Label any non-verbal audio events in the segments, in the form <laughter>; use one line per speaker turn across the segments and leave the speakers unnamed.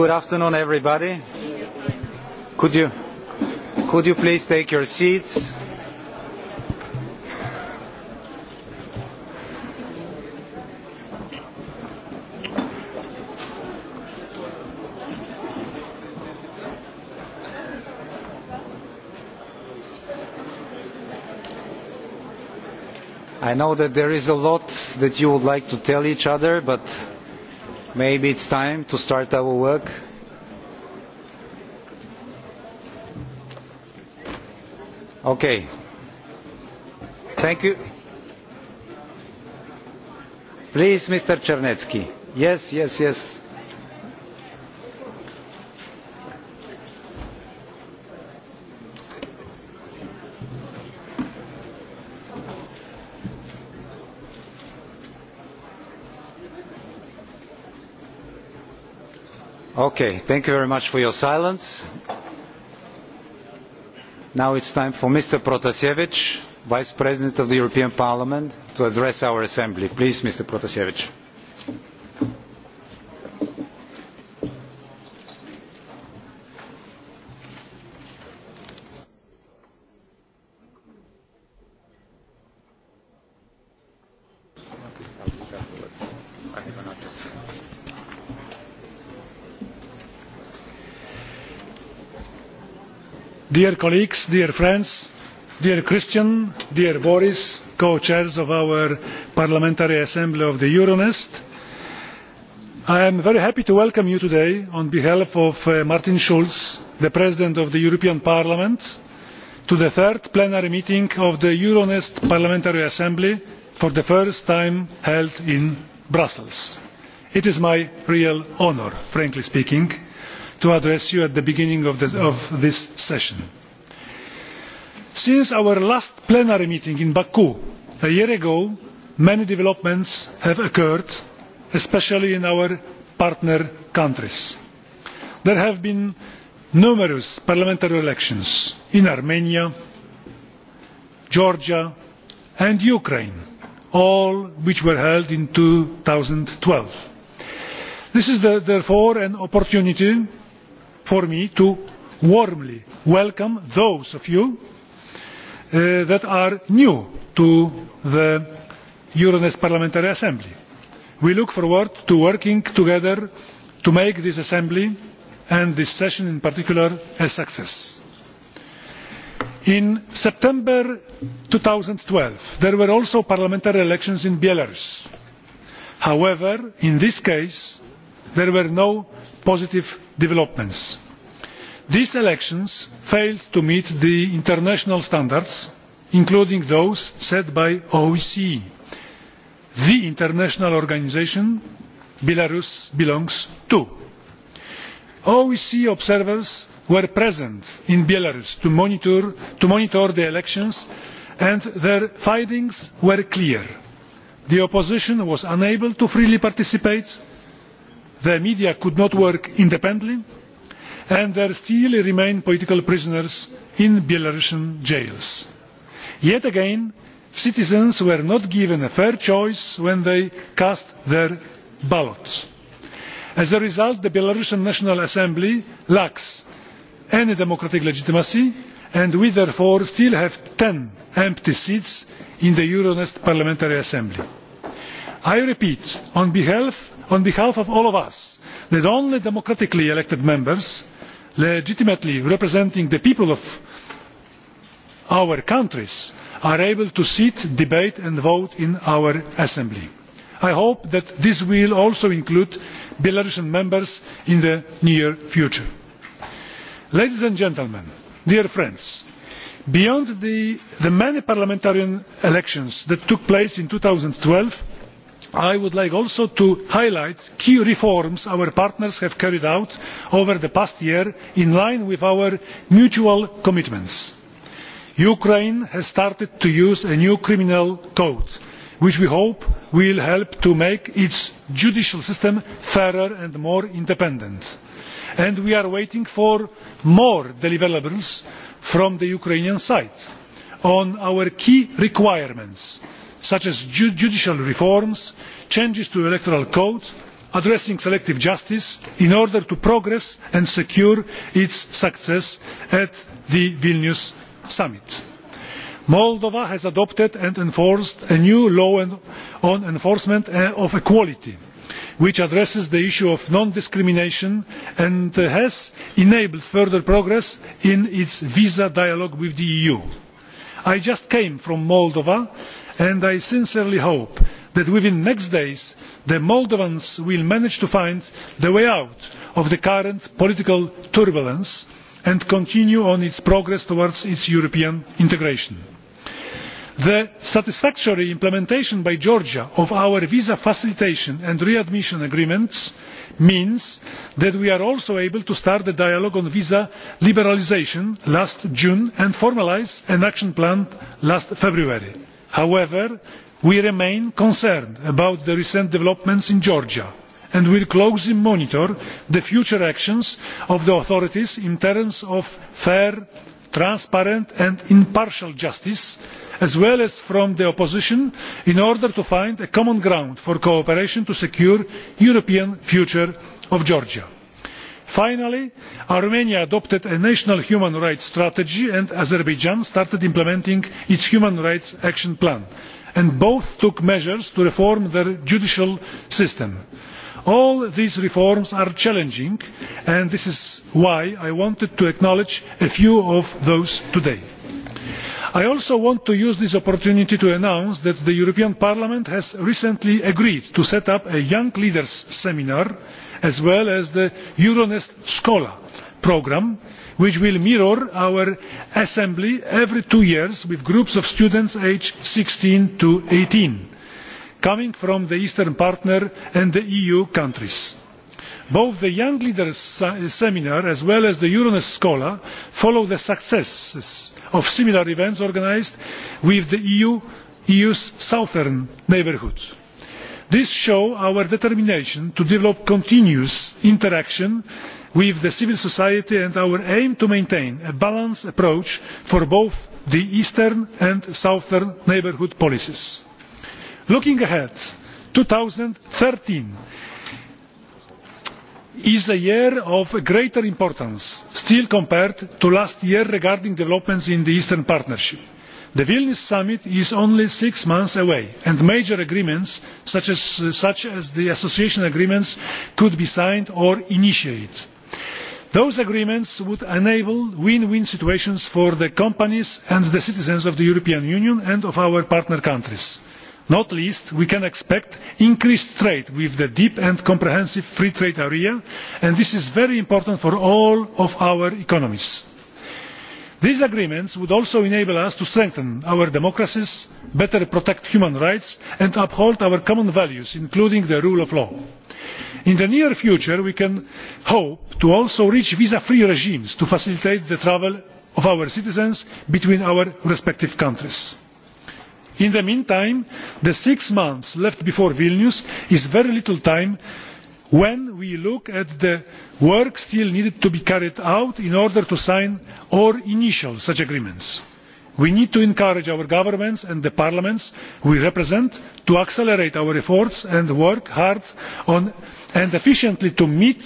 Good afternoon, everybody. Could you, could you please take your seats? I know that there is a lot that you would like to tell each other, but Maybe it's time to start our work. Okay. Thank you. Please, Mr. Czernetsky. Yes, yes, yes. Okay, thank you very much for your silence. Now it's time for Mr. Protasevich, Vice President of the European Parliament, to address our Assembly. Please, Mr. Protasevich.
dear colleagues dear friends dear christian dear boris co chairs of our parliamentary assembly of the euronest i am very happy to welcome you today on behalf of uh, martin schulz the president of the european parliament to the third plenary meeting of the euronest parliamentary assembly for the first time held in brussels. it is my real honour frankly speaking to address you at the beginning of this, of this session. since our last plenary meeting in baku a year ago many developments have occurred especially in our partner countries. there have been numerous parliamentary elections in armenia georgia and ukraine all which were held in. 2012. twelve this is the, therefore an opportunity for me to warmly welcome those of you who uh, that are new to the euronest parliamentary assembly. we look forward to working together to make this assembly and this session in particular a success. in september two thousand and twelve there were also parliamentary elections in belarus. however in this case there were no positive developments. these elections failed to meet the international standards including those set by the osce the international organisation belarus belongs to. osce observers were present in belarus to monitor, to monitor the elections and their findings were clear. the opposition was unable to freely participate the media could not work independently and there still remain political prisoners in belarusian jails. yet again citizens were not given a fair choice when they cast their ballot. as a result the belarusian national assembly lacks any democratic legitimacy and we therefore still have ten empty seats in the euronest parliamentary assembly. i repeat on behalf on behalf of all of us that only democratically elected members legitimately representing the people of our countries are able to sit debate and vote in our assembly. i hope that this will also include belarusian members in the near future. ladies and gentlemen dear friends beyond the, many parliamentary elections that took place in two thousand and twelve i would like also to highlight key reforms our partners have carried out over the past year in line with our mutual commitments. ukraine has started to use a new criminal code which we hope will help to make its judicial system fairer and more independent and we are waiting for more deliverables from the ukrainian side on our key requirements such as judicial reforms changes to the electoral code addressing selective justice in order to progress and secure its success at the vilnius summit. moldova has adopted and enforced a new law on enforcement eh, of equality which addresses the issue of non discrimination and has enabled further progress in its visa dialogue with the eu. i just came from moldova and i sincerely hope that within the next days the moldovans will manage to find a way out of the current political turbulence and continue on its progress towards its european integration. the satisfactory implementation by georgia of our visa facilitation and readmission agreements means that we are also able to start the dialogue on visa liberalisation last june and formalise an action plan last february however we remain concerned about the recent developments in georgia and will closely monitor the future actions of the authorities in terms of fair transparent and impartial justice as well as from the opposition in order to find common ground for cooperation to secure the european future of georgia finally armenia adopted a national human rights strategy and azerbaijan started implementing its human rights action plan and both took measures to reform their judicial system. all these reforms are challenging and this is why i wanted to acknowledge a few of those today i also want to use this opportunity to announce that the european parliament has recently agreed to set up a young leaders seminar as well as the euronest scola programme which will mirror our assembly every two years with groups of students aged sixteen to eighteen coming from the eastern partner and the eu countries both the young leaders seminar as well as the euronest scola follow the successes of similar events organised with the eu's e southern neighbourhood. This show our determination to develop continuous interaction with civil society and our aim to maintain a balanced approach for both the eastern and southern neighbourhood policies. looking ahead two thousand and thirteen is a year of greater importance still compared to last year regarding developments in the eastern partnership. the vilnius summit is only six months away and major agreements such as, the association agreements could be signed or initiated. those agreements would enable win win situations for the companies and the citizens of the european union and of our partner countries not least we can expect increased trade with the deep and comprehensive free trade area and this is very important for all of our economies. these agreements would also enable us to strengthen our democracies better protect human rights and uphold our common values including the rule of law. in the near future we can hope to also reach visa free regimes to facilitate the travel of our citizens between our respective countries in the meantime the six months left before vilnius is very little time when we look at the work still needed to be carried out in order to sign or initial such agreements. we need to encourage our governments and the parliaments we represent to accelerate our efforts and work hard and efficiently to meet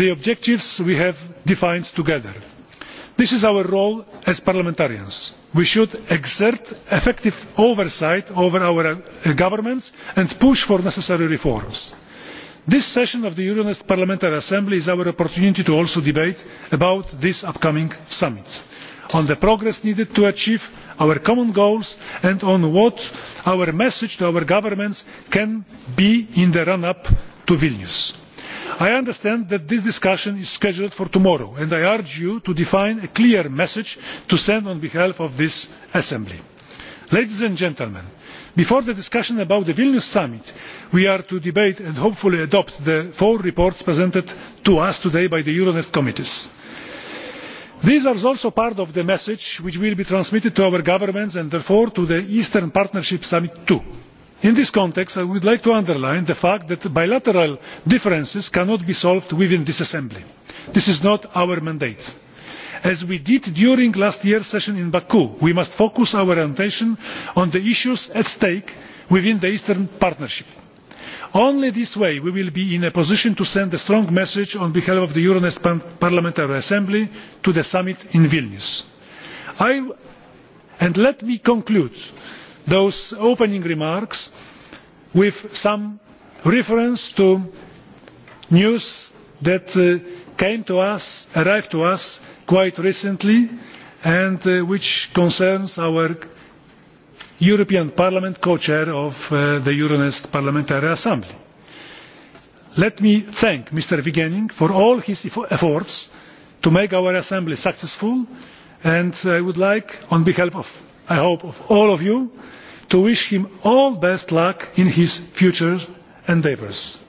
the objectives we have defined together this is our role as parliamentarians. we should exert effective oversight over our uh, governments and push for necessary reforms. this session of the euronest parliamentary assembly is our opportunity to also debate about this upcoming summit on the progress needed to achieve our common goals and on what our message to our governments can be in the run up to vilnius i understand that this discussion is scheduled for tomorrow and i urge you to define a clear message to send on behalf of this assembly. ladies and gentlemen before the discussion about the vilnius summit we are to debate and hopefully adopt the four reports presented to us today by the euronest committees. these are also part of the message which will be transmitted to our governments and therefore to the eastern partnership summit too in this context i would like to underline the fact that bilateral differences cannot be solved within this assembly. this is not our mandate. as we did during last year's session in baku we must focus our attention on the issues at stake within the eastern partnership. only in this way will we be in a position to send a strong message on behalf of the euronest parliamentary assembly to the summit in vilnius. let me conclude those opening remarks with some reference to news that uh, came to us arrived to us quite recently and uh, which concerns our european parliament co chair of uh, the euronest parliamentary assembly. let me thank mr vigenin for all his efforts to make our assembly successful and i would like on behalf of i hope of all of you to wish him all the best luck in his future endeavours.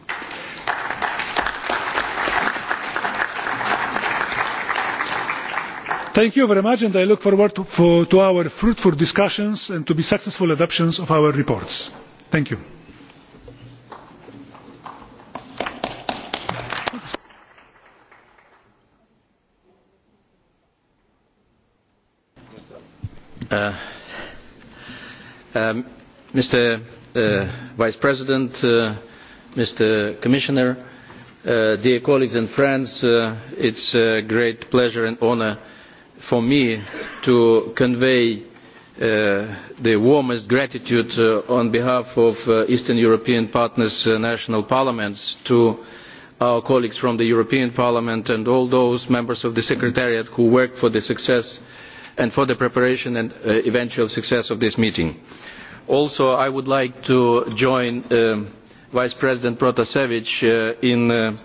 Thank you very much and I look forward to, for, to our fruitful discussions and to the successful adoptions of our reports. Thank you.
Uh Mr. Um, uh, Vice President, uh, Mr. Commissioner, uh, dear colleagues and friends, it is a great pleasure and honour for me to convey the warmest gratitude on behalf of Eastern European partners' national parliaments to our colleagues from the European Parliament and all those members of the Secretariat who worked for the success and for the preparation and uh, eventual success of this meeting. Also, I would like to join um, Vice President protasevi uh, in uh,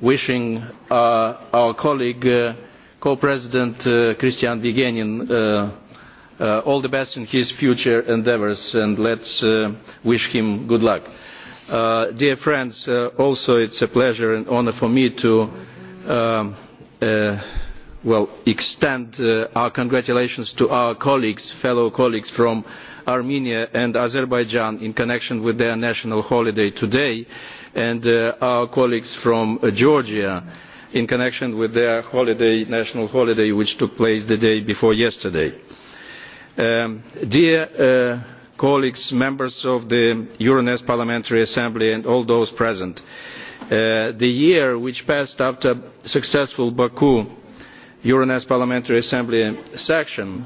wishing our colleague, co-president Christian Vigenin, all the best in his future endeavours and let us wish him good luck. dear friends, uh, also it's a pleasure and honour for me to um, well, extend uh, our congratulations to our colleagues, fellow colleagues from Armenia and Azerbaijan in connection with their national holiday today, and uh, our colleagues from uh, Georgia in connection with their national holiday, which took place the day before yesterday. Um, dear colleagues, members of the Euronest Parliamentary Assembly and all those present, the year which passed after successful Baku euronest parliamentary assembly section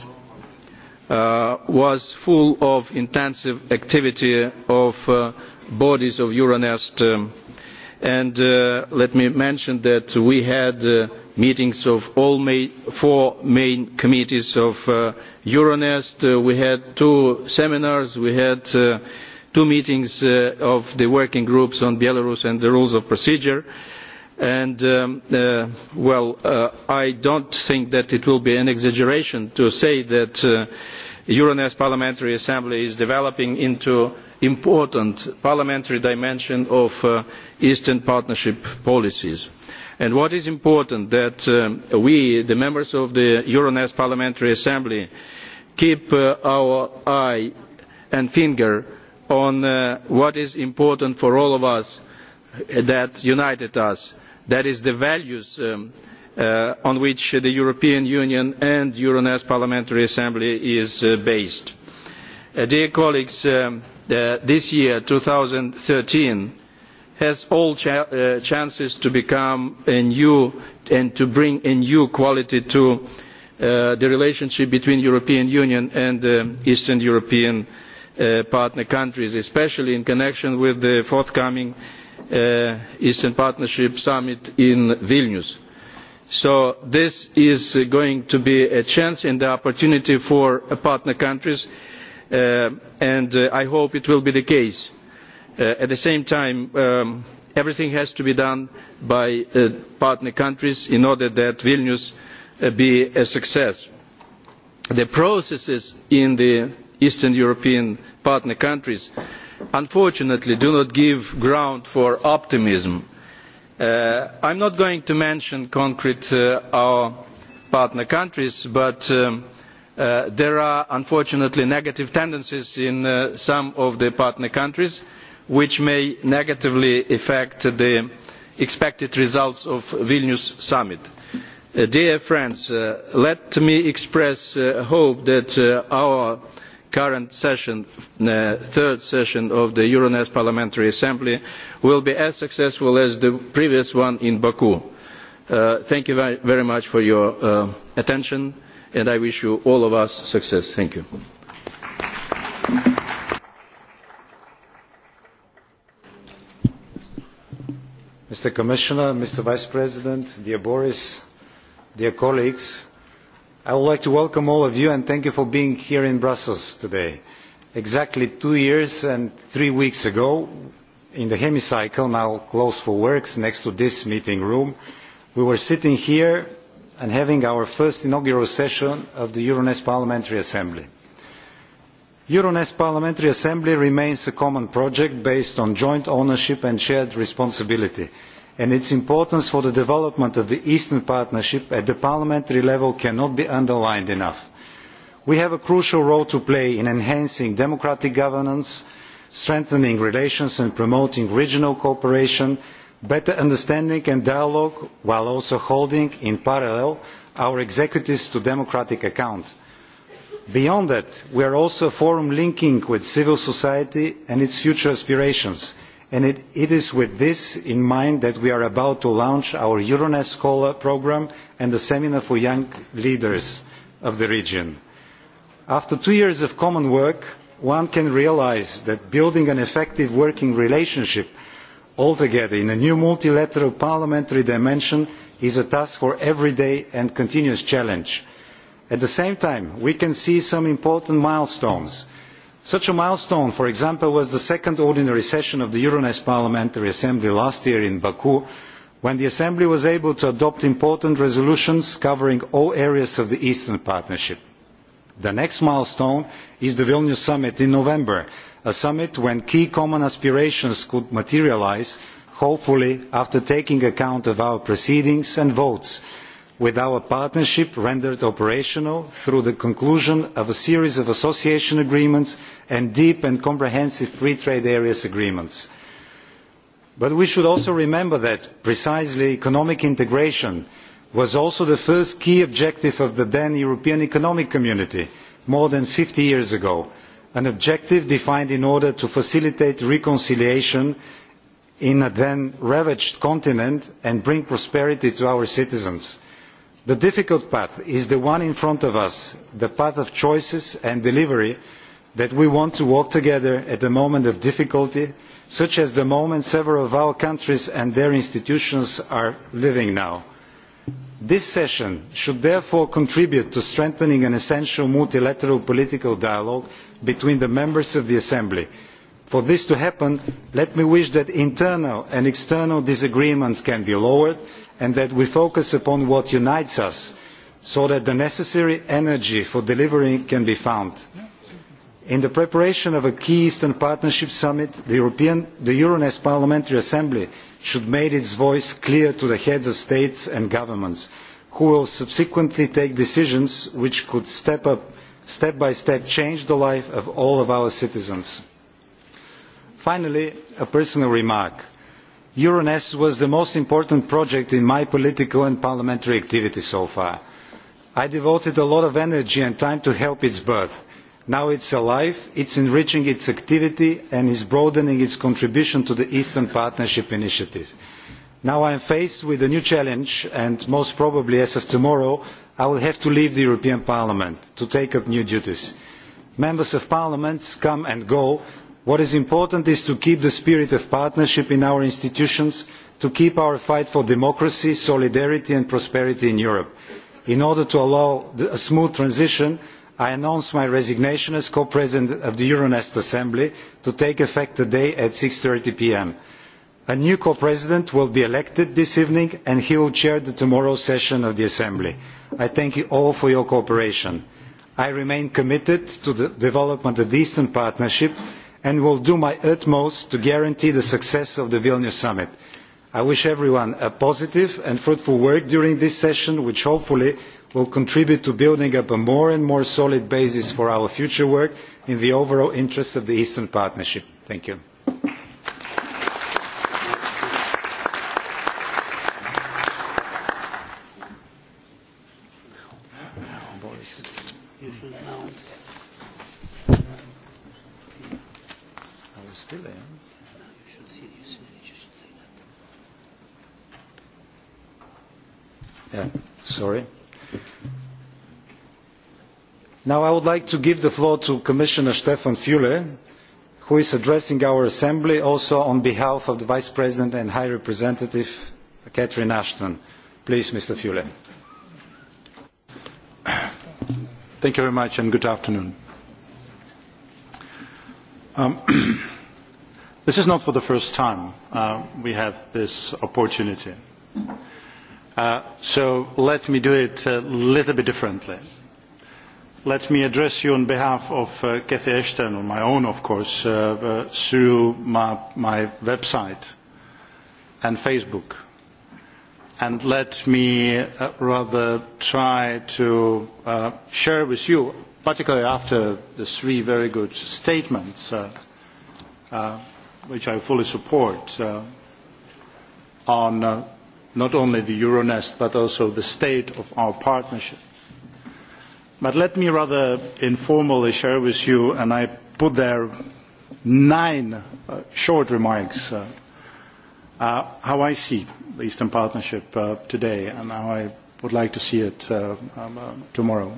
uh, was full of intensive activity of uh, bodies of euronest um, and uh, let me mention that we had uh, meetings of all ma four main committees of uh, euronest uh, we had two seminars we had two meetings of the working groups on belarus and the rules of procedure and and um, uh, uh, i do not think that it will be an exaggeration to say that the uh, euronest parliamentary assembly is developing into an important parliamentary dimension of eastern partnership policies. what is important is that we the members of the euronest parliamentary assembly keep our eye and finger on what is important for all of us that united us that is the values um, uh, on which the European Union and Euronest Parliamentary Assembly is uh, based. Uh, dear colleagues, um, this year, thirteen has all chances to become a new and to bring a new quality to the relationship between the European Union and the Eastern European partner countries, especially in connection with the forthcoming Uh, Eastern Partnership Summit in Vilnius. So this is going to be a chance and an opportunity for uh, partner countries uh, and I hope it will be the case. at the same time, um, everything has to be done by partner countries in order that Vilnius be a success. The processes in the Eastern European partner countries unfortunately do not give ground for optimism. Uh, I am not going to mention concrete uh, our partner countries, but um, uh, there are unfortunately negative tendencies in some of the partner countries which may negatively affect the expected results of the Vilnius summit. dear friends, let me express hope that our current session, uh, third session of the Euronest Parliamentary Assembly will be as successful as the previous one in Baku. Uh, thank you very, much for your uh, attention and I wish you all of us success. Thank you.
Mr. Commissioner, Mr. Vice President, dear Boris, dear colleagues, i would like to welcome all of you and thank you for being here in Brussels today. Exactly two years and three weeks ago, in the hemicycle, now closed for works, next to this meeting room, we were sitting here and having our first inaugural session of the Euronest Parliamentary Assembly. Euronest Parliamentary Assembly remains a common project based on joint ownership and shared responsibility – and its importance for the development of the eastern partnership at the parliamentary level cannot be underlined enough. we have a crucial role to play in enhancing democratic governance strengthening relations and promoting regional cooperation better understanding and dialogue while also holding in parallel our executives to democratic account. beyond that we are also a forum linking with civil society and its future aspirations and it, is with this in mind that we are about to launch our euronest scholar programme and the seminar for young leaders of the region. after two years of common work one can realise that building an effective working relationship altogether in a new multilateral parliamentary dimension is a task for every day and continuous challenge. at the same time we can see some important milestones such a milestone for example was the second ordinary session of the euronest parliamentary assembly last year in baku when the assembly was able to adopt important resolutions covering all areas of the eastern partnership. the next milestone is the vilnius summit in november a summit when key common aspirations could materialise hopefully after taking account of our proceedings and votes with our partnership rendered operational through the conclusion of a series of association agreements and deep and comprehensive free trade areas agreements. but we should also remember that precisely economic integration was also the first key objective of the then european economic community more than fifty years ago an objective defined in order to facilitate reconciliation in a then ravaged continent and bring prosperity to our citizens the difficult path is the one in front of us the path of choices and delivery that we want to walk together at a moment of difficulty such as the moment several of our countries and their institutions are living now. this session should therefore contribute to strengthening an essential multilateral political dialogue between the members of the assembly. for this to happen let me wish that internal and external disagreements can be lowered and that we focus upon what unites us so that the necessary energy for delivery can be found. in the preparation of a key eastern partnership summit the, euronest parliamentary assembly should make its voice clear to the heads of states and governments who will subsequently take decisions which could step, step by step change the life of all of our citizens. finally a personal remark euronest was the most important project in my political and parliamentary activity so far. i devoted a lot of energy and time to help its birth. now it is alive it is enriching its activity and is broadening its contribution to the eastern partnership initiative. now i am faced with a new challenge and most probably as of tomorrow i will have to leave the european parliament to take up new duties. members of parliament come and go what is important is to keep the spirit of partnership in our institutions to keep our fight for democracy solidarity and prosperity in europe. in order to allow a smooth transition i announce my resignation as co president of the euronest assembly to take effect today at. six thirty pm a new co president will be elected this evening and he will chair tomorrow's session of the assembly. i thank you all for your cooperation. i remain committed to the development of the eastern partnership and will do my utmost to guarantee the success of the vilnius summit. i wish everyone a positive and fruitful work during this session which hopefully will contribute to building up a more and more solid basis for our future work in the overall interests of the eastern partnership. thank you. Now I would like to give the floor to Commissioner Stefan fle who is addressing our Assembly also on behalf of the Vice President and High Representative Catherine Ashton. Please, Mr. fle.
Thank you very much and good afternoon. Um, <clears throat> this is not for the first time uh, we have this opportunity. Uh, so let me do it a little bit differently. let me address you on behalf of uh, cathy ashton on my own of course uh, uh, through my, my website and facebook and let me rather try to share with you particularly after the three very good statements which i fully support on not only the euronest but also the state of our partnership. but let me rather informally share with you and i put there nine uh, short remarks uh, uh, how i see the eastern partnership today and how i would like to see it um, tomorrow.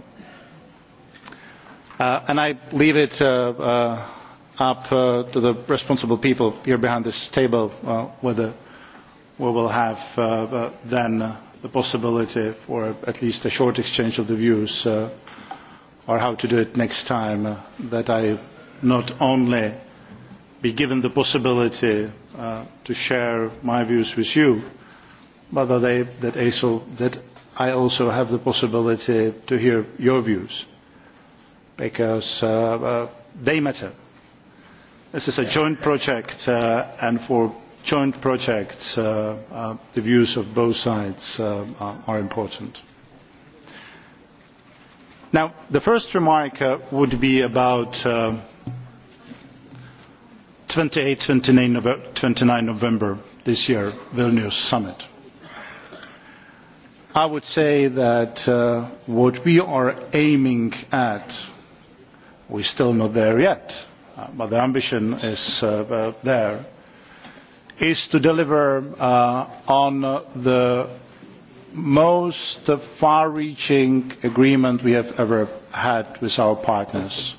and i leave it up to the responsible people here behind this table whether we will have uh, uh then uh, the possibility for at least a short exchange of the views uh, or how to do it next time uh, that I not only be given the possibility uh, to share my views with you, but that, I, that, ASO, that I also have the possibility to hear your views because uh, uh, they matter. This is a joint project uh, and for joint projects, uh, uh, the views of both sides uh, are important. Now, the first remark would be about twenty eight twenty nine november this year vilnius summit i would say that what we are aiming at we are still not there yet but the ambition is there is to deliver uh, on the most far reaching agreement we have ever had with our partners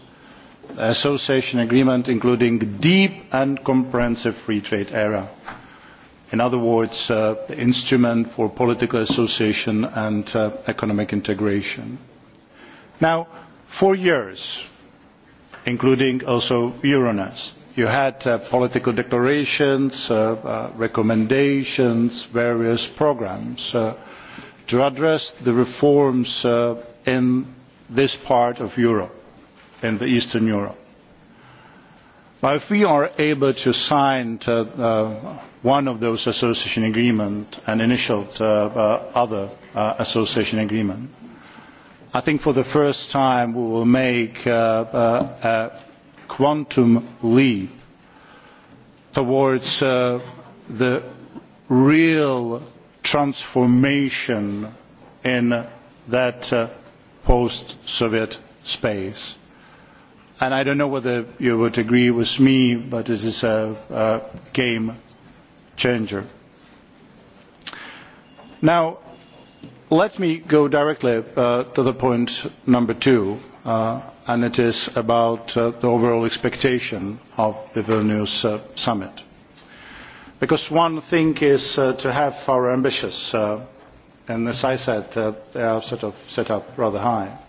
the association agreement including deep and comprehensive free trade area in other words uh, the instrument for political association and uh, economic integration. now for years including also euronest you had uh, political declarations, recommendations uh, uh, recommendations, various programmes to address the reforms in this part of Europe, in Eastern Europe. if we are able to sign one of those association agreements and initial other association agreements, I think for the first time we will make a quantum leap towards uh, the real transformation in that uh, post soviet space. And i do not know whether you would agree with me but it is a, game changer. now let me go directly uh, to point number two Uh, and it is about uh, the overall expectation of the Vilnius uh, summit. Because one thing is to have our ambitions, and as I said, they are sort of set up rather high.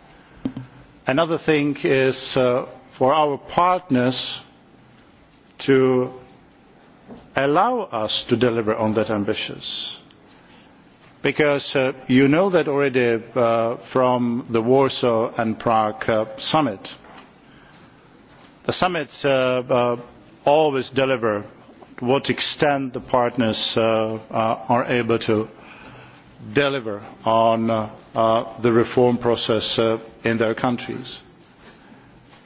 Another thing is for our partners to allow us to deliver on that ambitions because uh, you know that already uh, from the warsaw and prague uh, summit the summits always deliver to what extent the partners are able to deliver on the reform process in their countries.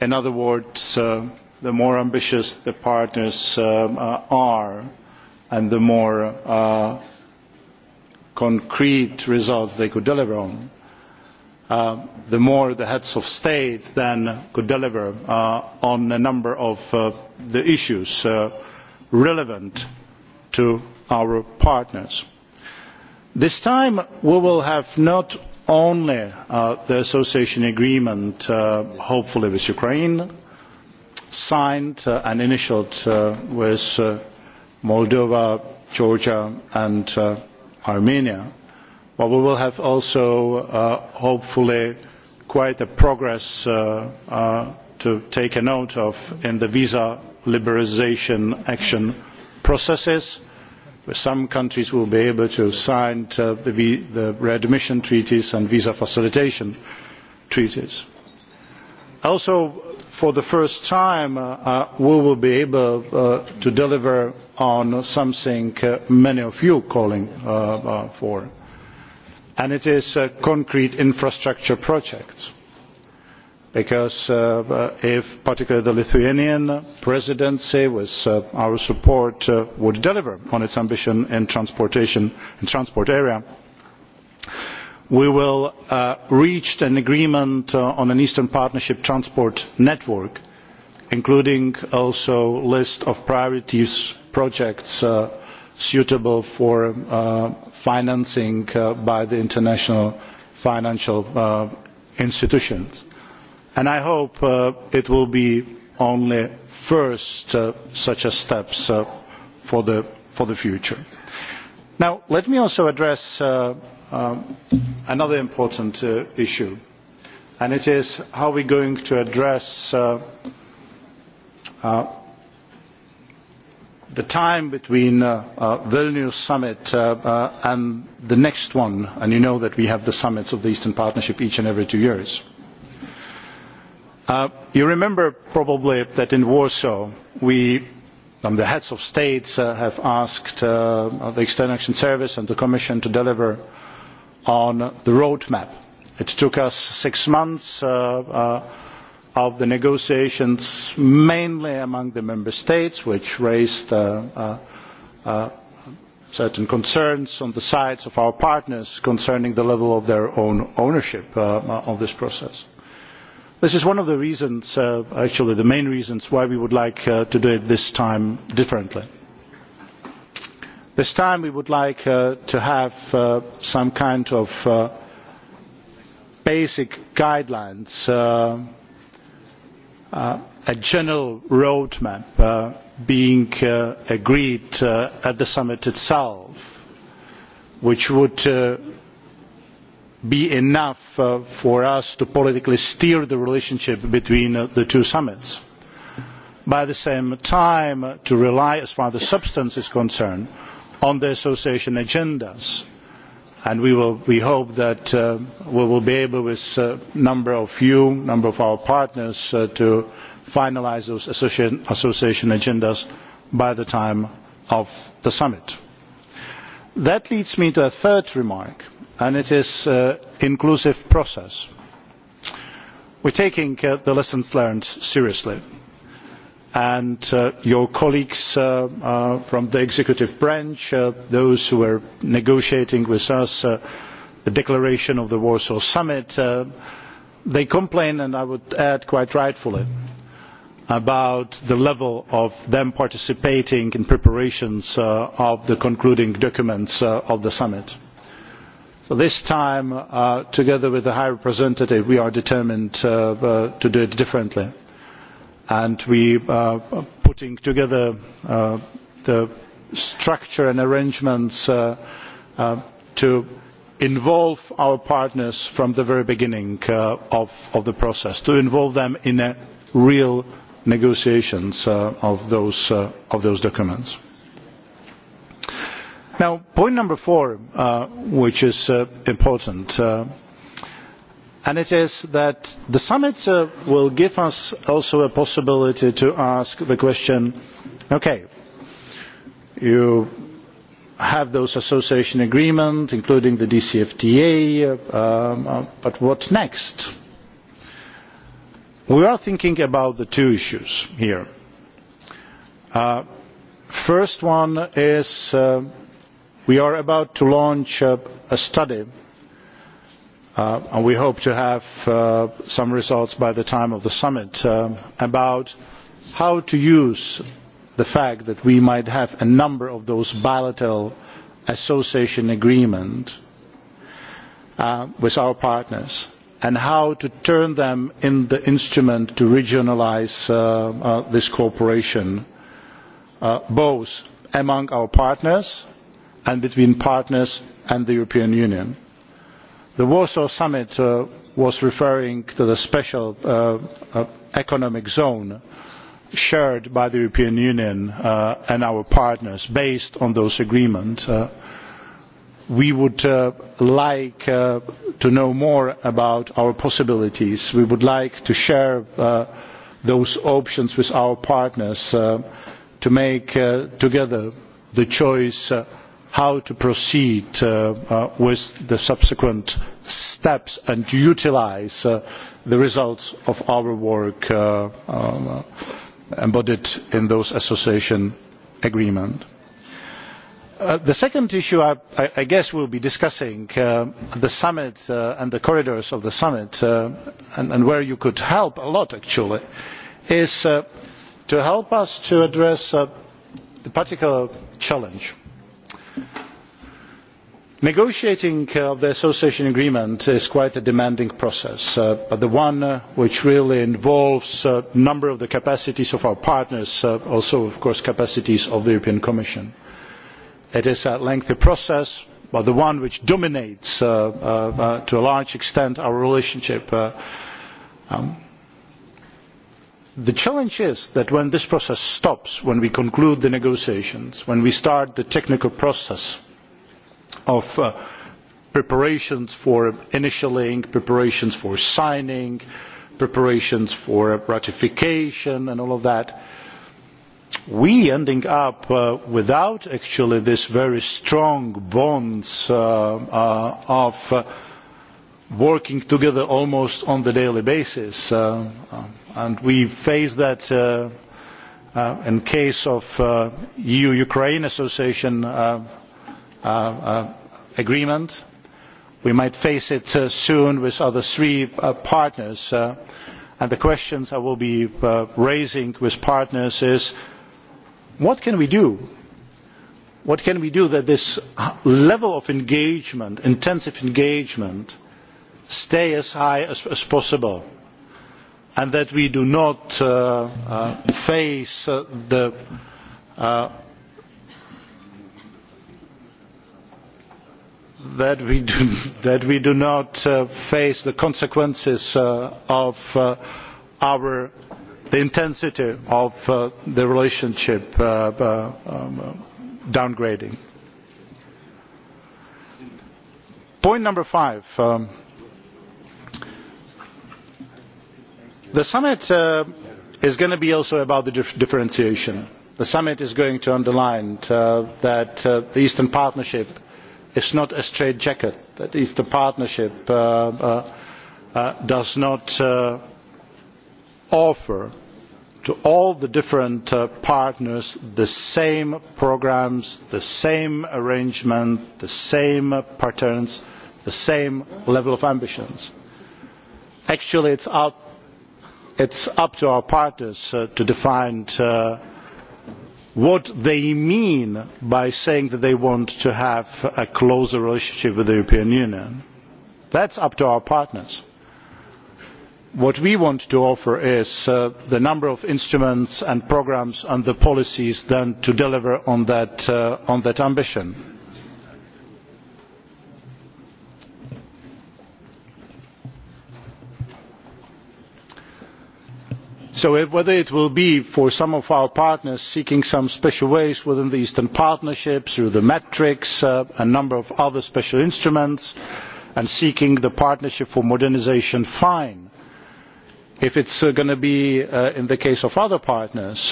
in other words the more ambitious the partners um, are and the more concrete results they could deliver on, uh, the more the heads of state then could deliver uh, on a number of uh, the issues relevant to our partners. This time we will have not only the association agreement, hopefully with Ukraine, signed and initialled with Moldova, Georgia and Armenia. But we will have also, uh, hopefully, quite a progress uh, uh, to take note of in the visa liberalisation action processes. Where some countries will be able to sign the, the readmission treaties and visa facilitation treaties. Also, for the first time uh, uh, we will be able uh, to deliver on something many of you are calling for and it is concrete infrastructure projects because if particularly the lithuanian presidency with our support were to deliver on its ambition in the transport area we will uh, reach an agreement uh, on an eastern partnership transport network including also a list of priority projects uh, suitable for financing by the international financial institutions. And i hope it will be only the first such steps for the future. Now, let me also address uh, uh, another important uh, issue, and it is how we are going to address the time between the Vilnius summit and the next one, and you know that we have the summits of the Eastern Partnership each and every two years. you remember probably that in Warsaw we Um, the heads of states uh, have asked uh, the External Action Service and the Commission to deliver on the road map. It took us six months uh, of the negotiations, mainly among the member states, which raised certain concerns on the sides of our partners concerning the level of their own ownership of this process this is one of the reasons uh, actually the main reasons why we would like uh, to do it this time differently. this time we would like uh, to have uh, some kind of uh, basic guidelines uh, a general roadmap being agreed at the summit itself which would be enough uh, for us to politically steer the relationship between uh, the two summits. but at the same time uh, to rely as far as the substance is concerned on the association agendas and we, hope that we will be able with a number of you a number of our partners to finalise those association agendas by the time of the summit. that leads me to a third remark and it is an uh, inclusive process. we are taking uh, the lessons learned seriously and uh, your colleagues from the executive branch those who were negotiating with us the declaration of the warsaw summit they complain and i would add quite rightfully about the level of them participating in preparations of the concluding documents of the summit this time uh, together with the high representative we are determined uh, uh, to do it differently and we are putting together the structure and arrangements to involve our partners from the very beginning of, the process to involve them in real negotiations of those documents. Now, point number four, uh, which is uh, important, uh, and it is that the summit uh, will give us also a possibility to ask the question, okay, you have those association agreements, including the DCFTA, uh, um, uh, but what next? We are thinking about the two issues here. Uh, first one is uh, we are about to launch a study uh, and we hope to have uh, some results by the time of the summit uh, about how to use the fact that we might have a number of those bilateral association agreements with our partners and how to turn them into the instrument to regionalise this cooperation both among our partners and between partners and the european union. the warsaw summit uh, was referring to the special uh, uh, economic zone shared by the european union and our partners based on those agreements. we would like to know more about our possibilities. we would like to share those options with our partners to make together the choice how to proceed uh, uh, with the subsequent steps and to utilise uh, the results of our work um, embodied in those association agreements. the second issue I, guess we will be discussing uh, the summit and the corridors of the summit and where you could help a lot actually is to help us to address the particular challenge negotiating uh, the association agreement is quite a demanding process uh, but the one uh, which really involves a number of the capacities of our partners and also of course capacities of the european commission. it is a lengthy process but the one which dominates to a large extent our relationship. Um, the challenge is that when this process stops when we conclude the negotiations when we start the technical process of uh, preparations for initialling, preparations for signing, preparations for ratification and all of that, we ending up uh, without actually this very strong bonds uh, uh, of uh, working together almost on a daily basis. Uh, uh, and we face that uh, uh, in case of uh, EU-Ukraine association uh, Uh, uh, agreement. we might face it uh, soon with the other three partners and the questions i will be raising with partners is what can we do? what can we do that this level of engagement intensive engagement stays as high as, as possible and that we do not face the that we do, <laughs> that we do not uh, face the consequences uh, of uh, the intensity of the relationship um, downgrading. Point number five. Um, the summit is going to be also about the differentiation. The summit is going to underline that the Eastern Partnership is not a straitjacket that is the partnership uh, uh, uh, does not offer to all the different partners the same programmes the same arrangements the same patterns the same level of ambition. actually it is up to our partners to define what they mean by saying that they want to have a closer relationship with the european union that is up to our partners. what we want to offer is uh, the number of instruments and programmes and the policies then to deliver on that uh, ambition so whether it will be for some of our partners seeking some special ways within the eastern partnership through the metrics and uh, a number of other special instruments and seeking the partnership for modernisation fine if it is uh, going to be uh, in the case of other partners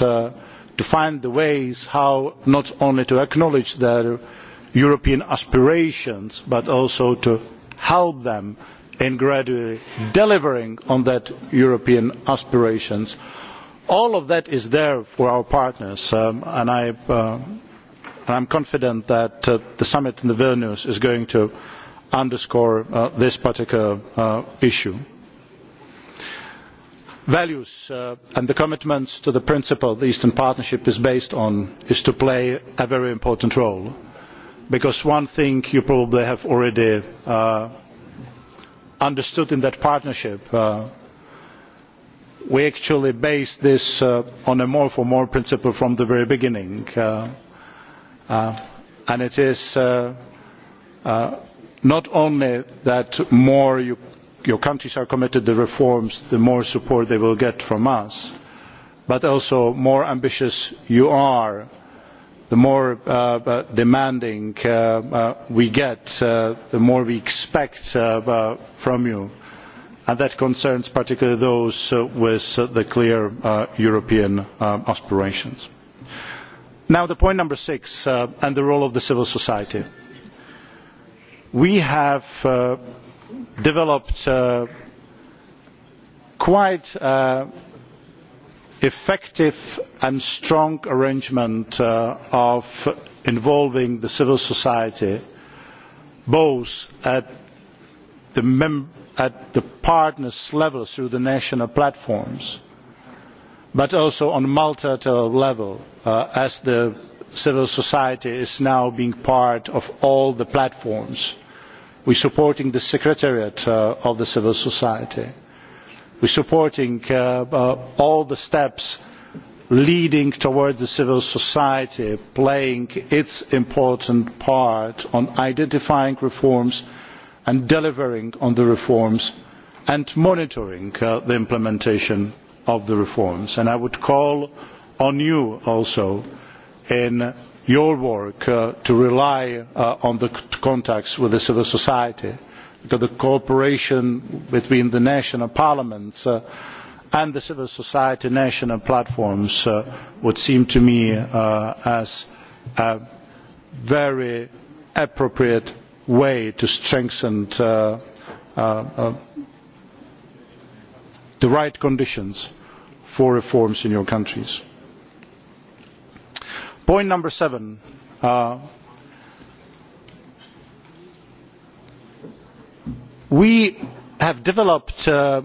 to find the ways how not only to acknowledge their european aspirations but also to help them in gradually delivering on that european aspirations all of that is there for our partners um, and i uh, am confident that uh, the summit in vilnius is going to underscore uh, this particular issue values and the commitments to the principle the eastern partnership is based on is to play a very important role because one thing you probably have already understood in that partnership uh, we actually based this uh, on a more for more principle from the very beginning uh, and it is not only that the more your countries are committed to reforms the more support they will get from us but also the more ambitious you are the more uh, uh, demanding uh, we get the more we expect from you and that concerns particularly those with the clear european um, aspirations. now to point number six and the role of civil society. we have developed quite effective and strong arrangement uh, of involving civil society both at the, partners' level through the national platforms but also on a multilateral level uh, as civil society is now being part of all the platforms. we are supporting the secretariat uh, of civil society we are supporting uh, uh, all the steps leading towards civil society playing its important part in identifying reforms and delivering on the reforms and monitoring uh, the implementation of the reforms. i would call on you also in your work to rely on the contacts with civil society to the cooperation between the national parliaments uh, and the civil society national platforms uh, would seem to me uh, as a very appropriate way to strengthen the right conditions for reforms in your countries. Point number seven we have developed uh,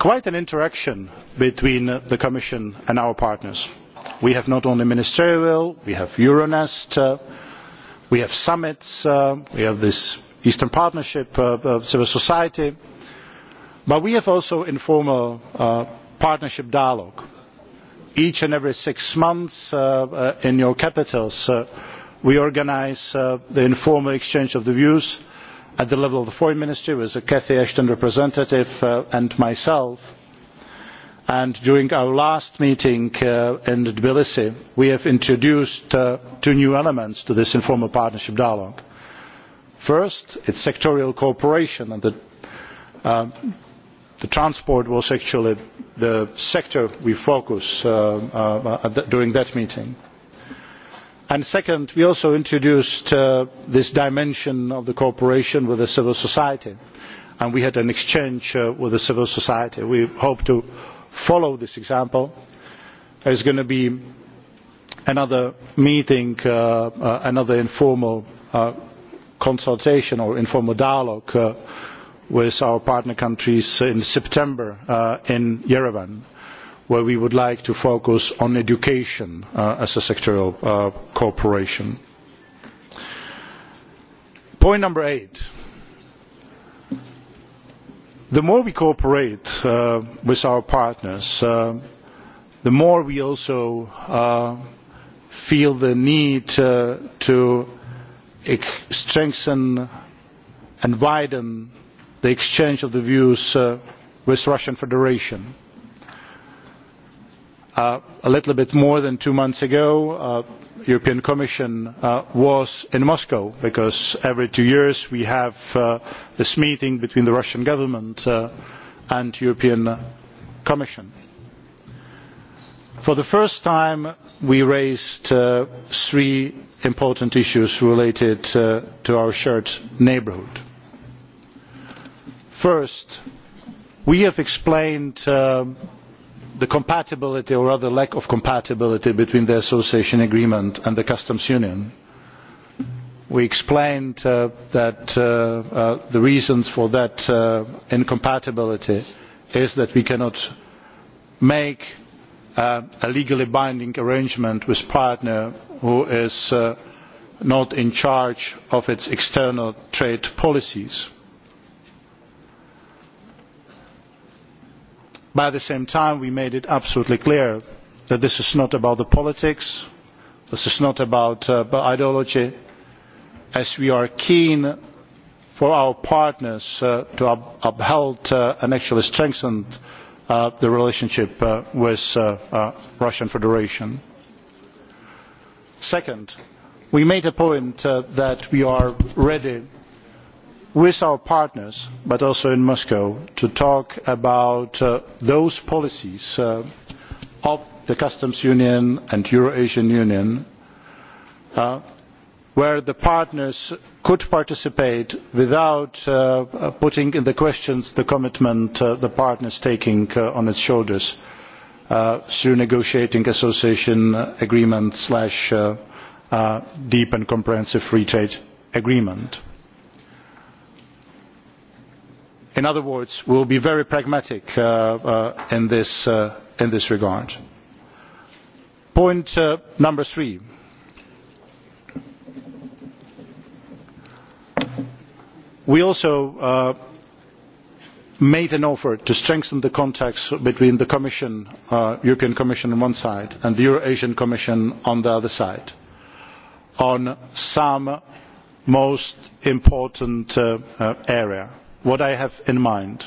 quite an interaction between the commission and our partners. we have not only ministerial we have euronest uh, we have summits uh, we have this eastern partnership of civil society but we have also informal partnership dialogue each and every six months in your capitals we organise the informal exchange of views at the level of the foreign ministry with the cathy ashton representative uh, and myself and during our last meeting uh, in tbilisi we have introduced uh, two new elements to this informal partnership dialogue. first it is sectoral cooperation and um, transport was actually the sector we focused on during that meeting And we also introduced uh, this dimension of cooperation with civil society and we had an exchange uh, with civil society. we hope to follow this example. there is going to be another meeting uh, another informal consultation or informal dialogue with our partner countries in september in yerevan where we would like to focus on education uh, as a sectoral uh, cooperation. Point number eight. The more we cooperate uh, with our partners, uh, the more we also uh, feel the need uh, to strengthen and widen the exchange of the views uh, with the Russian Federation a little bit more than two months ago the uh, european commission uh, was in moscow because every two years we have uh, this meeting between the russian government and the european commission. for the first time we raised three important issues related to our shared neighbourhood. first we have explained the compatibility or rather lack of compatibility between the association agreement and the customs union we explained uh, that uh, uh, the reasons for that incompatibility is that we cannot make a legally binding arrangement with a partner who is not in charge of its external trade policies but at the same time we made it absolutely clear that this is not about the politics this is not about uh, ideology as we are keen for our partners uh, to uphold uh, and actually strengthen the relationship with the russian federation. second we made a point that we are ready with our partners but also in moscow to talk about uh, those policies uh, of the customs union and euro asian union uh, where the partners could participate without putting into question the commitment the partner is taking on its shoulders through negotiating association agreement slash deep and comprehensive free trade agreement in other words we will be very pragmatic uh, uh, uh, in this, regard. point number three we also made an offer to strengthen the contacts between the commission, european commission on one side and the euro asian commission on the other side on some most important areas what i have in mind.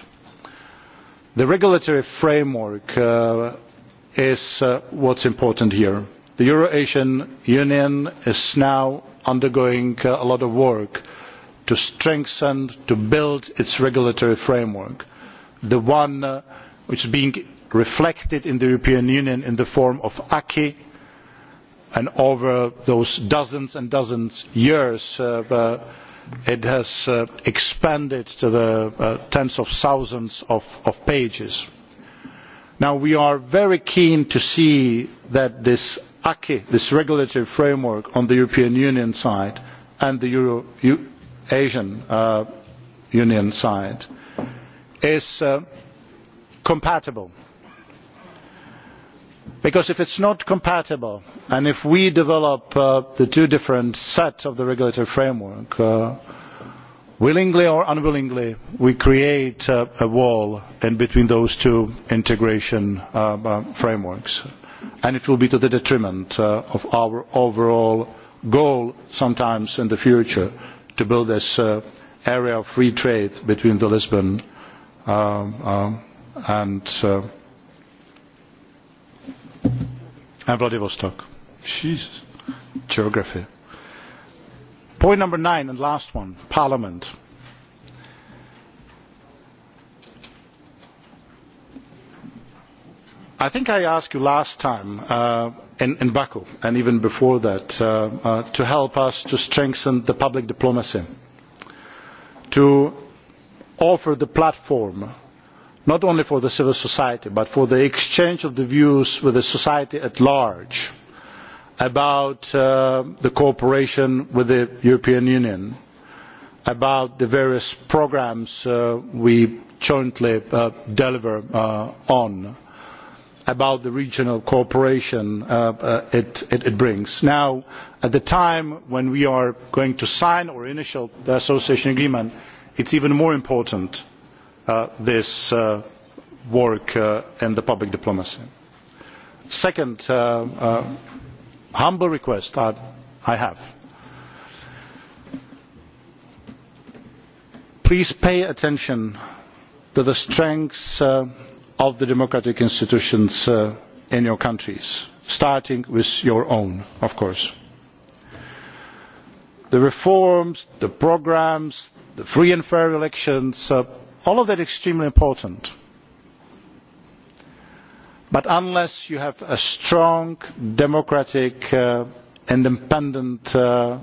the regulatory framework uh, is uh, what is important here. the eurasian union is now undergoing uh, a lot of work to strengthen to build its regulatory framework the one which is being reflected in the european union in the form of acquis and over those dozens and dozens of years it has uh, expanded to the uh, tens of thousands of, pages. Now, we are very keen to see that this acquis this regulatory framework on the european union side and the Euro, asian uh, union side is compatible because if it is not compatible and if we develop uh, the two different sets of the regulatory framework uh, willingly or unwillingly we create a wall in between those two integration uh, frameworks and it will be to the detriment of our overall goal sometimes in the future to build this area of free trade between lisbon um, um, and and Vladivostok. Jesus, geography. Point number nine and last one, Parliament. I think I asked you last time uh, in, in Baku and even before that uh, uh, to help us to strengthen the public diplomacy, to offer the platform not only for civil society but for the exchange of views with society at large about uh, the cooperation with the european union about the various programmes uh, we jointly uh, deliver on about the regional cooperation it, it brings. now at the time when we are going to sign our initial association agreement it is even more important Uh, this uh, work uh, in public diplomacy. second humble request I, i have please pay attention to the strengths of the democratic institutions in your countries starting with your own of course. the reforms the programmes the free and fair elections all of that is extremely important but unless you have a strong democratic uh, independent uh,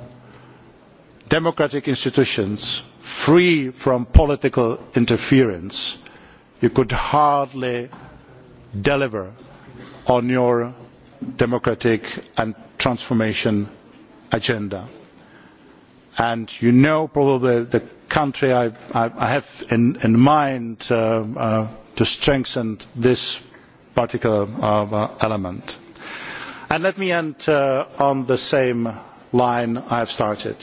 democratic institutions free from political interference you could hardly deliver on your democratic and transformation agenda and you know probably the country i, I, I have in, mind uh, uh, to strengthen this particular uh, element. And let me end on the same line i have started.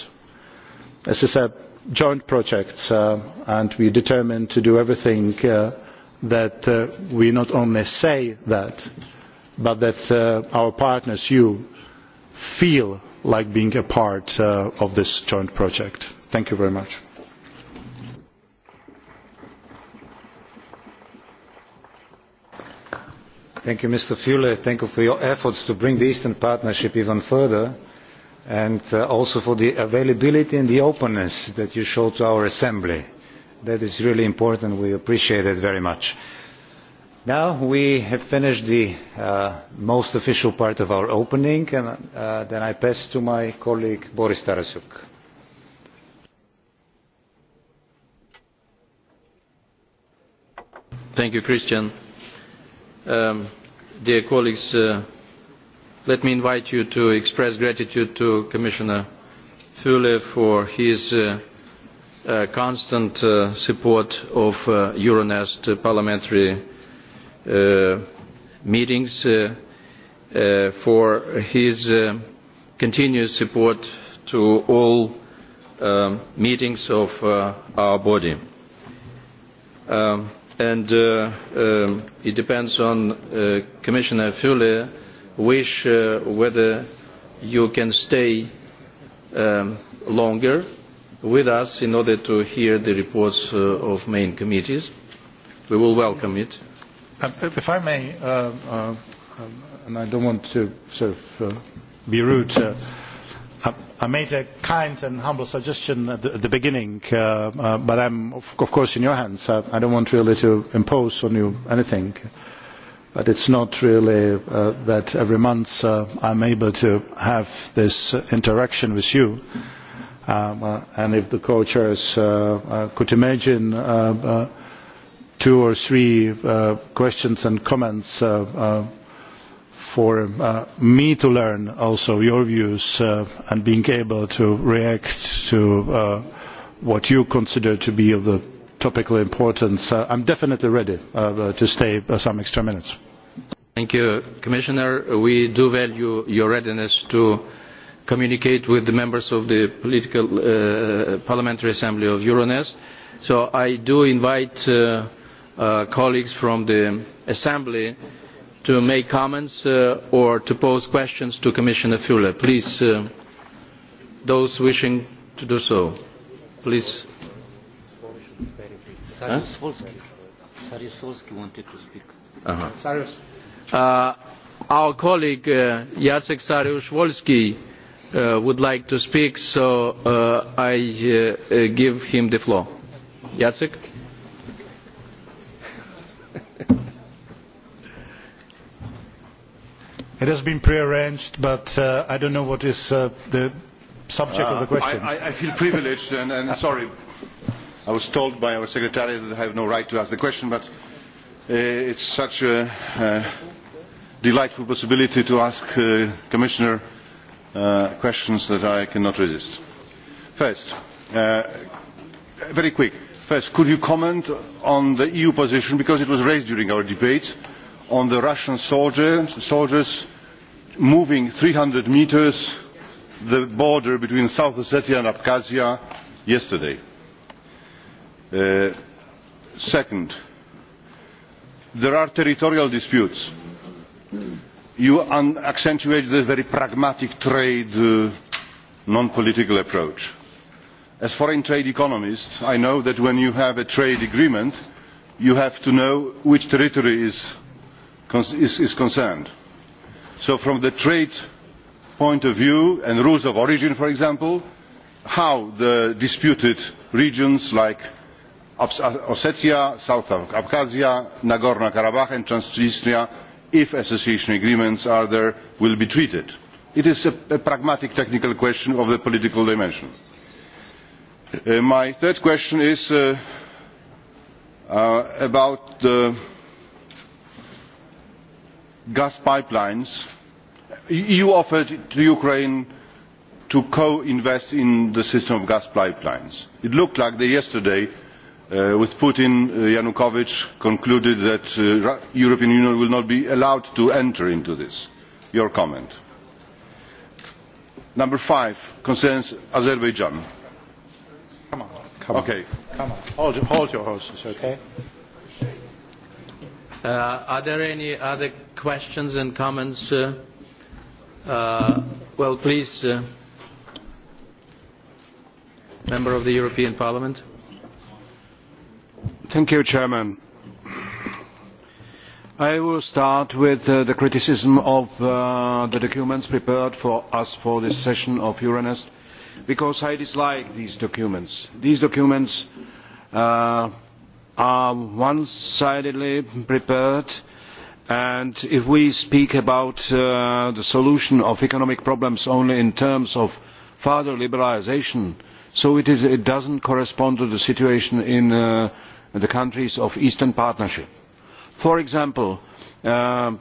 this is a joint project and we are determined to do everything that we not only say that but that our partners you feel like being a part uh, of this joint project. Thank you very much. Thank you, Mr.
Fule. Thank you for your efforts to bring the Eastern Partnership even further and uh, also for the availability and the openness that you show to our Assembly. That is really important. We appreciate it very much. Now we have finished the uh, most official part of our opening, and uh, then I pass to my colleague Boris Tarasuk.
Thank you, Christian. Um, dear colleagues, uh, let me invite you to express gratitude to Commissioner Fule for his uh, uh, constant uh, support of uh, Euronest parliamentary Uh, meetings uh, uh, for his continuous support to all um, meetings of our body. Um, and um, it depends on Commissioner Fuller wish whether you can stay um, longer with us in order to hear the reports uh, of main committees. We will welcome it.
Um, if I may, uh, uh, um, and I don't want to sort of uh, be rude, uh, I made a kind and humble suggestion at the, at the beginning, uh, uh, but I'm of, of course in your hands. I, I don't want really to impose on you anything. But it's not really uh, that every month uh, I'm able to have this interaction with you. Um, and if the co-chairs uh, uh, could imagine uh, uh, two or three uh, questions and comments uh, uh, for me to learn also your views and being able to react to what you consider to be of the topical importance. I am definitely ready to stay some extra minutes.
Thank you, Commissioner. We do value your readiness to communicate with the members of the political, Parliamentary Assembly of Euronest. So I do invite uh, colleagues from the Assembly to make comments uh, or to pose questions to Commissioner fle. Please, uh, those wishing to do so, please.
wanted to speak.
-huh. uh, our colleague uh, Jacek Sariusz-Wolski uh, would like to speak, so uh, I uh, give him the floor. Jacek?
It has been pre arranged, but uh, I don't know what is uh, the subject uh, of the uh, question.
I, I feel privileged and, and <laughs> sorry. I was told by our secretariat that I have no right to ask the question, but uh, it's such a uh, delightful possibility to ask uh, Commissioner uh, questions that I cannot resist. First, uh, very quick. First, could you comment on the EU position, because it was raised during our debates, on the Russian soldiers soldiers moving three hundred metres the border between south ossetia and abkhazia yesterday. Uh, second there are territorial disputes. you accentuate the very pragmatic trade uh, non political approach. as a foreign trade economist i know that when you have a trade agreement you have to know which territory is concerned so from the trade point of view and rules of origin for example how the disputed regions like uh, ossetia south abkhazia nagorno karabakh and transnistria if association agreements are there will be treated. it is a pragmatic technical question of the political dimension. Uh, my third question is uh, about the gas pipelines eu offered to ukraine to co invest in the system of gas pipelines. it looked like yesterday uh, with putin uh, yanukovych concluded that the uh, european union will not be allowed to enter into this. your comment? number five concerns azerbaijan.
Hold, your
horses,
are there any other questions and comments? Uh, well, please, uh,
member of the European Parliament. Thank you, Chairman. I will start with uh, the criticism of the documents prepared for us for this session of Euronest because I dislike these documents. These documents are one-sidedly prepared uh, and if we speak about uh, the solution of economic problems only in terms of further liberalisation so it, does not correspond to the situation in uh, the countries of the eastern partnership. for example uh,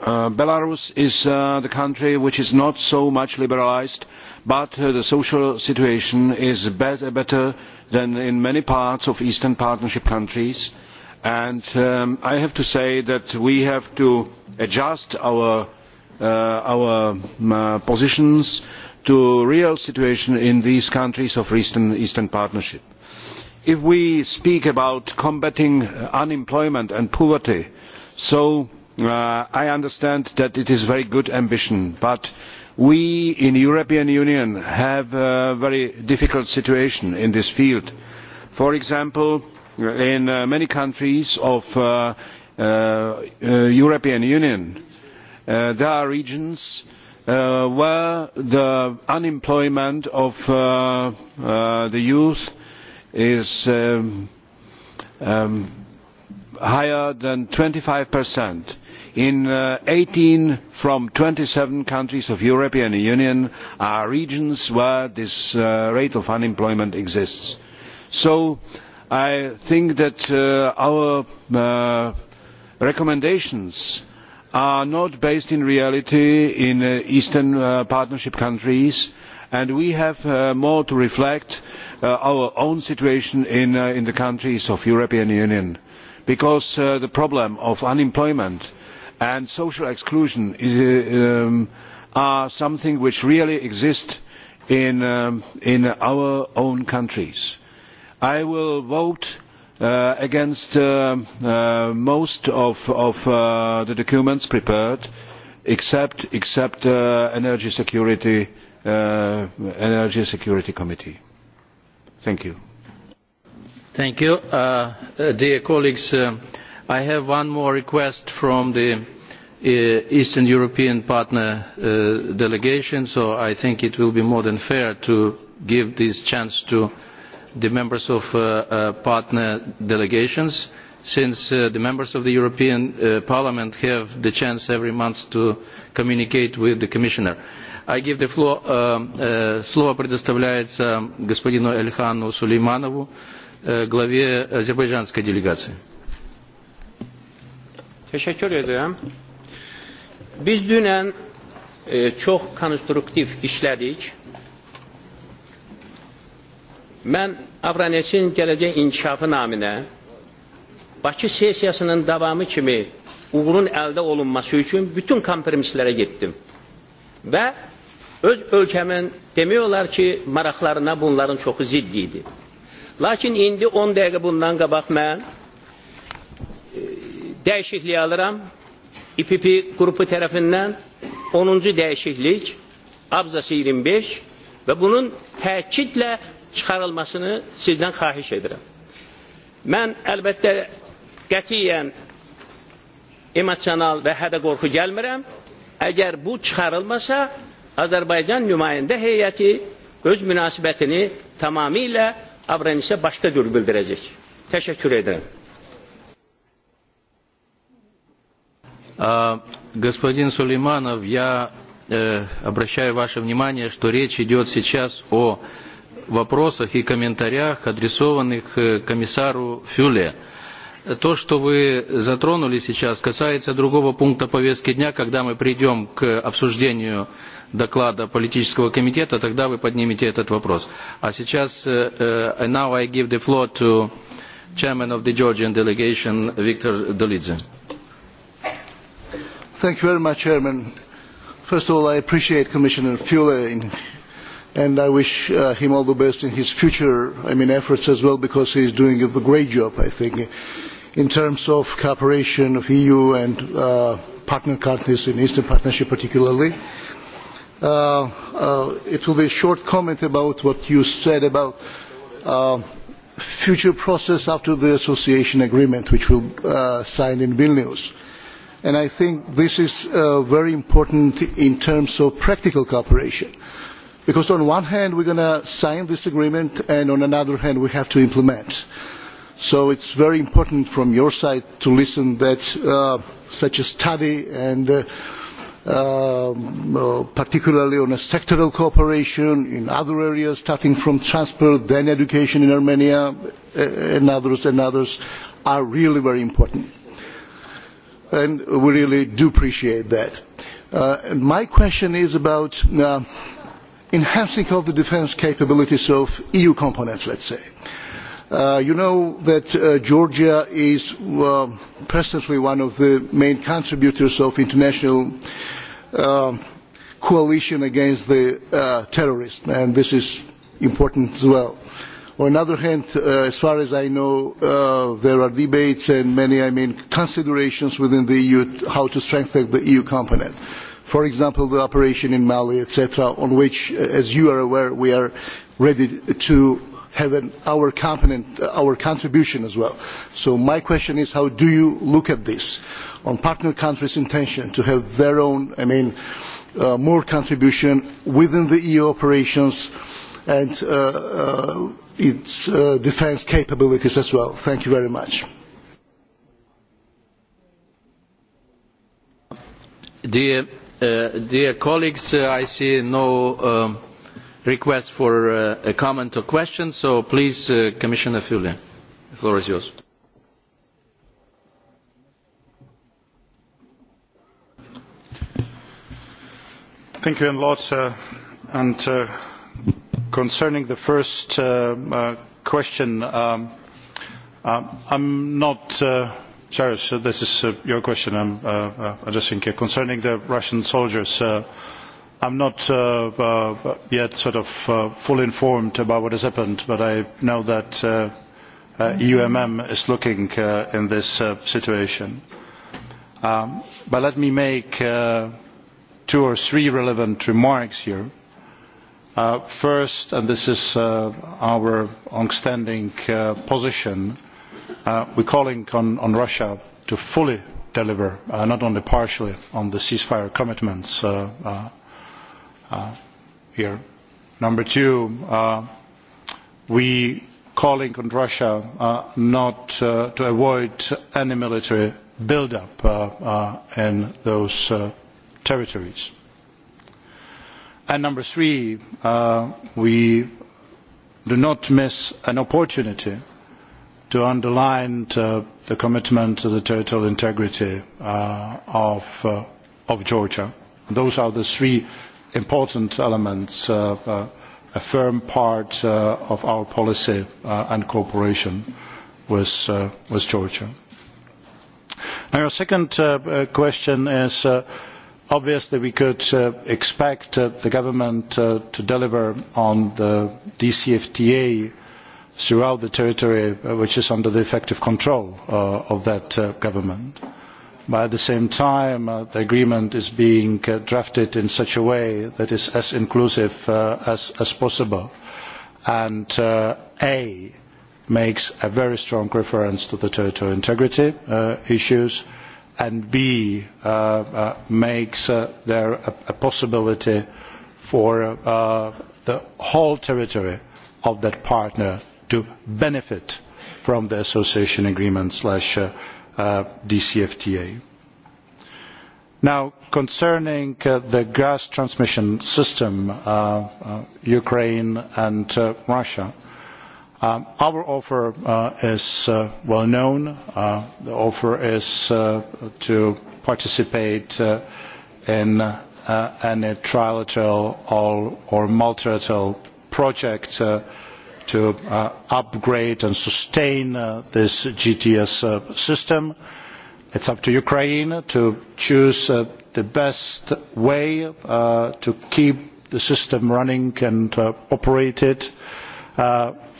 belarus is the country which is not so much liberalised but the social situation is better, than in many parts of eastern partnership countries and and um, i have to say that we have to adjust our, uh, um, uh, positions to the real situation in these countries of the eastern, partnership. if we speak about combating unemployment and poverty so uh, i understand that it is a very good ambition but we in the european union have a very difficult situation in this field. for example in uh, many countries of the uh, uh, European Union, there are regions where the unemployment of the youth is um, um, higher than twenty five In eighteen from twenty seven countries of the European Union are regions where this rate of unemployment exists. So i think that uh, our uh, recommendations are not based on reality in uh, Eastern Partnership countries, and we have more to reflect our own situation in, the countries of the European Union, because the problem of unemployment and social exclusion is, um, are something which really exists um, in our own countries i will vote uh, against uh, uh, most of, the documents prepared, except, the energy security, energy security committee. Thank you.
Thank you, dear colleagues. I have one more request from the eastern european partner delegation so i think it will be more than fair to give this chance to the members of uh, uh, partner delegations since uh, the members of the European Parliament have the chance every month to communicate with the Commissioner. I give the floor. Слово um, предоставляется господину Эльхану Сулейманову, главе азербайджанской делегации.
Teşekkür ederim. Biz dünen e, çok konstruktif işledik mən Avranesin gələcək inkişafı naminə Bakı sesiyasının davamı kimi uğurun əldə olunması üçün bütün kompromislərə getdim. Və öz ölkəmin demək olar ki, maraqlarına bunların çoxu ziddi idi. Lakin indi 10 dəqiqə bundan qabaq mən e, dəyişikliyi alıram. İPP qrupu tərəfindən 10-cu dəyişiklik, abzası 25 və bunun təkidlə çıxarılmasını sizdən xahiş edirəm. Mən əlbəttə qətiyyən emosional və hədə qorxu gəlmirəm. Əgər bu çıxarılmasa, Azərbaycan nümayəndə heyəti öz münasibətini tamamilə Abrenisə başqa dür bildirəcək. Təşəkkür edirəm.
Господин Сулейманов, я э, обращаю ваше внимание, что речь идет сейчас о вопросах и комментариях, адресованных комиссару Фюле. То, что вы затронули сейчас, касается другого пункта повестки дня, когда мы придем к обсуждению доклада политического комитета, тогда вы поднимете этот вопрос. А сейчас, uh, now I give the floor to chairman of the Georgian delegation,
Thank you very much, Chairman. First of all, I appreciate Commissioner in and I wish uh, him all the best in his future efforts as well, because he is doing a great job, I think, in terms of cooperation of EU and uh, partner countries in Eastern Partnership particularly. Uh, it will be a short comment about what you said about the future process after the association agreement which will be signed in Vilnius. I think this is very important in terms of practical cooperation because on one hand we are going to sign this agreement and on another hand we have to implement so it is very important from your side to listen that uh, such a study and uh, um, uh, particularly on sectoral cooperation in other areas starting from transport then education in armenia and others and others are really very important and we really do appreciate that. Uh, my question is about uh, enhancing of the defence capabilities of eu components let us say. Uh, you know that uh, georgia is presently one of the main contributors of the international um, coalition against the uh, terrorists and this is important as well. on the other hand as far as i know there are debates and many considerations within the eu on how to strengthen the eu component for example the operation in mali etc on which uh, as you are aware we are ready to have an, our, uh, our contribution as well. so my question is how do you look at this on partner countries' intention to have their own I mean, uh, more contribution within the eu operations and uh, uh, its uh, defence capabilities as well? thank you very much.
Dear Uh, dear colleagues, uh, I see no um, request for uh, a comment or question, so please, Commissioner fle the floor is yours.
Thank you a lot. concerning the first question, I am um, not Charis, this is uh, your question I'm uh, uh, addressing here. Concerning the Russian soldiers, uh, I'm not uh, uh, yet sort of uh, fully informed about what has happened, but I know that uh, uh, EUMM is looking uh, in this uh, situation. Um, but let me make uh, two or three relevant remarks here. Uh, first, and this is uh, our long-standing uh, position, Uh, we are calling on, russia to fully deliver uh, not only partially on the ceasefire commitments uh, here. number two we are calling on russia not to avoid any military build up in those territories. and number three we do not miss an opportunity to underline the commitment to the territorial integrity uh, uh, of, Georgia. Those are the three important elements, uh, a firm part of our policy and cooperation with, Georgia. your second question is obviously we could expect the government to deliver on the DCFTA throughout the territory uh, which is under the effective control uh, of that uh, government. But at the same time, the agreement is being drafted in such a way that is as inclusive as, as, possible and A makes a very strong reference to the territorial integrity issues and B uh, uh, makes uh, there a, a possibility for the whole territory of that partner to benefit from the association agreement slash uh, uh, DCFTA. Now, concerning uh, the gas transmission system, Ukraine and Russia, um, our offer is well known. the offer is to participate in any trilateral or, multilateral project to uh, upgrade and sustain uh, this GTS uh, system. It is up to Ukraine to choose the best way to keep the system running and it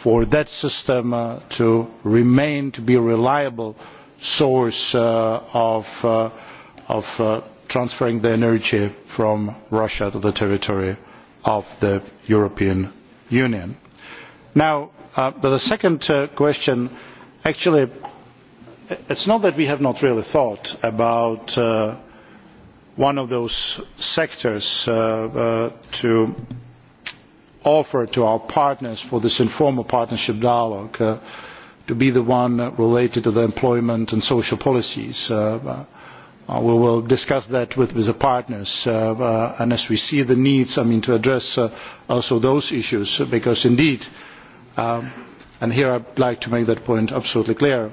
for that system to remain to be a reliable source of, of transferring the energy from Russia to the territory of the European Union Now, uh, the second uh, question, actually, it is not that we have not really thought about uh, one of those sectors to offer to our partners for this informal partnership dialogue to be the one related to the employment and social policies. we will discuss that with, the partners and as we see the needs to address also those issues because indeed Um, and here I would like to make that point absolutely clear.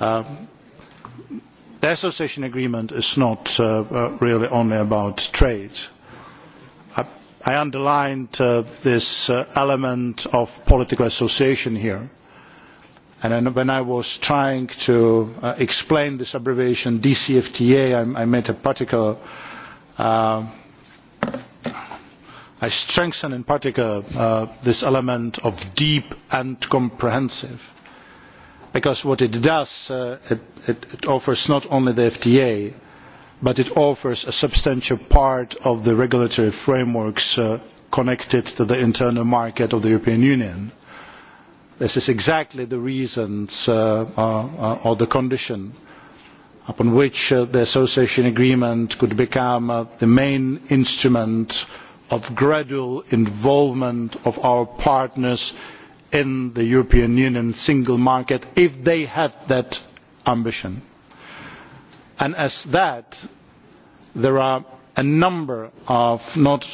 Um, the association agreement is not uh, uh, really only about trade. I, I underlined uh, this uh, element of political association here. And when I was trying to uh, explain this abbreviation DCFTA, I, I made a particular uh, i strengthen in particular uh, this element of deep and comprehensive because what it does uh, it, offers not only the fta but it offers a substantial part of the regulatory frameworks uh, connected to the internal market of the european union. this is exactly the reason or the condition upon which the association agreement could become the main instrument of gradual involvement of our partners in the European Union single market if they have that ambition. And as that, there are a number of not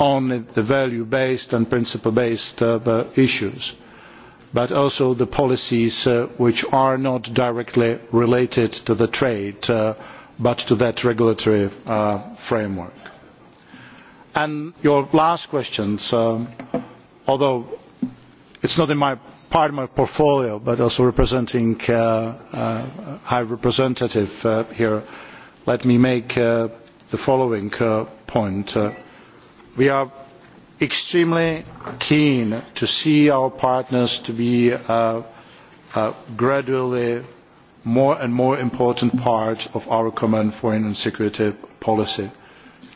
only the value-based and principle-based uh, issues, but also the policies uh, which are not directly related to the trade, uh, but to that regulatory framework And your last question, although it is not in my part of my portfolio, but also representing the uh, uh, High Representative uh, here, let me make the following point. we are extremely keen to see our partners to be a gradually more and more important part of our common foreign and security policy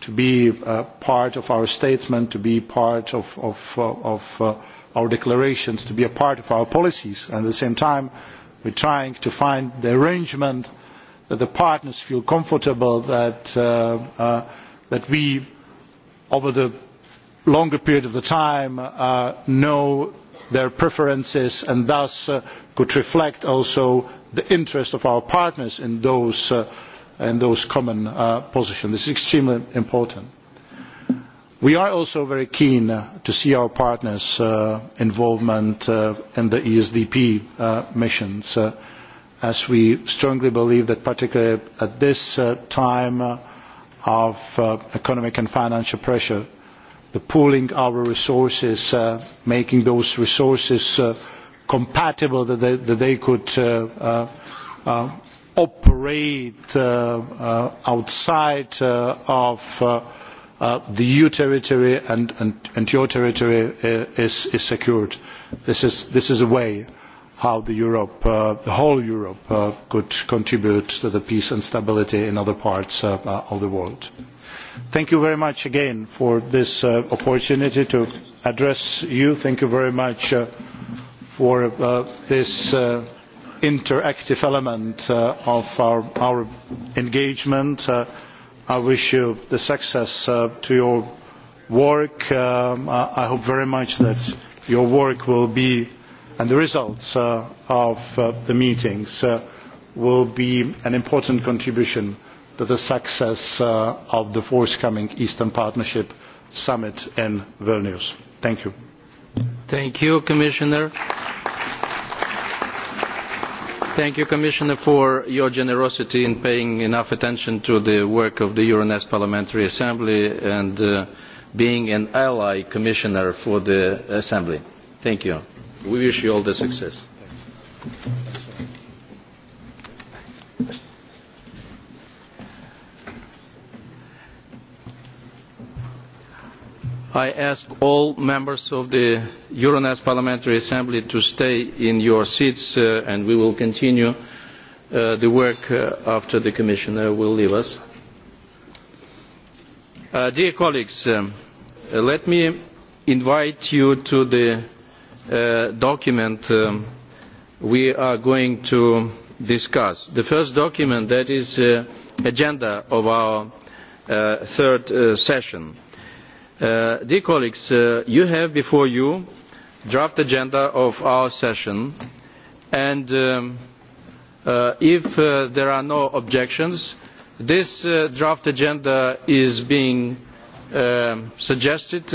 to be a uh, part of our statement, to be part of, uh, uh, our declarations, to be a part of our policies. And at the same time, we are trying to find the arrangement that the partners feel comfortable that, we, over the longer period of time, know their preferences and thus could reflect also the interest of our partners in those and those common uh, positions. This is extremely important. We are also very keen uh, to see our partners' uh, involvement uh, in the ESDP missions, as we strongly believe that particularly at this time of economic and financial pressure, the pooling our resources, making those resources compatible that they, that they could operate uh, uh, outside uh, of the EU territory and, and, and your territory is, secured. This is, a way how the, Europe, the whole Europe could contribute to the peace and stability in other parts of the world thank you very much again for this opportunity to address you. thank you very much for this interactive element uh, of our, engagement. Uh, I wish you success in uh, to your work. Um, I hope very much that your work will be, and the results of the meetings will be an important contribution to the success of the forthcoming Eastern Partnership Summit in Vilnius. Thank you.
Thank you, Commissioner. Thank you, Commissioner, for your generosity in paying enough attention to the work of the Euronest Parliamentary Assembly and uh, being an ally commissioner for the Assembly. Thank you. We wish you all the success. I ask all members of the Euronest Parliamentary Assembly to stay in your seats uh, and we will continue uh, the work uh, after the Commissioner will leave us. dear colleagues, um, let me invite you to the document um, we are going to discuss. The first document that is the agenda of our third session Uh, dear colleagues, uh, you have before you the draft agenda of our session, and um, uh, if there are no objections, this draft agenda is being suggested,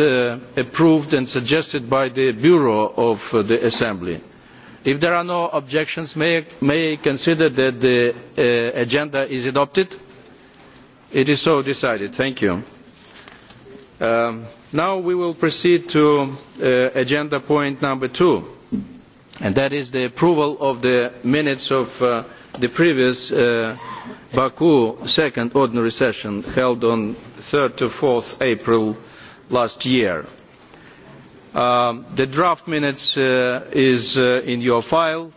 approved and suggested by the Bureau of the Assembly. If there are no objections, may, I, consider that the agenda is adopted? It is so decided. Thank you. Um, now we will proceed to uh, agenda point number two, and that is the approval of the minutes of uh, the previous uh, Baku second ordinary session held on three rd to 4 April last year. Um, the draft minutes are is in your file.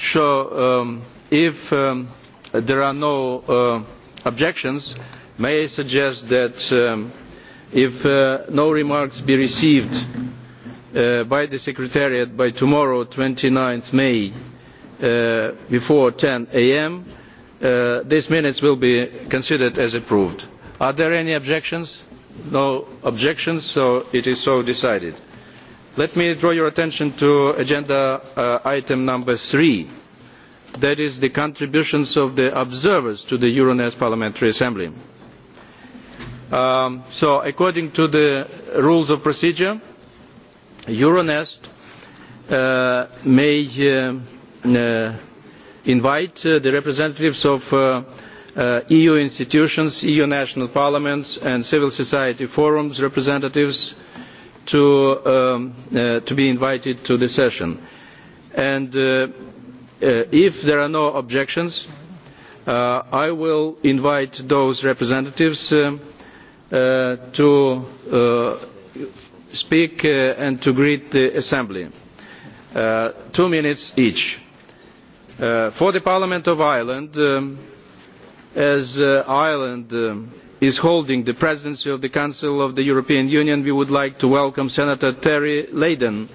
So um, if there are no objections, may I suggest that if uh, no remarks be received uh, by the secretariat by tomorrow twenty nine may uh, before ten a.m. these minutes will be considered as approved. are there any objections? no objections so it is so decided. let me draw your attention to agenda item number three that is the contributions of the observers to the euronest parliamentary assembly. Um, so according to the rules of procedure, Euronest uh, may uh, uh, invite uh, the representatives of uh, uh, EU institutions, EU national parliaments and civil society forums representatives to, um, to be invited to the session. And if there are no objections, I will invite those representatives um, Uh, to uh, speak uh, and to greet the assembly two minutes each. for the parliament of ireland um, as ireland um, is holding the presidency of the council of the european union we would like to welcome senator terry leyden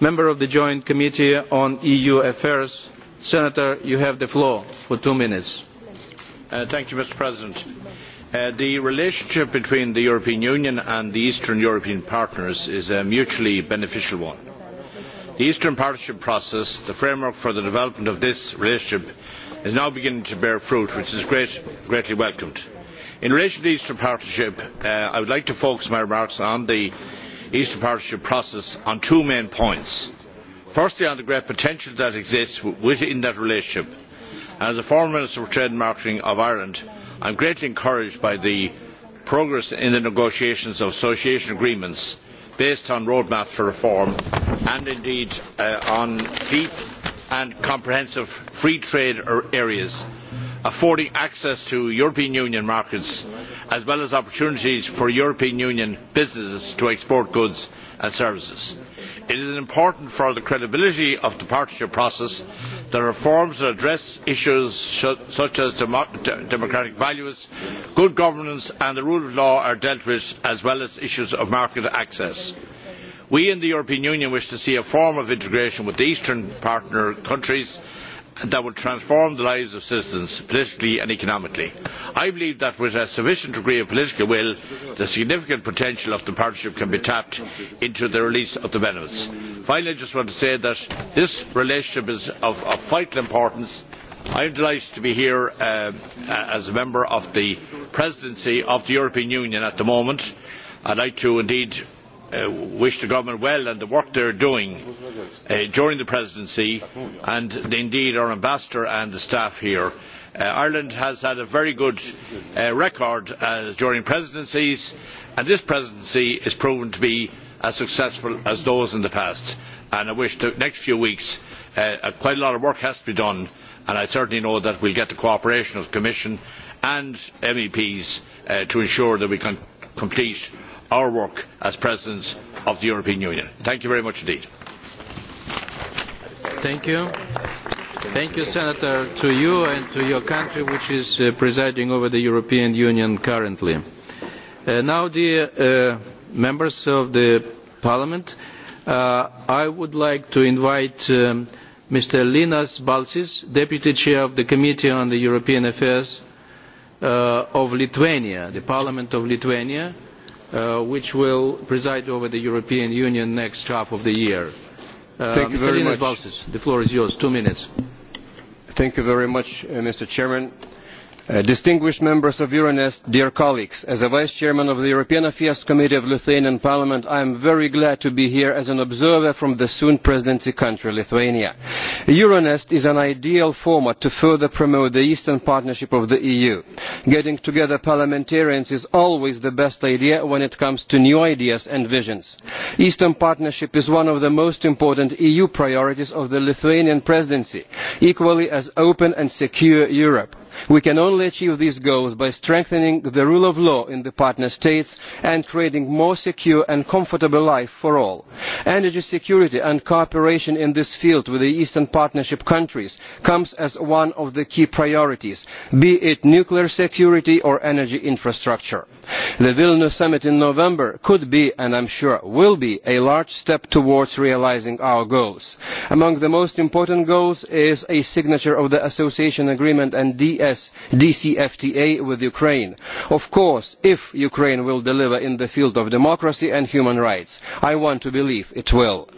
member of the joint committee on eu affairs. senator you have the floor
for two minutes. mr president Uh, the relationship between the European Union and the Eastern European partners is a mutually beneficial one. The Eastern Partnership process, the framework for the development of this relationship, is now beginning to bear fruit, which is greatly welcomed. In relation to the Eastern Partnership, uh, I would like to focus my remarks on the Eastern Partnership process on two main points. Firstly, on the great potential that exists within that relationship. As a former Minister for Trade and Marketing of Ireland, i am greatly encouraged by the progress in the negotiations of association agreements based on roadmaps for reform and indeed uh, on deep and comprehensive free trade er, areas affording access to european union markets as well as opportunities for european union businesses to export goods and services it is important for the credibility of the partnership process that reforms that address issues such as democratic values good governance and the rule of law are dealt with as well as issues of market access. we in the european union wish to see a form of integration with the eastern partner countries that will transform the lives of citizens politically and economically. i believe that with a sufficient degree of political will the significant potential of the partnership can be tapped into the release of the benefits. finally i just want to say that this relationship is of, vital importance. i am delighted to be here uh, uh, as a member of the presidency of the european union at the moment. i would like to indeed Uh, wish the government well and the work they are doing uh, during the presidency and indeed our ambassador and the staff here. Uh, Ireland has had a very good record during presidencies and this presidency is proven to be as successful as those in the past and I wish the next few weeks quite a lot of work has to be done and I certainly know that we will get the cooperation of the Commission and MEPs to ensure that we can complete our work as presidents of the European Union. Thank you very much indeed.
Thank you. Thank you, Senator, to you and to your country, which is uh, presiding over the European Union currently. Uh, now, dear uh, members of the Parliament, uh, I would like to invite um, Mr. Linas Balsis, Deputy Chair of the Committee on the European Affairs uh, of Lithuania, the Parliament of Lithuania, Uh, which will preside over the European Union next half of the year.
Uh, Mr. very the floor is yours. Two minutes. Mr. Uh, distinguished members of euronest dear colleagues as the vice chairman of the european affairs committee of the lithuanian parliament i am very glad to be here as an observer from the soon presidency country lithuania. euronest is an ideal format to further promote the eastern partnership of the eu. getting together parliamentarians is always the best idea when it comes to new ideas and visions. the eastern partnership is one of the most important eu priorities of the lithuanian presidency equally as open and secure europe we can only achieve these goals by strengthening the rule of law in the partner states and creating a more secure and comfortable life for all. energy security and cooperation in this field with the eastern partnership countries comes as one of the key priorities be it nuclear security or energy infrastructure. the vilnius summit in november could be and i am sure will be a large step towards realising our goals. among the most important goals is a signature of the association agreement and as DCFTA with Ukraine. Of course, if Ukraine will deliver in the field of democracy and human rights, I want to believe it will.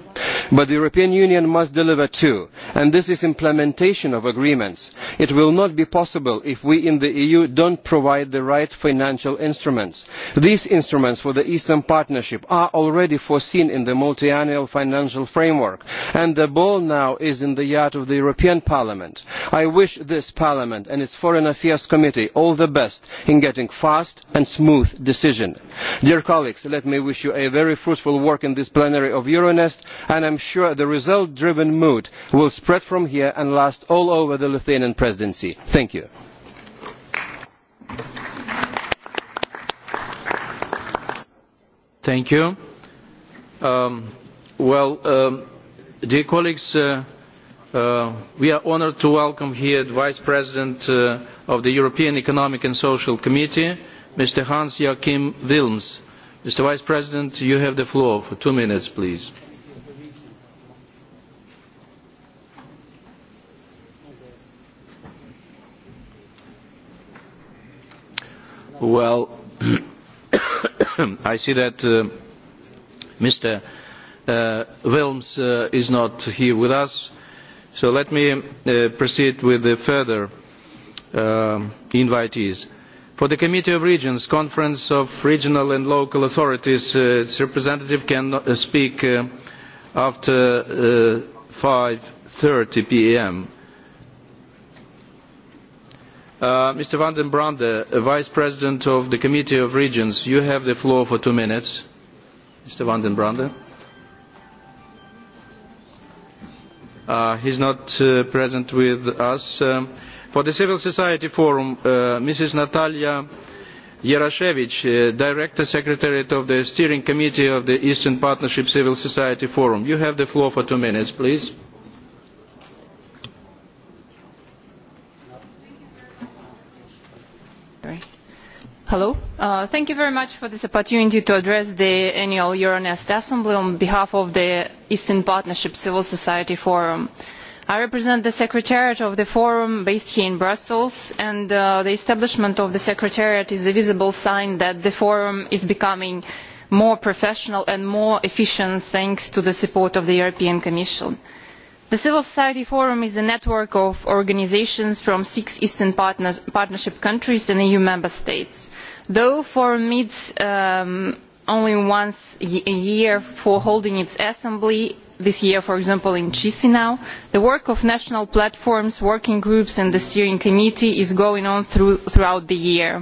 But the European Union must deliver too, and this is implementation of agreements. It will not be possible if we in the EU do not provide the right financial instruments. These instruments for the Eastern Partnership are already foreseen in the multiannual financial framework, and the ball now is in the yard of the European Parliament. I wish this Parliament and its foreign affairs committee all the best in getting fast and smooth decision. dear colleagues let me wish you very fruitful work in this plenary of euronest and i am sure the result driven mood will spread from here and last all over the lithuanian presidency. thank you.
Thank you. Um, well, um, dear colleagues uh, Uh, we are honoured to welcome here the Vice President uh, of the European Economic and Social Committee, Mr. Hans Joachim Wilms. Mr. Vice President, you have the floor for two minutes, please. Well, <coughs> I see that uh, Mr. Uh, Wilms uh, is not here with us so let me uh, proceed with the further uh, invitees. For the Committee of Regions, Conference of Regional and Local Authorities, uh, its representative can uh, speak uh, after uh, five 5.30 p.m. Uh, Mr. Van den Brande, uh, Vice President of the Committee of Regions, you have the floor for two minutes. Mr. Van den Brande. Uh, he is not uh, present with us. Um, for the Civil Society Forum, uh, Ms Natalia Yarashevich, uh, Director Secretariat of the Steering Committee of the Eastern Partnership Civil Society Forum. You have the floor for two minutes, please.
Uh, thank you very much for this opportunity to address the annual euronest assembly on behalf of the eastern partnership civil society forum. i represent the secretariat of the forum based here in brussels and uh, the establishment of the secretariat is a visible sign that the forum is becoming more professional and more efficient thanks to the support of the european commission the civil society forum is a network of organisations from six eastern partnership countries and eu member states. though the forum meets um, only once a year for holding its assembly this year for example in chiinu the work of national platforms working groups and the steering committee is going on throughout the year.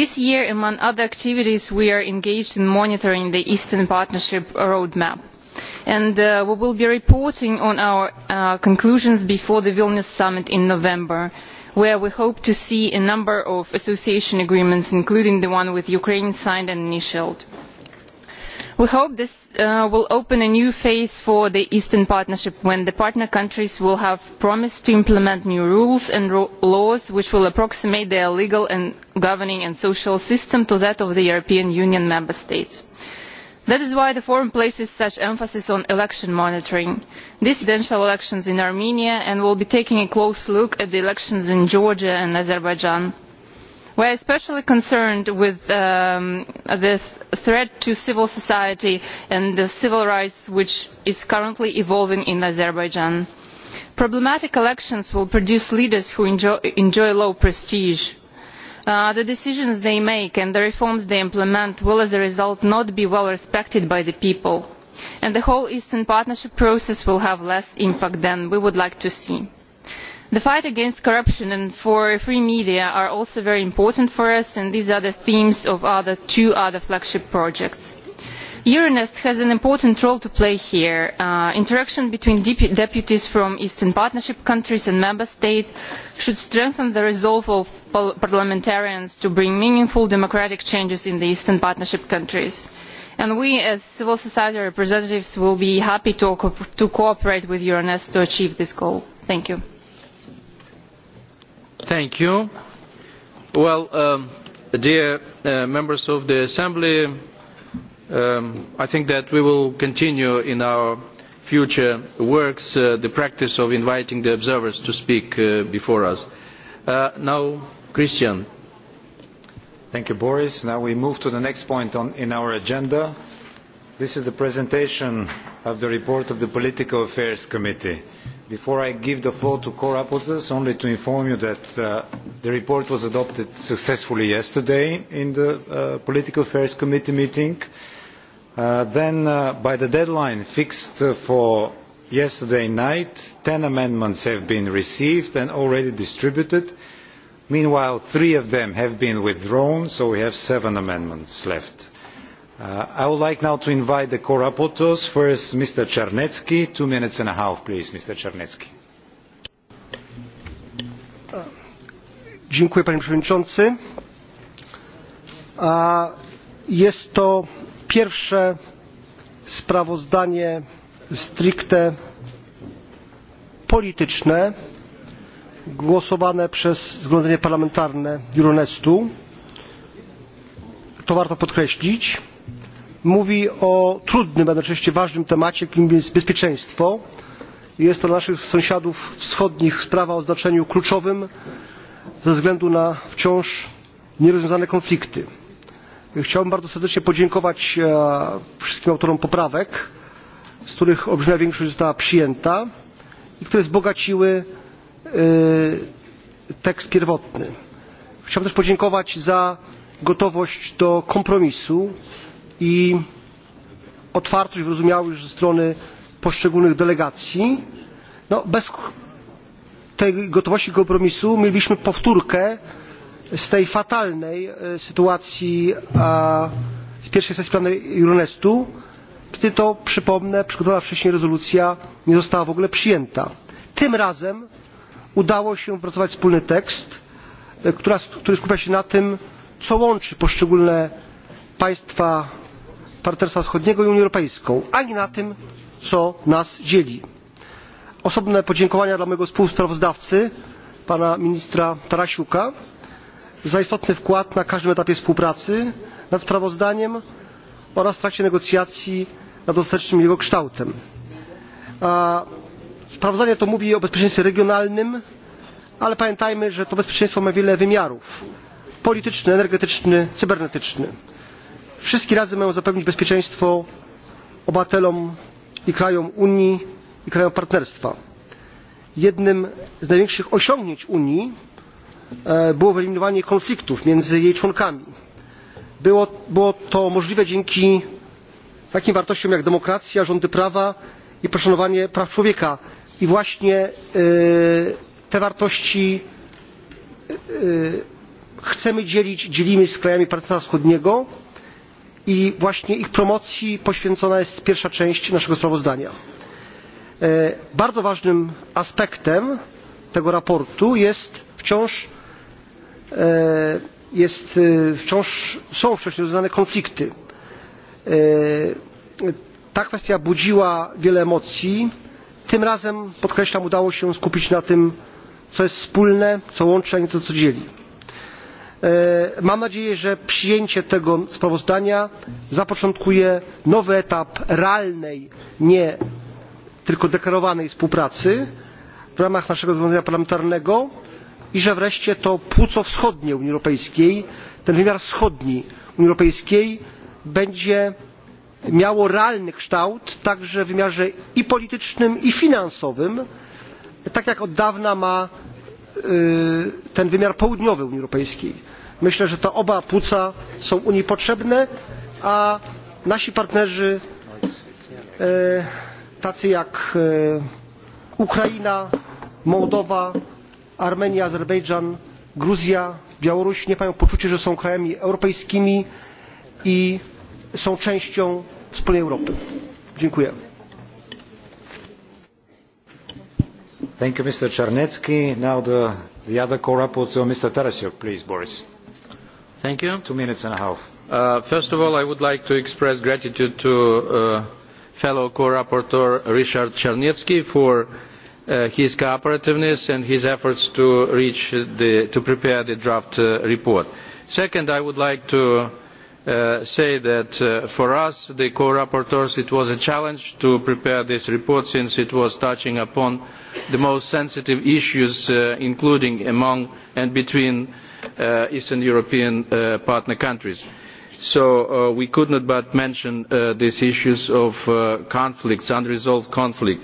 this year among other activities we are engaged in monitoring the eastern partnership roadmap and uh, we will be reporting on our uh, conclusions before the vilnius summit in november where we hope to see a number of association agreements including the one with ukraine signed and initialled. we hope this uh, will open a new phase for the eastern partnership when the partner countries will have promised to implement new rules and laws which will approximate their legal and governing and social system to that of the european union member states that is why the forum places such emphasis on election monitoring these presidential elections in armenia and will be taking a close look at the elections in georgia and azerbaijan. we are especially concerned with um, the threat to civil society and the civil rights which is currently evolving in azerbaijan. problematic elections will produce leaders who enjoy low prestige Uh, the decisions they make and the reforms they implement will as a result not be well respected by the people and the whole eastern partnership process will have less impact than we would like to see. the fight against corruption and for free media are also very important for us and these are the themes of the two other flagship projects euronest has an important role to play here. Uh, interaction between deputies from eastern partnership countries and member states should strengthen the resolve of parliamentarians to bring meaningful democratic changes in the eastern partnership countries and we as civil society representatives will be happy to, cooperate with euronest to achieve this goal. thank you.
Thank you. well um, dear uh, members of the assembly Um, I think that we will continue in our future works uh, the practice of inviting the observers to speak uh, before us.
Uh, now, Christian. Thank you, Boris. Now we move to the next point on, in our agenda. This is the presentation of the report of the Political Affairs Committee. Before I give the floor to co-rapporteurs, only to inform you that uh, the report was adopted successfully yesterday in the uh, Political Affairs Committee meeting. Uh, then uh, by the deadline fixed uh, for yesterday night ten amendments have been received and already distributed. meanwhile three of them have been withdrawn so we have seven amendments left. i would like now to invite the co rapporteurs first mr czarnecki two minutes and a half please mr czarnecki.
Uh, dziękuję panie przewodniczący. jest to pierwsze sprawozdanie stricte polityczne głosowane przez zgromadzenie parlamentarne euronestu to warto podkreślić mówi o trudnym a jednocześnie ważnym temacie jakim jest bezpieczeństwo. jest to dla naszych sąsiadów wschodnich sprawa o znaczeniu kluczowym ze względu na wciąż nierozwiązane konflikty. Chciałbym bardzo serdecznie podziękować e, wszystkim autorom poprawek, z których olbrzymia większość została przyjęta i które wzbogaciły e, tekst pierwotny. Chciałbym też podziękować za gotowość do kompromisu i otwartość wyrozumiałość ze strony poszczególnych delegacji. No, bez tej gotowości kompromisu mielibyśmy powtórkę z tej fatalnej e, sytuacji e, z pierwszej sesji plenarnej euronestu kiedy to przypomnę przygotowana wcześniej rezolucja nie została w ogóle przyjęta. tym razem udało się wypracować wspólny tekst e, który skupia się na tym co łączy poszczególne państwa partnerstwa wschodniego i unię europejską a nie na tym co nas dzieli. osobne podziękowania dla mojego współsprawozdawcy pana ministra tarasiuka za istotny wkład na każdym etapie współpracy nad sprawozdaniem oraz w trakcie negocjacji nad ostatecznym jego kształtem. sprawozdanie to mówi o bezpieczeństwie regionalnym ale pamiętajmy że to bezpieczeństwo ma wiele wymiarów polityczny energetyczny cybernetyczny. wszystkie razem mają zapewnić bezpieczeństwo obywatelom i krajom unii i krajom partnerstwa. jednym z największych osiągnięć unii E, było wyeliminowanie konfliktów między jej członkami. Było, to możliwe dzięki takim wartościom jak demokracja rządy prawa i poszanowanie praw człowieka i właśnie e, te wartości e, chcemy dzielić dzielimy z krajami partnerstwa wschodniego i właśnie ich promocji poświęcona jest pierwsza część naszego sprawozdania. bardzo ważnym aspektem tego sprawozdania jest wciąż E, jest e, wciąż, są wciąż nierozwiązane konflikty. E, ta kwestia budziła wiele emocji. Tym razem, podkreślam, udało się skupić na tym, co jest wspólne, co łączy, a nie to, co dzieli. Mam nadzieję, że przyjęcie tego sprawozdania zapoczątkuje nowy etap realnej, nie tylko deklarowanej współpracy w ramach naszego zobowiązania parlamentarnego i że wreszcie to płuco wschodnie unii europejskiej ten wymiar wschodni unii europejskiej będzie miało realny kształt także w wymiarze i politycznym i finansowym tak jak od dawna ma ten wymiar południowy unii europejskiej. myślę że te oba płuca są unii potrzebne a nasi partnerzy tacy jak ukraina mołdowa armenia azerbejdżan gruzja białoruś nie mają poczucia że są krajami europejskimi i są częścią wspólnej europy. dziękuję.
Uh,
first of all, I would like to express gratitude to uh, fellow co-rapporteur Richard Czarnecki for Uh, his cooperativeness and his efforts to, reach the, prepare the draft uh, report. Second, I would like to uh, say that for us, the co-rapporteurs, it was a challenge to prepare this report since it was touching upon the most sensitive issues, including among and between Eastern European partner countries. So we could not but mention these issues of conflicts, unresolved conflict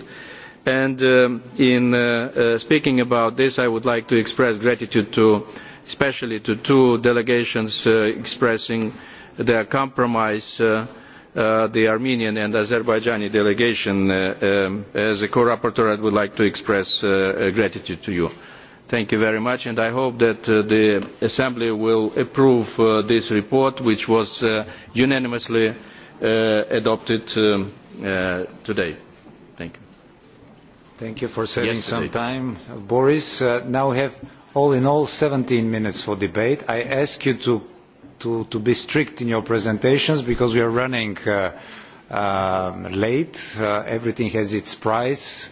And um, in uh, uh, speaking about this, I would like to express gratitude to, especially to two delegations uh, expressing their compromise, the Armenian and Azerbaijani delegation. Um, as a co-rapporteur, I would like to express gratitude to you. Thank you very much, and I hope that the Assembly will approve this report, which was unanimously adopted um, today.
Thank you for saving Yesterday. some time, Boris. Uh, now have all in all seventeen minutes for debate. I ask you to, to, to be strict in your presentations because we are running uh, uh, late. Uh, everything has its price.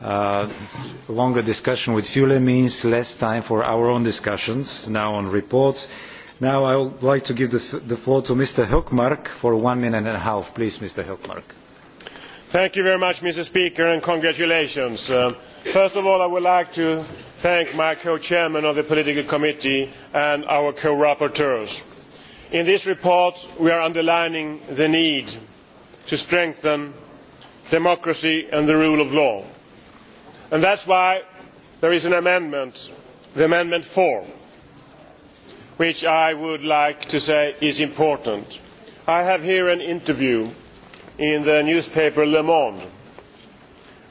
Uh, longer discussion with Fule means less time for our own discussions now on reports. Now I would like to give the, the floor to Mr. Hochmark for one minute and a half. Please, Mr. Hökmark
thank you very much speaker and congratulations. Uh, first of all i would like to thank my co chairmen of the political committee and our co rapporteurs. in this report we are underlining the need to strengthen democracy and the rule of law and that is why there is an amendment amendment four which i would like to say is important. i have here an interview in the newspaper le monde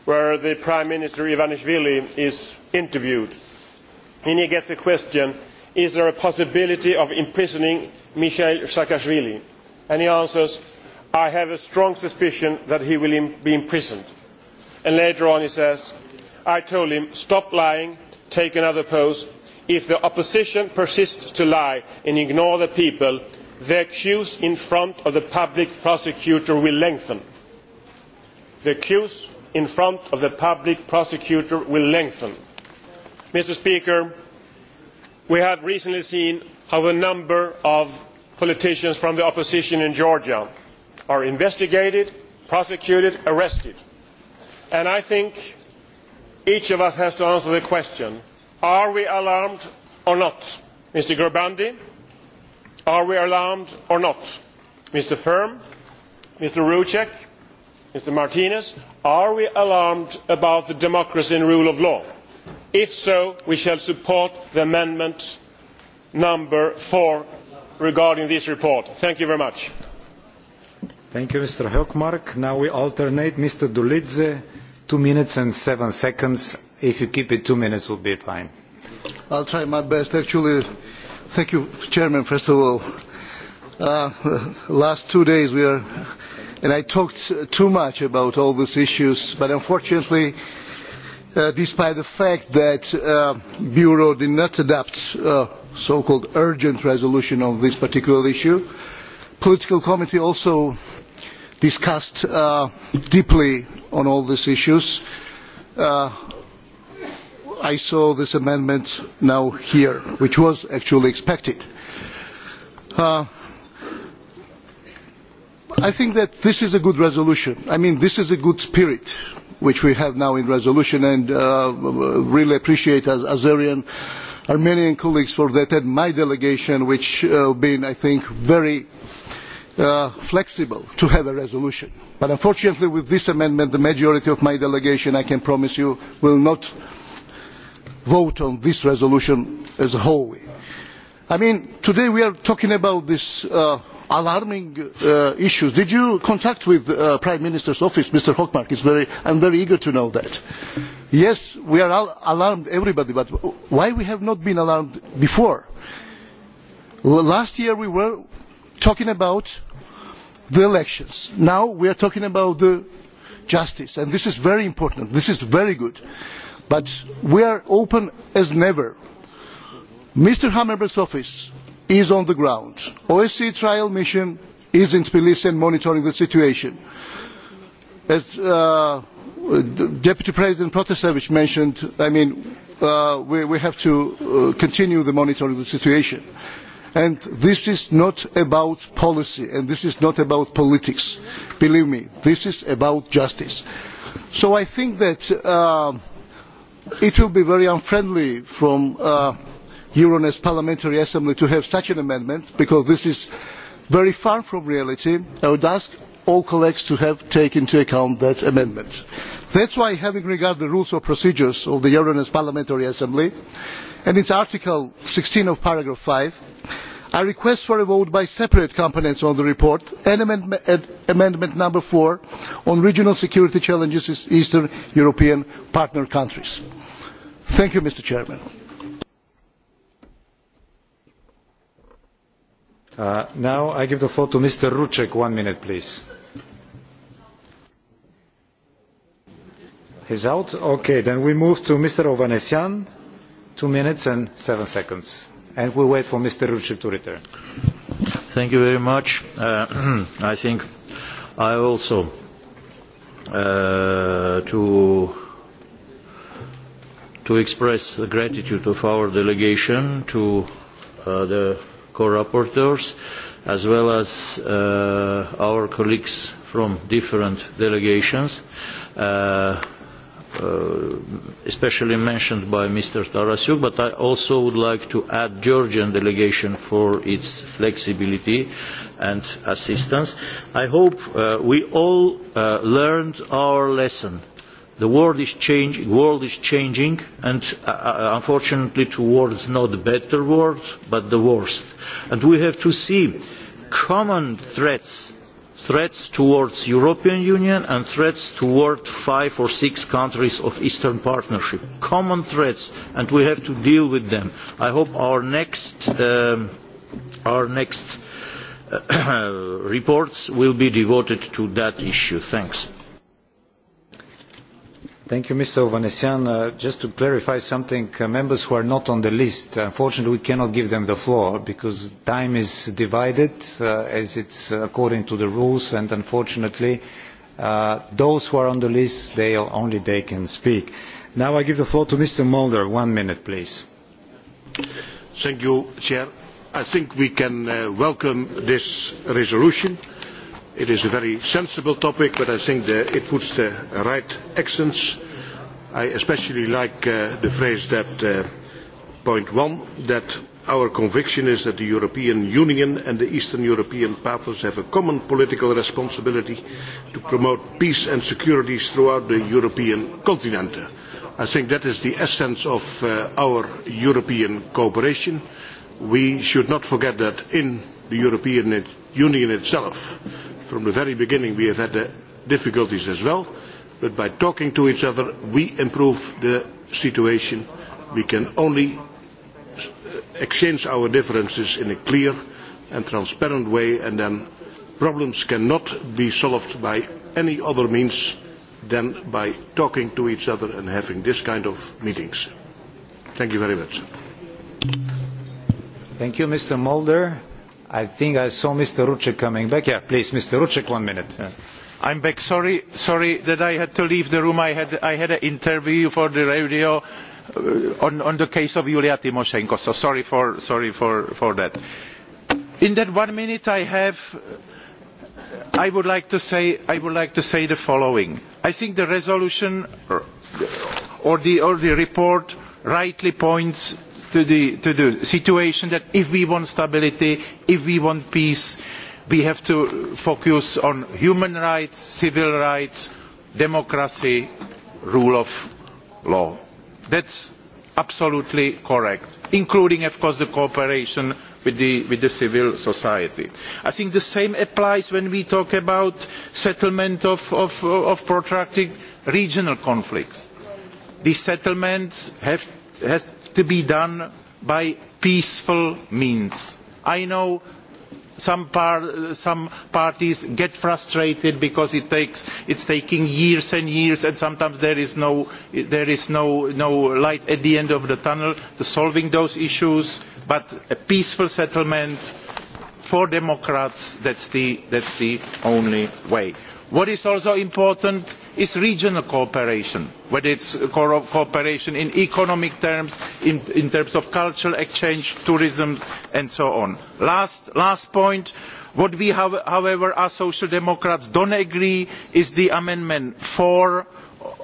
where the prime minister ivanishvili is interviewed and he gets the question is there a possibility of imprisoning mikhail saakashvili and he answers i have a strong suspicion that he will be imprisoned and later on he says i told him stop lying take another post if the opposition persists to lie and ignore the people the queues in front of the public prosecutor will lengthen. the queues in front of the public prosecutor will lengthen. mr speaker we have recently seen how a number of politicians from the opposition in georgia are investigated prosecuted and arrested and i think each of us has to answer the question are we alarmed or not? mr gerbrandy are we alarmed or not? mr färm mr rouek mr martinez are we alarmed about the democracy and rule of law? if so we shall support amendment four regarding this report. thank you very much.
thank you mr hkmark. now we alternate mr dolidze two minutes and seven seconds. if you keep it two minutes will be fine.
will try my best. actually Thank you, Chairman, first of all. Uh, the last two days we are, and I talked too much about all these issues, but unfortunately, uh, despite the fact that the uh, Bureau did not adopt a uh, so-called urgent resolution on this particular issue, political committee also discussed uh, deeply on all these issues. Uh, i saw this amendment now here which was actually expected. Uh, i think that this is a good resolution. i mean this is a good spirit which we have now in the resolution and i uh, really appreciate Az azerian armenian colleagues for that and my delegation which has uh, been i think very uh, flexible to have a resolution. but unfortunately with this amendment the majority of my delegation i can promise you will not vote on this resolution as a whole. I mean, today we are talking about these uh, alarming uh, issues. Did you contact with the uh, Prime Minister's office, Mr. Hochmark? I am very eager to know that. Yes, we are all alarmed, everybody, but why we have not been alarmed before? L last year we were talking about the elections. Now we are talking about the justice, and this is very important. This is very good but we are open as never. mr hammerberg's office is on the ground. the osce trial mission is in tbilisi and monitoring the situation. as uh, deputy president protasevich mentioned I mean, uh, we, we have to uh, continue the monitoring of the situation and this is not about policy and this is not about politics believe me this is about justice. so i think that um, it would be very unfriendly from uh, euronest parliamentary assembly to have such an amendment because this is very far from reality. i would ask all colleagues to have take into account that amendment. that is why having regard to the rules of procedure of the euronest parliamentary assembly and its article sixteen of paragraph five i request for a vote by separate components on the report and amendment four on regional security challenges in eastern european partner countries. thank you mr President. Uh, now i give the floor to
mr one minute please. out? okay then we move to mr two minutes and seven seconds and we wait for Mr. Rucic to return. Thank you very much.
Uh, <clears throat> I think I also uh, to to express the gratitude of our delegation to uh, the co-rapporteurs as well as uh, our colleagues from different delegations. Uh, uh, especially mentioned by Mr. Tarasyuk, but I also would like to add Georgian delegation for its flexibility and assistance. I hope uh, we all uh, learned our lesson. The world is, change, world is changing, and uh, uh unfortunately towards not the better world, but the worst. And we have to see common threats threats towards the European Union and threats towards five or six countries of the Eastern Partnership. Common threats, and we have to deal with them. I hope our next, um, uh, <coughs> reports will be devoted to that issue.
Thank you, Mr. Ovanesian. Uh, just to clarify something, uh, members who are not on the list, uh, unfortunately, we cannot give them the floor because time is divided uh, as it's uh, according to the rules, and unfortunately, uh, those who are on the list, they only they can speak. Now I give the floor to Mr. Mulder. One minute, please. Thank you, Chair. I think we can uh, welcome this
resolution It is a very sensible topic, but I think it puts the right accents. I especially like uh, the phrase that uh, point one, that our conviction is that the European Union and the Eastern European partners have a common political responsibility to promote peace and security throughout the European continent. I think that is the essence of uh, our European cooperation. We should not forget that in the European Union itself from the very beginning we have had difficulties as well but by talking to each other we improve the situation. we can only uh, exchange our differences in a clear and transparent way and then problems cannot be solved by any other means than by talking to each other and having this kind of meetings. thank you very much.
Thank you, Mr. Mulder. I think I saw Mr. Rucek coming back. Yeah, please, Mr. Rucek, one minute. Yeah.
I'm back. Sorry, sorry that I had to leave the room. I had, I had an interview for the radio uh, on, on the case of Yulia Tymoshenko, so sorry for, sorry for, for that. In that one minute I have, I would, like to say, I would like to say the following. I think the resolution or the, or the report rightly points to the, to the situation that if we want stability, if we want peace, we have to focus on human rights, civil rights, democracy, rule of law. That is absolutely correct, including, of course, the cooperation with the, with the civil society. I think the same applies when we talk about settlement of, of, of protracted regional conflicts. These settlements have, to be done by peaceful means. i know some, par some parties get frustrated because it is taking years and years and sometimes there is, no, there is no, no light at the end of the tunnel to solving those issues but a peaceful settlement for democrats that is the, the only way what is also important is regional cooperation whether it is cooperation in economic terms in, terms of cultural exchange tourism and so on. last, last point what we however as social democrats do not agree with is the amendment four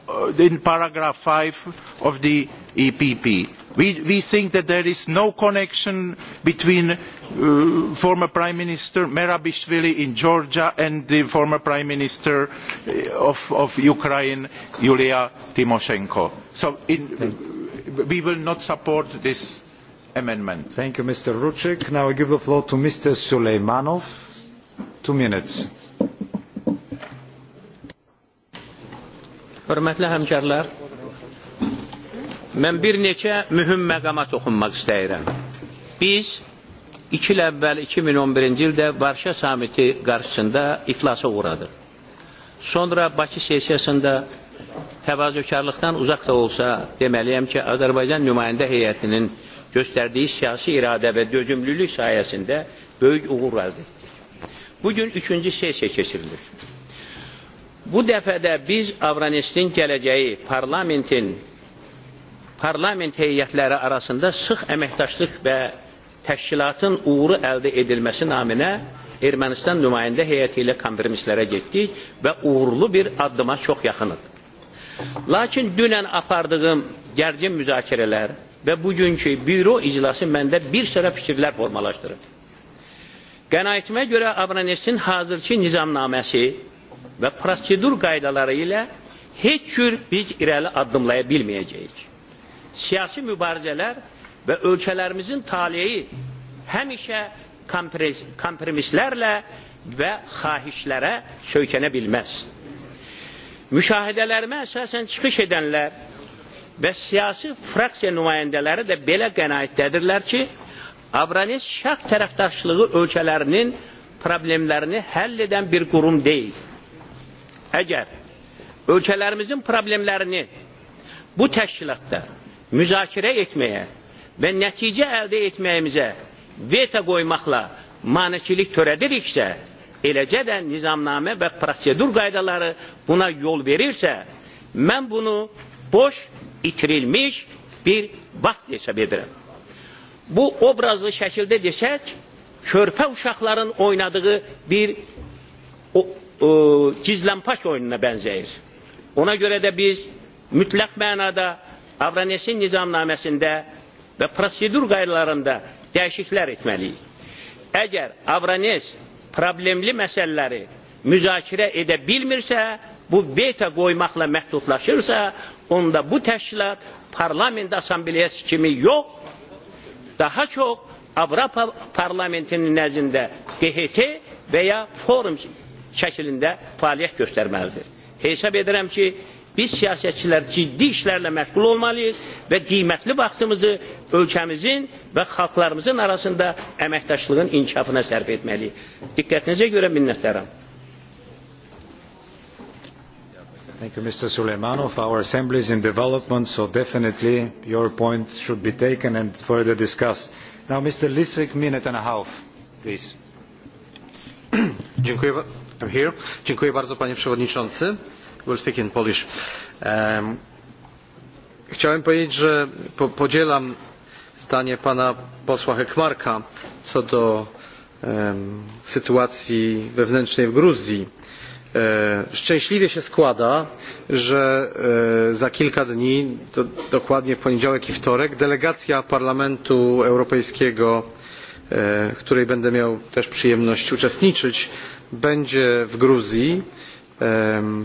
uh, in paragraph five of the epp. We, think that there is no connection between uh, former Prime Minister Merabishvili in Georgia and the former Prime Minister uh, of, Ukraine, Yulia Tymoshenko. So we will not support this amendment. Thank you, Mr. Ruchek. Now I give the floor to Mr. Suleimanov.
Two minutes. Mən bir neçə mühüm məqama toxunmaq istəyirəm. Biz iki il əvvəl 2011-ci ildə Varşa samiti qarşısında iflasa uğradıq. Sonra Bakı sesiyasında təvazökarlıqdan uzaq da olsa deməliyəm ki, Azərbaycan nümayəndə heyətinin göstərdiyi siyasi iradə və dözümlülük sayəsində böyük uğur əldə etdik. Bugün üçüncü sesiya keçirilir. Bu dəfədə biz Avranistin gələcəyi parlamentin parlament heyətləri arasında sıx əməkdaşlıq və təşkilatın uğuru əldə edilməsi naminə Ermənistan nümayəndə heyəti ilə kompromislərə getdik və uğurlu bir addıma çox yaxınıq. Lakin dünən apardığım gərgin müzakirələr və bugünkü büro iclası məndə bir sərə fikirlər formalaşdırıb. Qənaətimə görə Abranesin hazırki nizamnaməsi və prosedur qaydaları ilə heç cür biz irəli addımlaya bilməyəcəyik siyasi mübarezeler ve ölçelerimizin talihi hemişe kompromislerle ve hahişlere söykenebilmez. Müşahedelerime esasen çıkış edenler ve siyasi fraksiya nümayendeleri de belə qənaətdədirlər ki, Abranes şəx tərəfdaşlığı ölkələrinin problemlərini həll edən bir qurum deyil. Əgər ölkələrimizin problemlərini bu təşkilatda müzakirə etməyə və nəticə əldə etməyimizə veto qoymaqla manikilik törədiriksə, eləcə də nizamnamə və prosedur qaydaları buna yol verirsə, mən bunu boş, itirilmiş bir vaxt hesab edirəm. Bu obrazlı şəkildə desək, körpə uşaqların oynadığı bir gizlənpaç oyununa bənzəyir. Ona görə də biz mütləq mənada abronesin nizamnamesinde və prosedur qaydalarında dəyişikliklər etməliyik. Əgər abrones problemli məsələləri müzakirə edə bilmirsə, bu veto qoymaqla məhdudlaşırsa, onda bu təşkilat parlament asambleyası kimi yox, daha çox Avropa parlamentinin nəzdində DHT və ya forum şəklində fəaliyyət göstərməlidir. Hesab edirəm ki, Biz siyasetçiler ciddi işlerle meşgul olmalıyız ve kıymetli vaktimizi ülkemizin ve halklarımızın arasında emektaşlığın inkişafına sərf etmeliyiz. Dikkatinize göre minnettarım.
Thank you, Mr. Suleymanov. Our assembly is in development, so definitely your point should be taken and further discussed. Now, Mr. Lisek, minute and a half, please.
Dziękuję. I'm here. Dziękuję bardzo, panie przewodniczący chciałem powiedzieć, że podzielam zdanie pana posła Hekmarka co do sytuacji wewnętrznej w Gruzji. E, szczęśliwie się składa, że e, za kilka dni, dokładnie w poniedziałek i wtorek, delegacja Parlamentu Europejskiego w e, której będę miał też przyjemność uczestniczyć będzie w gruzji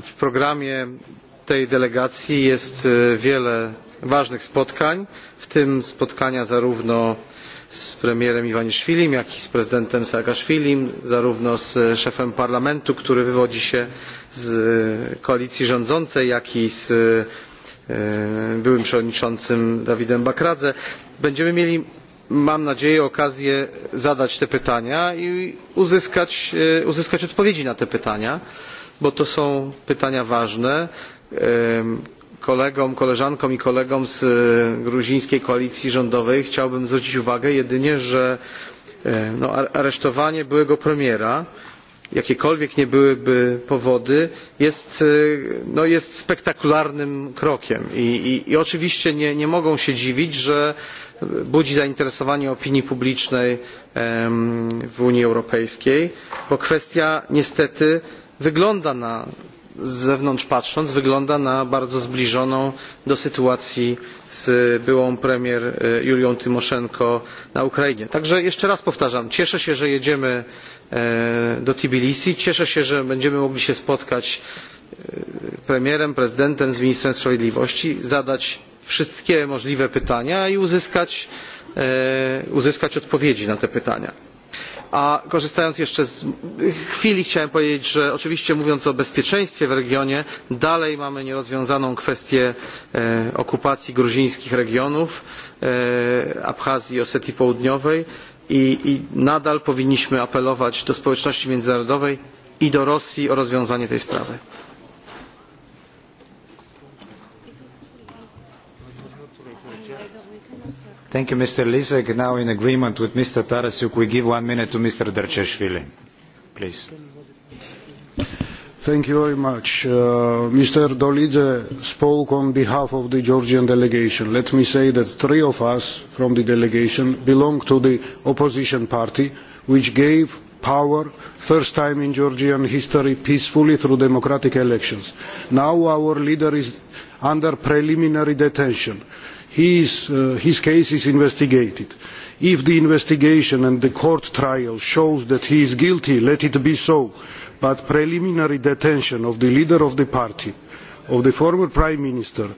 w programie tej delegacji jest e, wiele ważnych spotkań w tym spotkania zarówno z premierem iwaniszwilim jak i z prezydentem saakaszwilim zarówno z szefem parlamentu który wywodzi się z e, koalicji rządzącej jak i z e, byłym przewodniczącym dawidem bakradze. będziemy mieli mam nadzieję okazję zadać te pytania i uzyskać odpowiedzi na te pytania bo to są pytania ważne. kolegom koleżankom i kolegom z e, gruzińskiej koalicji rządowej chciałbym zwrócić uwagę jedynie że e, no, aresztowanie byłego premiera jakiekolwiek nie byłyby powody jest, e, no, spektakularnym krokiem i, oczywiście nie mogą się dziwić że budzi zainteresowanie opinii publicznej w unii europejskiej bo kwestia niestety wygląda na z zewnątrz patrząc wygląda na bardzo zbliżoną do sytuacji z byłą premier e, julią tymoszenko na ukrainie. także jeszcze raz powtarzam cieszę się że jedziemy e, do tbilisi cieszę się że będziemy mogli się spotkać e, premierem prezydentem z ministrem sprawiedliwości zadać wszystkie możliwe pytania i uzyskać, uzyskać odpowiedzi na te pytania a korzystając jeszcze z chwili chciałem powiedzieć że oczywiście mówiąc o bezpieczeństwie w regionie dalej mamy nierozwiązaną kwestię e, okupacji gruzińskich regionów e, abchazji i osetii południowej i, i nadal powinniśmy apelować do społeczności międzynarodowej i do rosji o rozwiązanie tej sprawy.
Thank you, Mr. Lisek. Now, in agreement with Mr. Tarasuk, we give one minute to Mr. Darcheshvili. Please.
Thank you very much. Uh, Mr. Dolidze spoke on behalf of the Georgian delegation. Let me say that three of us from the delegation belong to the opposition party, which gave power, first time in Georgian history, peacefully through democratic elections. Now our leader is under preliminary detention Uh, his, case is investigated. If the investigation and the court trial shows that he is guilty, let it be so. But preliminary detention of the leader of the party, of the former prime minister,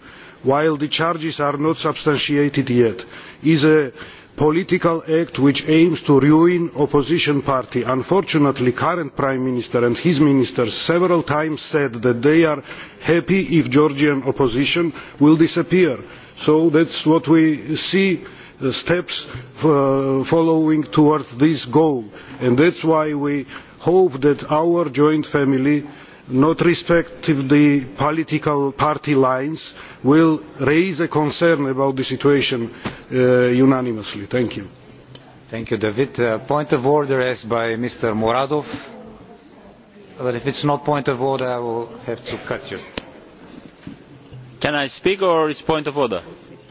while the charges are not substantiated yet, is a political act which aims to ruin the opposition party. unfortunately the current prime minister and his ministers several times said that they are happy if the georgian opposition will disappear so that is what we see the uh, steps uh, following towards this goal and that is why we hope that our joint family not respecting the political party lines will raise a concern about the situation uh, unanimously. Thank
you. Thank you, David. Uh, point of order as by Mr. Moradov. But if it's not point of order, I will have to cut you.
Can I speak or it's point of order?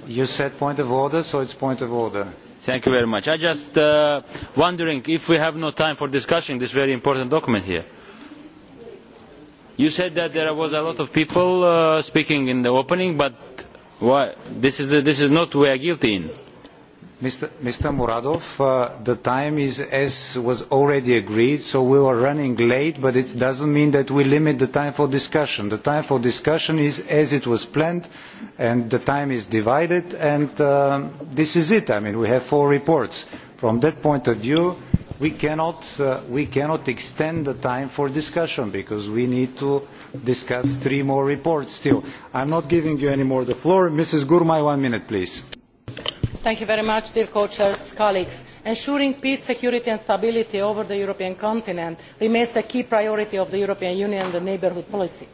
You said point of order, so it's point of order.
Thank you very much. I just uh, wondering if we have no time for discussing this very important document here. You said that there was a lot of people uh, speaking in the opening, but why? This, is, uh, this is not we are guilty in Mr. Mr.
Muradov, uh, the time is as was already agreed, so we were running late, but it doesn't mean that we limit the time for discussion. The time for discussion is as it was planned, and the time is divided, and uh, this is it. I mean, we have four reports. From that point of view, we cannot, uh, we cannot extend the time for discussion because we need to discuss three more reports still. I am not giving you any more the floor. Mrs. Gurmai, one minute, please
dear colleagues ensuring peace security and stability over the european continent remains a key priority of the european union and the neighbourhood policy.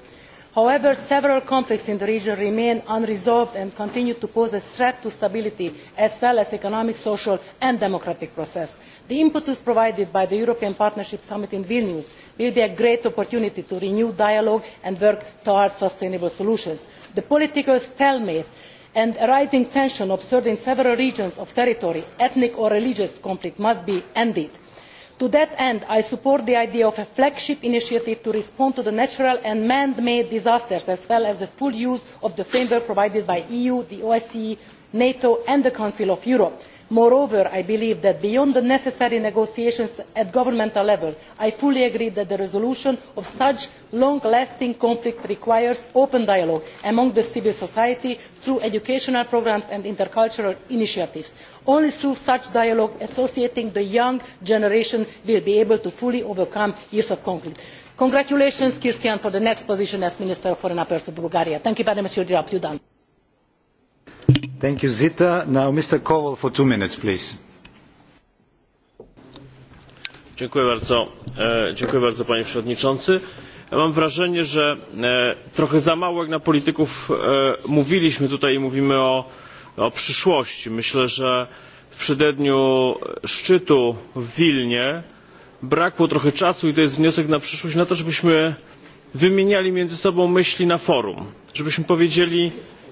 however several conflicts in the region remain unresolved and continue to pose a threat to stability as well as the economic social and democratic process. the impetus provided by the european partnership summit in vilnius will be a great opportunity to renew dialogue and work towards sustainable solutions. the political stalemate and a rising tension observed in several regions of territory ethnic or religious conflict must be ended. to that end i support the idea of a flagship initiative to respond to the natural and man made disasters as well as the full use of the framework provided by e the eu the osce nato and the council of europe moreover i believe that beyond the necessary negotiations at governmental level i fully agree that the resolution of such long lasting conflict requires open dialogue among civil society through educational programmes and intercultural initiatives. only through such dialogue associating the young generation will be able to fully overcome years of conflict. congratulations cristian for the next position as minister of foreign affairs of bulgaria. thank you very much for your job you have done.
E,
dziękuję bardzo, panie przewodniczący. mam wrażenie, że e, trochę za mało jak na polityków e, mówiliśmy tutaj i mówimy o, przyszłości. Myślę, że w przededniu szczytu w Wilnie brakło trochę czasu i to jest wniosek na przyszłość na to, żebyśmy wymieniali między sobą myśli na forum, żebyśmy powiedzieli w tym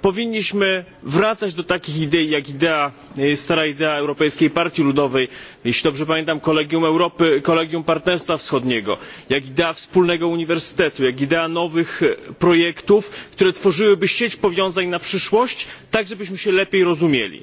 powinniśmy wracać do takich idei jak e, stara idea europejskiej partii ludowej jeśli dobrze pamiętam kolegium europy kolegium partnerstwa wschodniego jak idea wspólnego uniwersytetu jak idea nowych e, projektów które tworzyłyby sieć powiązań na przyszłość tak żebyśmy się lepiej rozumieli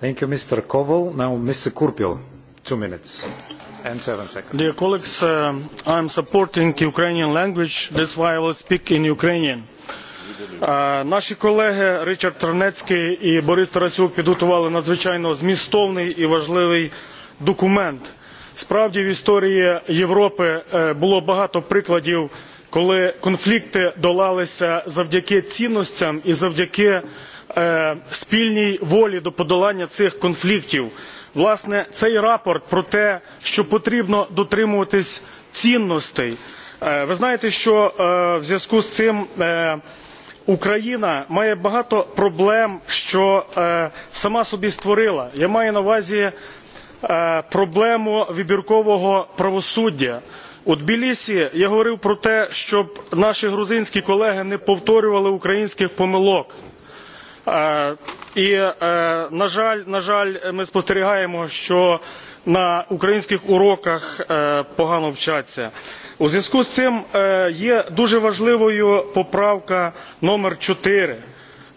Thank you, Mr. Now, Mr. Kurpil, two minutes and seven seconds.
Dear colleagues, supporting Ukrainian language. That's why I will speak in Ukrainian. Наші колеги Ричард Тернецький і Борис Тарасюк підготували надзвичайно змістовний і важливий документ. Справді в історії Європи було багато прикладів, коли конфлікти долалися завдяки цінностям і завдяки спільній волі до подолання цих конфліктів. Власне, цей рапорт про те, що потрібно дотримуватись цінностей. Ви знаєте, що в зв'язку з цим Україна має багато проблем, що сама собі створила. Я маю на увазі проблему вибіркового правосуддя. У Тбілісі я говорив про те, щоб наші грузинські колеги не повторювали українських помилок. І, на жаль, на жаль, ми спостерігаємо, що на українських уроках погано вчаться. У зв'язку з цим є дуже важливою поправка номер 4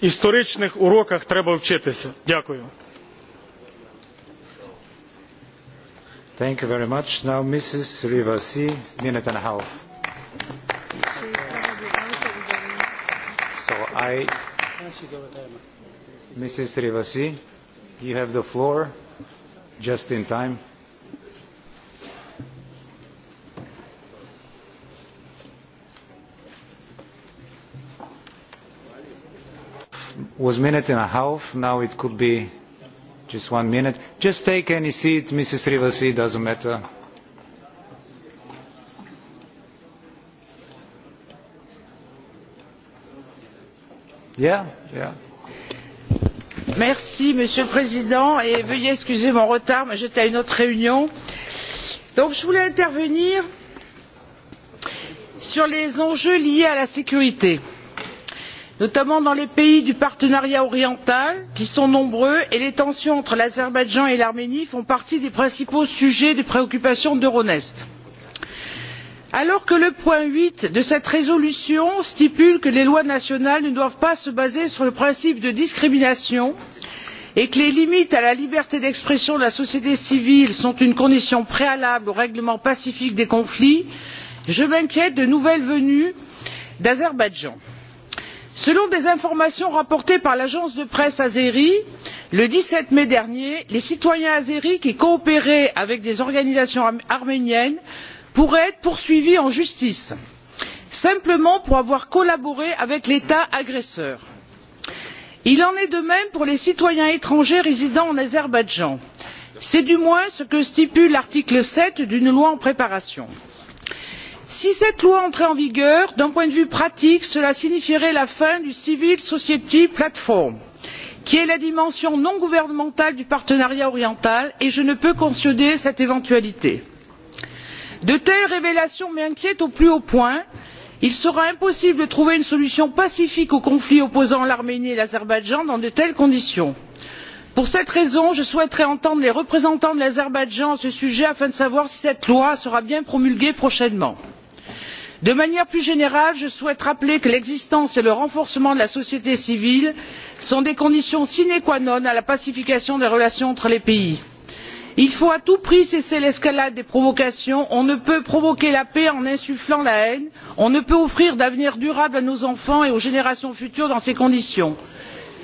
історичних уроках треба вчитися. Дякую.
Thank you very much. Now Mrs. Rivasi, So I, Mrs. Rivasi, you have the floor just in time. was a minute and a half. Now it could be just one minute. Just take any seat, Mrs. Rivasi, doesn't matter.
Yeah, yeah. Merci, Monsieur le Président, et veuillez excuser mon retard, mais j'étais à une autre réunion. Donc, je voulais intervenir sur les enjeux liés à la sécurité notamment dans les pays du partenariat oriental qui sont nombreux et les tensions entre l'azerbaïdjan et l'arménie font partie des principaux sujets de préoccupation d'euronest. alors que le point huit de cette résolution stipule que les lois nationales ne doivent pas se baser sur le principe de discrimination et que les limites à la liberté d'expression de la société civile sont une condition préalable au règlement pacifique des conflits je m'inquiète de nouvelles venues d'azerbaïdjan selon des informations rapportées par l'agence de presse azérie le dix sept mai dernier les citoyens azéris qui coopéraient avec des organisations arméniennes pourraient être poursuivis en justice simplement pour avoir collaboré avec l'état agresseur. il en est de même pour les citoyens étrangers résidant en azerbaïdjan c'est du moins ce que stipule l'article sept d'une loi en préparation si cette loi entrait en vigueur d'un point de vue pratique cela signifierait la fin du civil society platform qui est la dimension non gouvernementale du partenariat oriental et je ne peux cautionner cette éventualité. de telles révélations m'inquiètent au plus haut point. il sera impossible de trouver une solution pacifique au conflit opposant l'arménie et l'azerbaïdjan dans de telles conditions. pour cette raison je souhaiterais entendre les représentants de l'azerbaïdjan à ce sujet afin de savoir si cette loi sera bien promulguée prochainement de manière plus générale je souhaite rappeler que l'existence et le renforcement de la société civile sont des conditions sine qua non à la pacification des relations entre les pays. il faut à tout prix cesser l'escalade des provocations on ne peut provoquer la paix en insufflant la haine on ne peut offrir d'avenir durable à nos enfants et aux générations futures dans ces conditions.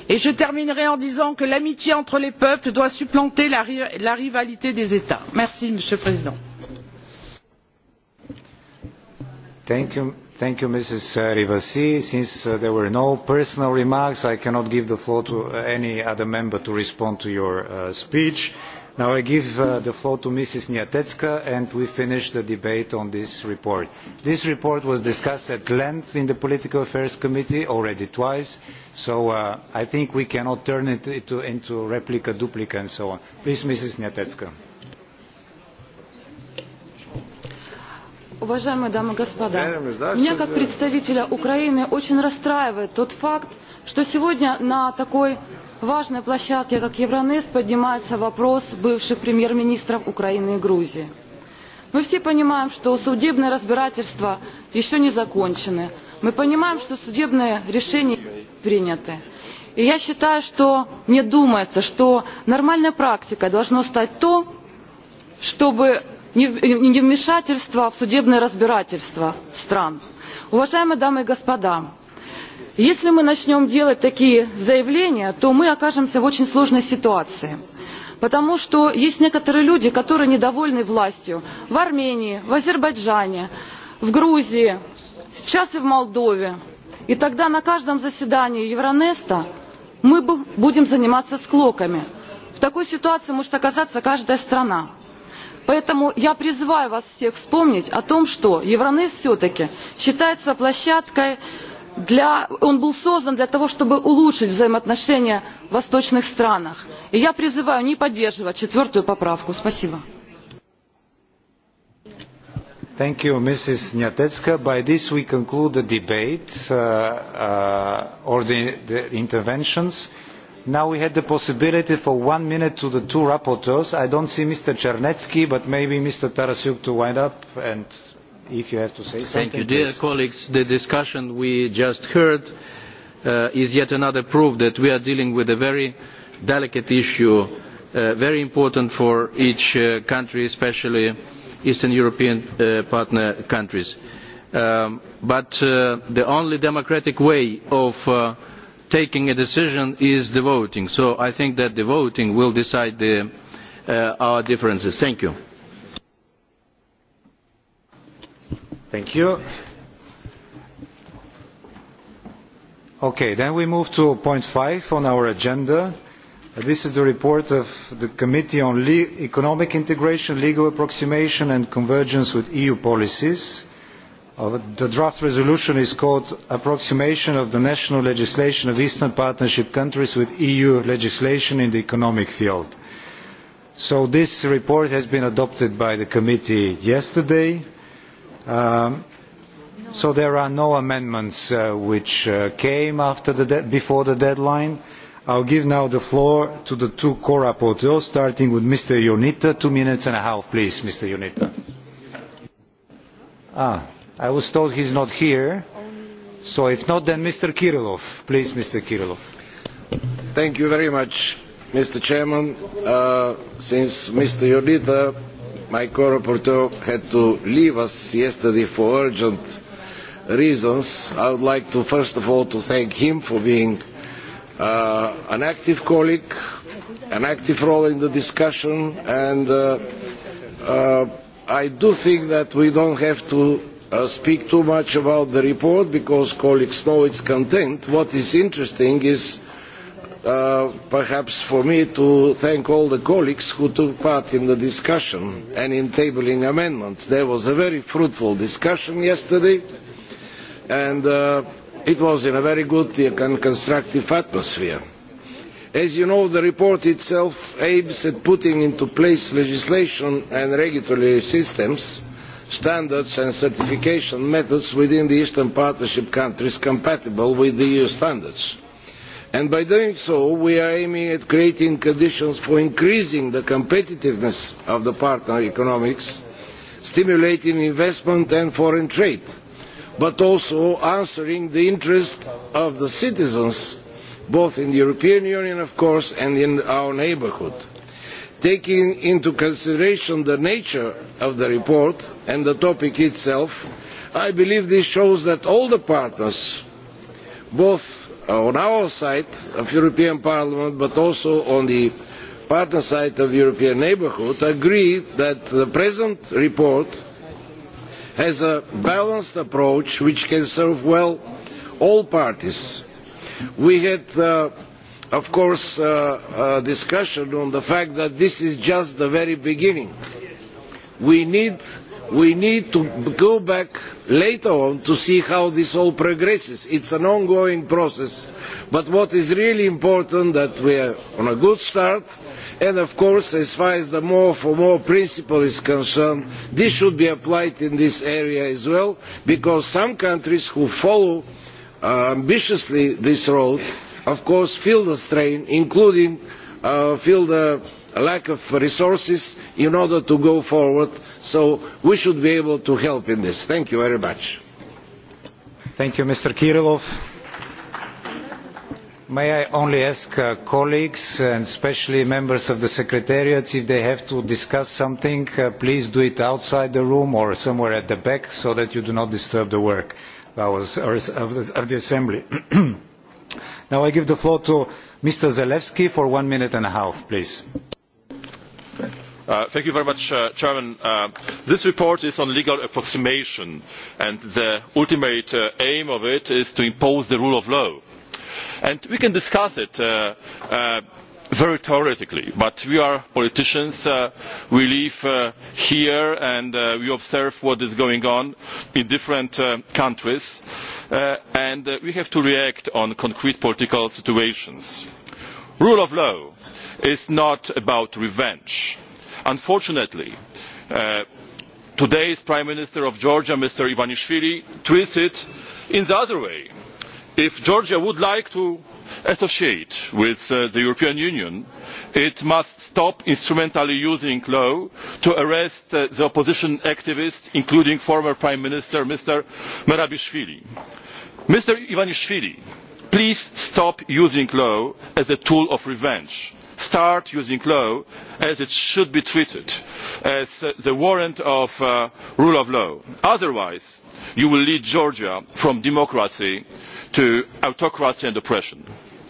Et je terminerai en disant que l'amitié entre les peuples doit supplanter la rivalité des états. merci monsieur le président.
Thank you, Mrs. Uh, Rivasi. Since uh, there were no personal remarks, I cannot give the floor to uh, any other member to respond to your speech. Now I give the floor to Ms Niatetska, and we finish the debate on this report. This report was discussed at length in the Political Affairs Committee already twice, so I think we cannot turn it into, into replica, duplica, and so on. Please, Mrs. Niatetska.
Уважаемые дамы и господа, меня как представителя Украины очень расстраивает тот факт, что сегодня на такой важной площадке, как Евронест, поднимается вопрос бывших премьер-министров Украины и Грузии. Мы все понимаем, что судебные разбирательства еще не закончены. Мы понимаем, что судебные решения приняты. И я считаю, что мне думается, что нормальной практикой должно стать то, чтобы невмешательства в судебное разбирательство стран. уважаемые дамы и господа если мы начнем делать такие заявления то мы окажемся в очень сложной ситуации потому что есть некоторые люди которые недовольны властью в армении в азербайджане в грузии сейчас и в молдове и тогда на каждом заседании евронеста мы будем заниматься склоками. в такой ситуации может оказаться каждая страна Поэтому я призываю вас всех вспомнить о том, что Евронес все-таки считается площадкой для, он был создан для того, чтобы улучшить взаимоотношения в восточных странах. И я призываю не поддерживать четвертую поправку. Спасибо.
Thank you, Mrs. Nyatetska. By this we conclude the debate uh, uh, or the, the interventions now we had the possibility for one minute to the two rapporteurs. i do not see mr czarnecki but maybe mr Tarasuk to wind up and if you have to say something. Thank you. Dear please.
colleagues, the discussion we just heard uh, is yet another proof that we are dealing with a very delicate issue, uh, very important for each uh, country, especially Eastern European uh, partner countries. Um, but uh, the only democratic way of uh, taking a decision is the voting so i think that the voting will decide the, uh, our differences.
thank you. Thank you. Okay, then we move to point five on our agenda. This is the report of the Committee on Le Economic Integration, Legal Approximation and Convergence with EU Policies the draft resolution is called Approximation of the National Legislation of Eastern Partnership Countries with EU Legislation in the Economic Field. So this report has been adopted by the committee yesterday. Um, so there are no amendments uh, which uh, came before the deadline. I will give now the floor to the two co-rapporteurs, starting with Mr. Unita. Two minutes and a half, please, Mr. Unita. Ah, i was told he is not here. So if not, then Mr. Kirillov. Please, Mr. Kirillov.
Thank you very much, Mr. Chairman.
Uh, since Mr.
Yodita, my co-rapporteur, had to leave us yesterday for urgent reasons, I would like to first of all to thank him for being uh, an active colleague, an active role in the discussion, and uh, uh, I do think that we don't have to Uh, speak too much about the report because colleagues know its content. What is interesting is uh, perhaps for me to thank all the colleagues who took part in the discussion and in tabling amendments. There was a very fruitful discussion yesterday and uh, it was in a very good and constructive atmosphere. As you know, the report itself aims at putting into place legislation and regulatory systems standards and certification methods within the eastern partnership countries compatible with eu e standards and by doing so we are aiming at creating conditions for increasing the competitiveness of the partner economies stimulating investment and foreign trade but also answering the interests of the citizens both in the european union of course and in our neighbourhood taking into consideration the nature of the report and the topic itself i believe this shows that all the partners both on our side of the european parliament but also on the partner side of the european neighbourhood agree that the present report has a balanced approach which can serve well all parties. we had uh, of course a uh, uh, discussion on the fact that this is just the very beginning. We need, we need to go back later on to see how this all progresses. It is an ongoing process, but what is really important is that we are on a good start, and of course, as far as the more for more principle is concerned, this should be applied in this area as well, because some countries who follow uh, ambitiously this road of course feel the strain including uh, feel the lack of resources in order to go forward so we should be able to help in this. thank you very much.
thank you mr kirilov. may i only ask uh, colleagues and especially members of the secretariat if they have to discuss something uh, please do it outside the room or somewhere at the back so that you do not disturb the work of the assembly. <clears throat> Now I give the floor to Mr. Zalewski for one minute and a half, please.
Uh, much, uh, uh, this report is on legal approximation and the ultimate uh, aim of it is to impose the rule of law. we can discuss it very theoretically but we are politicians uh, we live uh, here and uh, we observe what is going on in different uh, countries uh, and uh, we have to react on concrete political situations. the rule of law is not about revenge. unfortunately today's prime minister of georgia mr ivanishvili treats it in the other way. if georgia would like to associate with uh, the european union it must stop instrumentally using law to arrest uh, the opposition activists including former prime minister mr merabishvili. mr ivanishvili please stop using law as a tool of revenge start using law as it should be treated as uh, the warrant of the uh, rule of law. otherwise you will lead georgia from democracy to autocracy and oppression.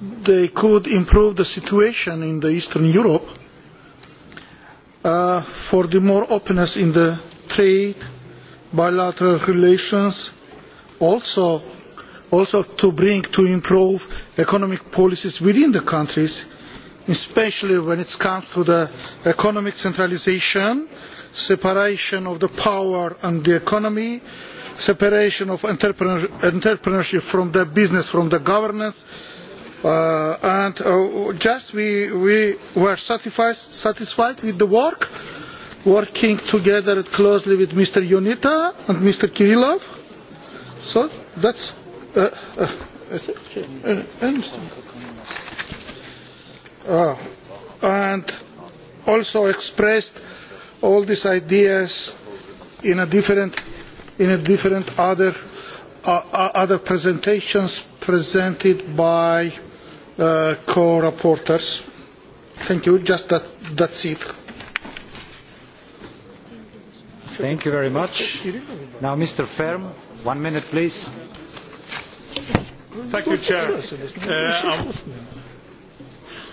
they could improve the situation in Eastern Europe uh, for the more openness in the trade, bilateral relations, also, also to bring to improve economic policies within the countries, especially when it comes to the economic centralisation, separation of the power and the economy, separation of entrepreneur, entrepreneurship from the business, from the governance, Uh, and uh, just we, we were satisfied, satisfied with the work, working together closely with Mr. Yonita and Mr. Kirillov. So that's. Uh, uh, uh, uh, and also expressed all these ideas in a different in a different other uh, uh other presentations presented by uh, co-rapporteurs. Thank you.
Just that, that's it. Thank you very much. Now, Mr. Ferm, one minute, please.
Thank you, Chair. Uh, um,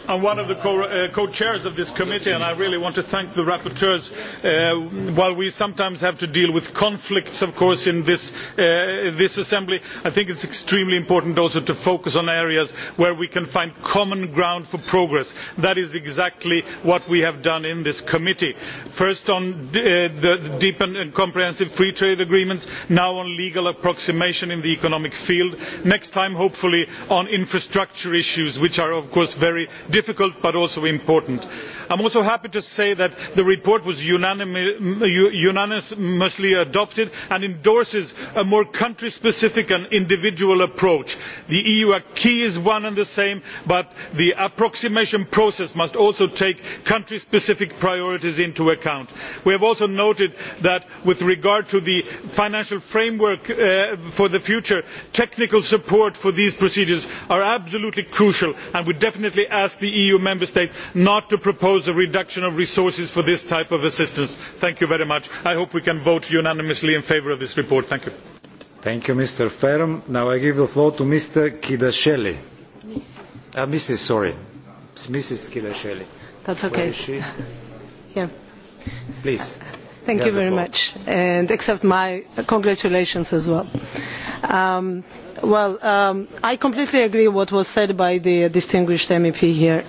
i am one of the uh, co-chairs of this committee and I really want to thank the rapporteurs. Uh, while we sometimes have to deal with conflicts, of course, in this, uh, this assembly, I think it is extremely important also to focus on areas where we can find common ground for progress. That is exactly what we have done in this committee. First on uh, the deep and comprehensive free trade agreements, now on legal approximation in the economic field, next time hopefully on infrastructure issues, which are of course very difficult difficult but also important i am also happy to say that the report was unanimously adopted and endorses a more country specific and individual approach. the eu acquis is one and the same but the approximation process must also take country specific priorities into account. we have also noted that with regard to the financial framework uh, for the future technical support for these procedures is absolutely crucial and we definitely ask the eu member states not to propose propose a reduction of resources for this type of assistance. thank you very much. i hope we can vote unanimously in favour of this report. thank you.
thank you mr ferm. now i give the floor to mr kidashele.
mrs.
Uh, mrs. sorry. It's mrs. kidashele. that's okay. Where is she? yeah. please. Thank you, you
very much, and accept my congratulations as well. Um, well, um, I completely agree with what was said by the distinguished MEP here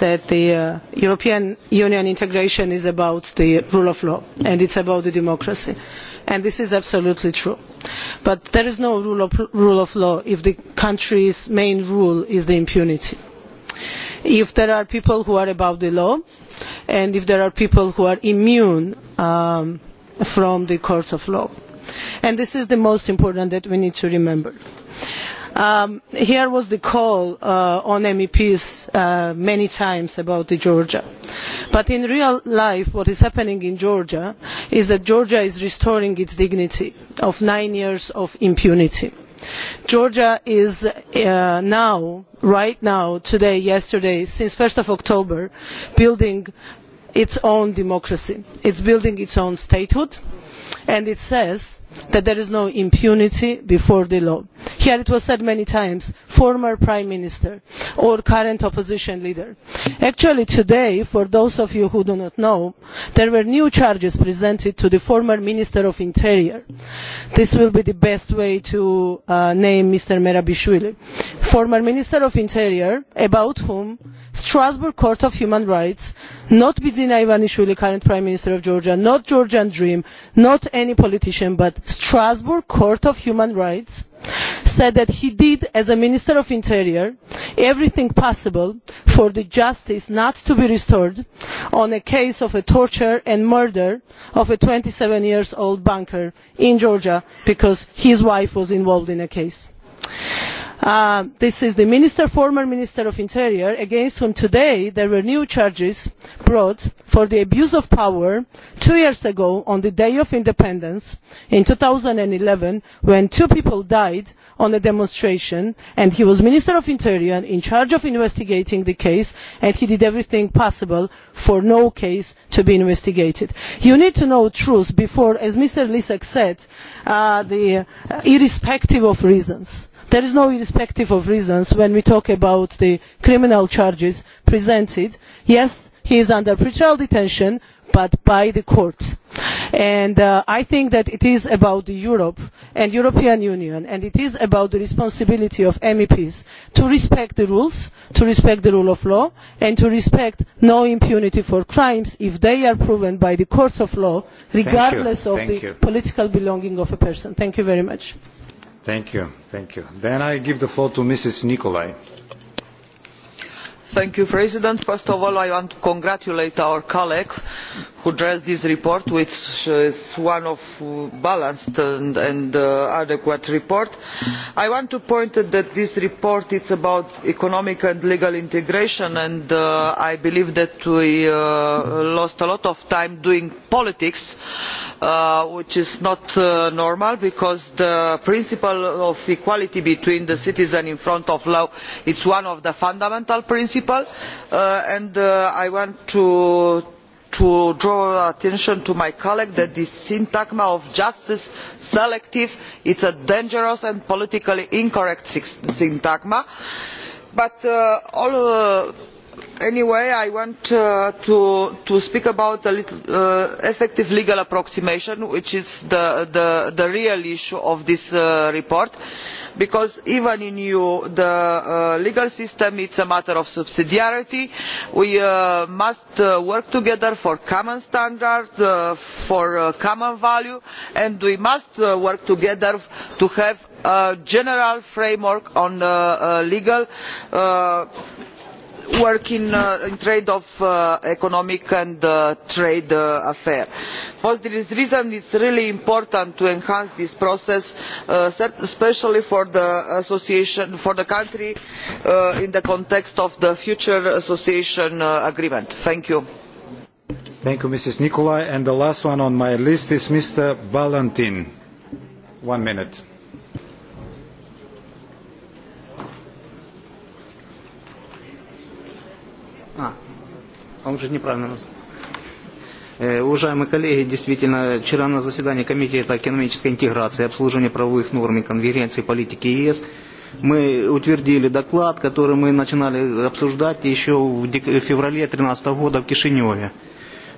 that the uh, European Union integration is about the rule of law and it is about democracy. And this is absolutely true. But there is no rule of, rule of law if the country's main rule is impunity. If there are people who are above the law and if there are people who are immune um, from the court of law. And this is the most important that we need to remember Um, here was the call uh, on meps uh, many times about georgia but in real life what is happening in georgia is that georgia is restoring its dignity of nine years of impunity. georgia is uh, now right now today yesterday since one october building its own democracy it is building its own statehood and it says that there is no impunity before the law. here it was said many times former prime minister or current opposition leader. actually today for those of you who do not know there were new charges presented to the former minister of interior. this will be the best way to uh, name mr merabishvili former minister of the interior about whom the strasbourg court of human rights not bidzina ivanishvili current prime minister of georgia not the georgian dream not any politician but the strasbourg court of human rights said that he did as a minister of the interior everything possible for justice not to be restored on a case of the torture and murder of a twenty seven year old banker in georgia because his wife was involved in the case. Uh, this is the minister, former minister of the interior against whom today there were new charges brought for the abuse of power two years ago on the day of independence in two thousand and eleven when two people died on a demonstration and he was minister of the interior in charge of investigating the case and he did everything possible for no case to be investigated. you need to know the truth before as mr lisek said uh, irrespective of reasons there is no irrespective of reasons when we talk about the criminal charges presented. yes he is under pretrial detention but by the courts. And uh, I think that it is about Europe and the European Union, and it is about the responsibility of MEPs to respect the rules, to respect the rule of law, and to respect no impunity for crimes if they are proven by the courts of law, regardless of the political belonging of a person. Thank you very much.
Thank you, thank you. Then I give the floor to Mrs. Nicolai.
Thank you, President. First of all, I want to congratulate our colleague who drafted this report which is one of a balanced and, uh, adequate report. i want to point out that this report is about economic and legal integration and uh, i believe that we uh, lost a lot of time doing politics which is not normal because the principle of equality between the citizens in front of the law is one of the fundamental principles and i want to to draw attention to my colleague that this syntagma of justice selective is a dangerous and politically incorrect syntagma but uh, uh, anyway i want uh, to, speak about little, effective legal approximation which is the real issue of this report because even in eu the uh, legal system it is a matter of subsidiarity. we uh, must uh, work together for common standards for common values and we must work together to have a general framework on legal work in, uh, in trade of uh, economic and uh, trade affairs. for this reason it is really important to enhance this process especially for the association for the country in the context of the future association agreement. thank you.
thank you mrs nicolai and the last one on my list is mr valentin. one minute
Он же неправильно назвал. Уважаемые коллеги, действительно, вчера на заседании Комитета экономической интеграции, обслуживания правовых норм и конференции политики ЕС мы утвердили доклад, который мы начинали обсуждать еще в феврале 2013 года в Кишиневе.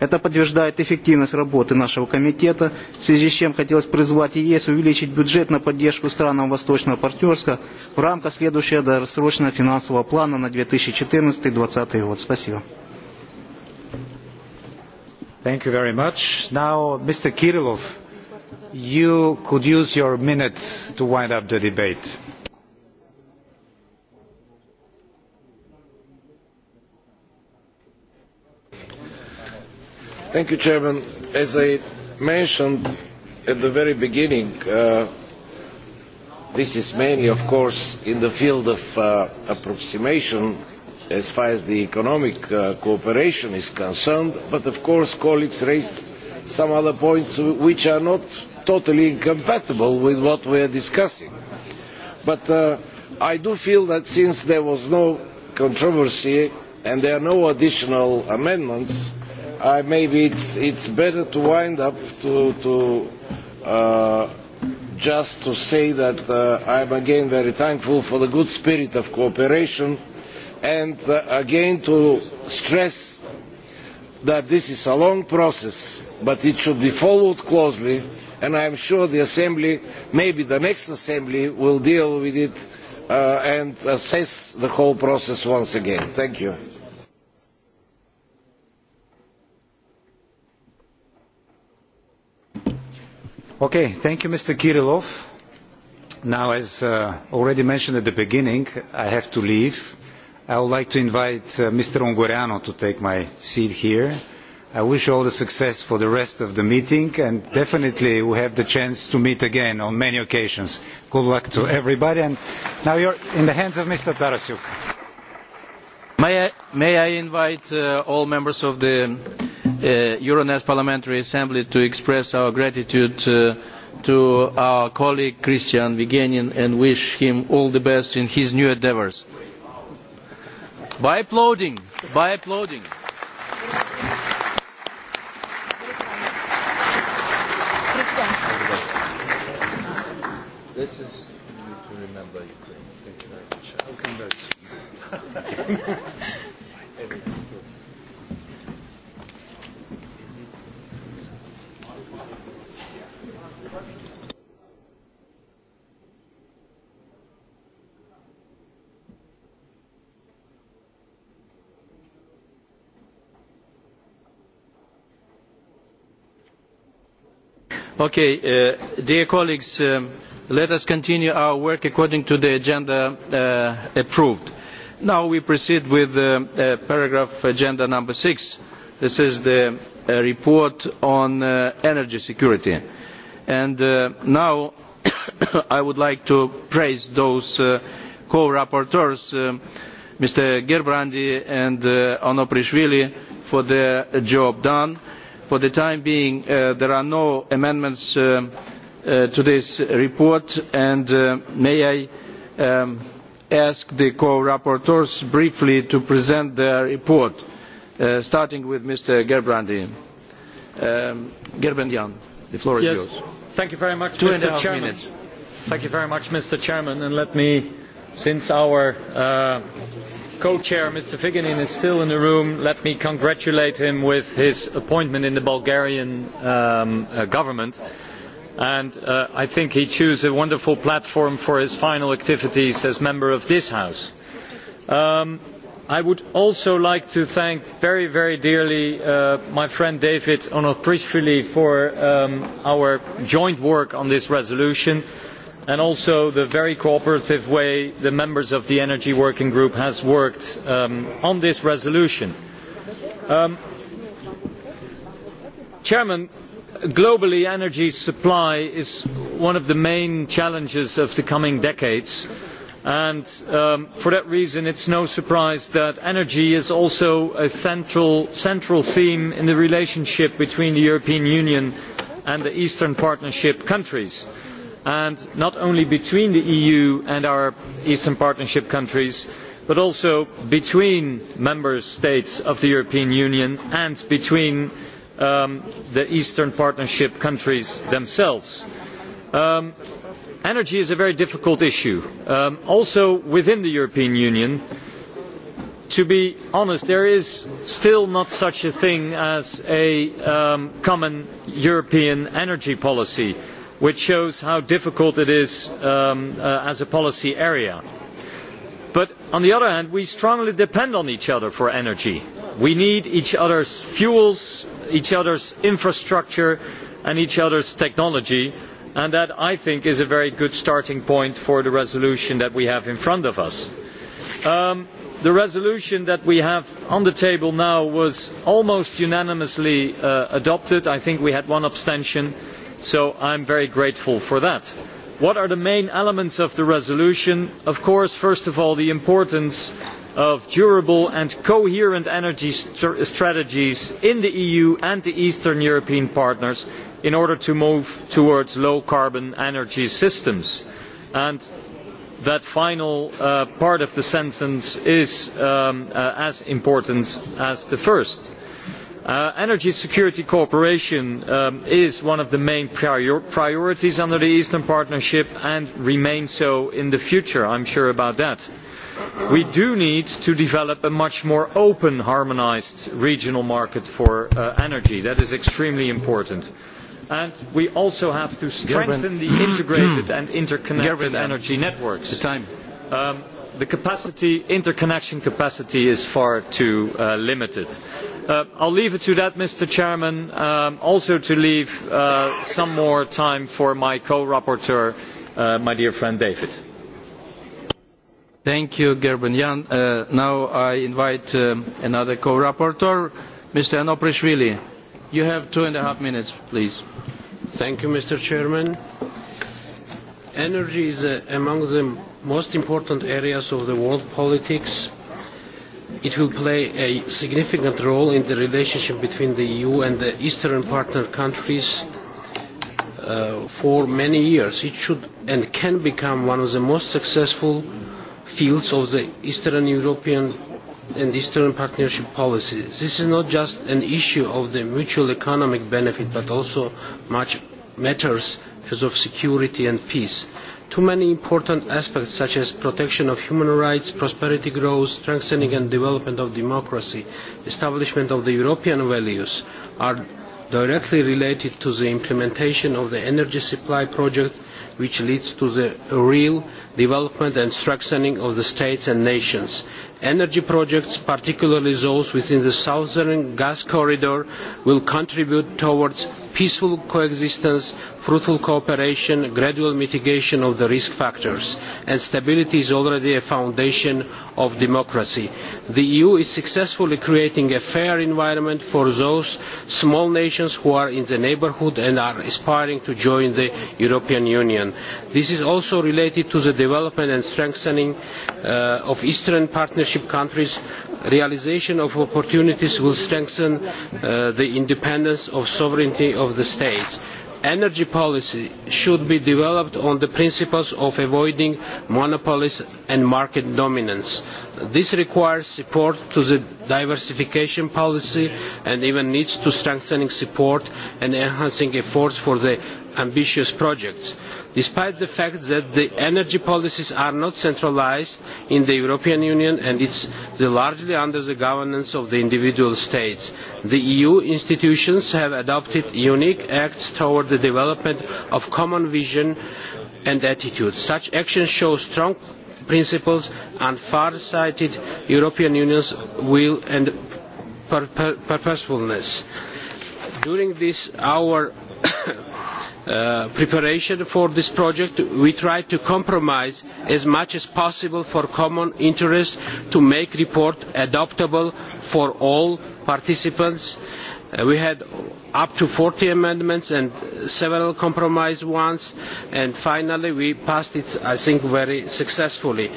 Это подтверждает эффективность работы нашего комитета, в связи с чем хотелось призвать ЕС увеличить бюджет на поддержку странам Восточного партнерства в рамках следующего досрочного финансового плана на 2014-2020 год. Спасибо. Thank you
very much. Now, Mr. Kirillov, you could use your minute to wind up the debate. Thank you,
Chairman. As I mentioned at the very beginning, uh, this is mainly, of course, in the field of uh, approximation as far as the economic uh, cooperation is concerned, but of course colleagues raised some other points which are not totally incompatible with what we are discussing. But uh, I do feel that since there was no controversy and there are no additional amendments, i, maybe it's, it's better to wind up to, to uh, just to say that uh, I am again very thankful for the good spirit of cooperation and uh, again to stress that this is a long process but it should be followed closely and I am sure the assembly, maybe the next assembly will deal with it uh, and assess the whole process once again.
Thank you. thank you, Mr. Kirillov. Now, as uh, already mentioned at the beginning, I have to leave. I would like to invite uh, Mr. Ongoriano to take my seat here. I wish all the success for the rest of the meeting, and definitely we have the chance to meet again on many occasions. Good luck to everybody, and now are in the hands of Mr. Tarasyuk.
May I, may I invite uh, all members of the Uh, euronest parliamentary assembly to express our gratitude uh, to our colleague christian vigenin and wish him all the best in his new endeavours by applauding
this is to remember Thank you
very much. <laughs>
Okay, uh, dear colleagues, um, let us continue our work according to the agenda uh, approved. Now we proceed with uh, uh paragraph agenda number six. This is the uh, report on uh, energy security. And now <coughs> I would like to praise those co-rapporteurs, Mr. Gerbrandi and uh, Onoprishvili, for their job done for the time being uh, there are no amendments um, uh, to this report and uh, may i um, ask the co rapporteurs briefly to present their report starting with mr gerbrandy.
Um, the floor is yours. thank you very much mr thank you very much mr chairman and let me since our co-chair, Mr. Vigenin, is still in the room, let me congratulate him with his appointment in the Bulgarian um, uh, government. And uh, I think he chose a wonderful platform for his final activities as member of this House. Um, I would also like to thank very, very dearly uh, my friend David Onoprishvili for um, our joint work on this resolution and also the very cooperative way the members of the energy working group have worked um, on this resolution. Um, chairman, globally energy supply is one of the main challenges of the coming decades and um, for that reason it is no surprise that energy is also a central, central theme in the relationship between the european union and the eastern partnership countries and not only between the eu and our eastern partnership countries but also between member states of the european union and between um, the eastern partnership countries themselves. Um, energy is a very difficult issue um, also within the european union. to be honest there is still not such a thing as a common european energy policy which shows how difficult it is um, uh, as a policy area. But on the other hand, we strongly depend on each other for energy. We need each other's fuels, each other's infrastructure and each other's technology and that I think is a very good starting point for the resolution that we have in front of us. Um, the resolution that we have on the table now was almost unanimously uh, adopted. I think we had one abstention so i am very grateful for that. what are the main elements of the resolution? of course first of all the importance of durable and coherent energy strategies in the eu and the eastern european partners in order to move towards low carbon energy systems and that final uh, part of the sentence is um, uh, as important as the first Uh, energy security cooperation um, is one of the main prior priorities under the eastern partnership and remains so in the future i am sure about that. we do need to develop a much more open harmonised regional market for uh, energy that is extremely important and we also have to strengthen the integrated and interconnected energy networks. Um, the capacity, interconnection capacity is far too uh, limited i uh, will leave it to that mr president um, also to leave uh, some more time for my co rapporteur uh, my dear friend david.
thank you gerben jan. now i invite um, another co rapporteur mr annoprishvili. you have two
and a half minutes please. thank you mr president. energy is among the most important areas of world politics It will play a significant role in the relationship between the EU and the Eastern partner countries uh, for many years. It should and can become one of the most successful fields of the Eastern European and Eastern Partnership policy. This is not just an issue of the mutual economic benefit, but also much matters as of security and peace Too many important aspects such as protection of human rights, prosperity growth, strengthening and development of democracy, establishment of the European values are directly related to the implementation of the energy supply project which leads to the real development and strengthening of the states and nations energy projects particularly those within the southern gas corridor will contribute towards peaceful coexistence fruitful cooperation gradual mitigation of the risk factors and stability is already a foundation of democracy. the eu is successfully creating a fair environment for those small nations who are in the neighbourhood and are aspiring to join the european union. this is also related to the development and strengthening uh, of eastern partnership partnership countries, realisation of opportunities will strengthen uh, the independence of sovereignty of the states. Energy policy should be developed on the principles of avoiding monopolies and market dominance. This requires support to the diversification policy and even needs to strengthening support and enhancing efforts for the ambitious projects despite the fact that the energy policies are not centralised in the european union and it is largely under the governance of the individual states. the eu institutions have adopted unique acts towards the development of common vision and attitudes. such actions show strong principles and far sighted european union's will and purposefulness. during this hour Uh, preparation for this project we tried to compromise as much as possible for common interests to make the report adoptable for all participants. Uh, we had up to forty amendments and several compromise ones and finally we passed it i think very successfully.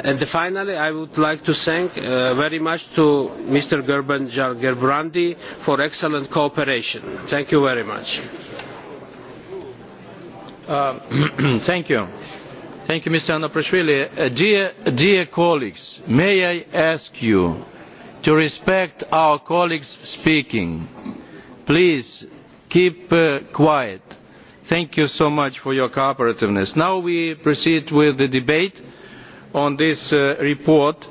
And finally i would like to thank uh, very much to mr gerben Gerbrandi gerbrandy for excellent cooperation. thank you very much.
Uh, <clears throat> thank you. Mr. Anaprashvili. Uh, dear, colleagues, may I ask you to respect our colleagues speaking. Please keep uh, quiet. Thank you so much for your cooperativeness. Now we proceed with the debate on this report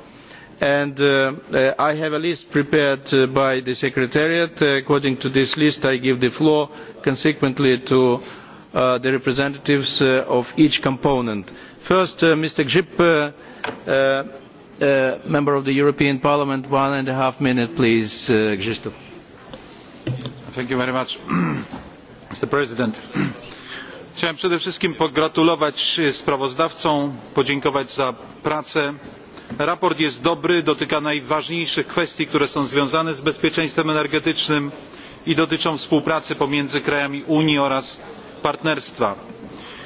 and I have a list prepared by the Secretariat. According to this list, I give the floor consequently to Uh, the representatives uh, of each component. First, uh, Mr. Grzyb, member of the European Parliament, one and a half minutes please, Krzysztof. Thank Mr.
<clears throat> President. <clears throat> Chciałem przede wszystkim pogratulować sprawozdawcom, podziękować za pracę sprawozdanie jest dobre dotyka najważniejszych kwestii które są związane z bezpieczeństwem energetycznym i dotyczą współpracy pomiędzy krajami unii oraz partnerstwa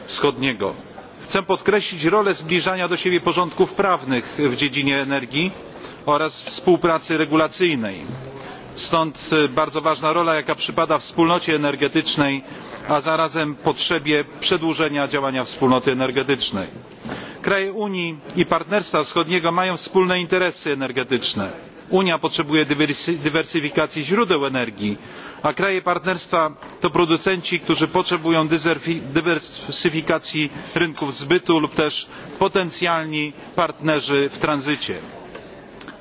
wschodniego. chcę podkreślić rolę zbliżania do siebie porządków prawnych w dziedzinie energii oraz współpracy regulacyjnej stąd e, bardzo ważna rola jaka przypada wspólnocie energetycznej a zarazem potrzebie przedłużenia działania wspólnoty energetycznej. kraje unii i partnerstwa wschodniego mają wspólne interesy energetyczne. unia potrzebuje dywersyfikacji źródeł energii a kraje partnerstwa to producenci którzy potrzebują dywersyfikacji rynków zbytu lub też potencjalni partnerzy w tranzycie.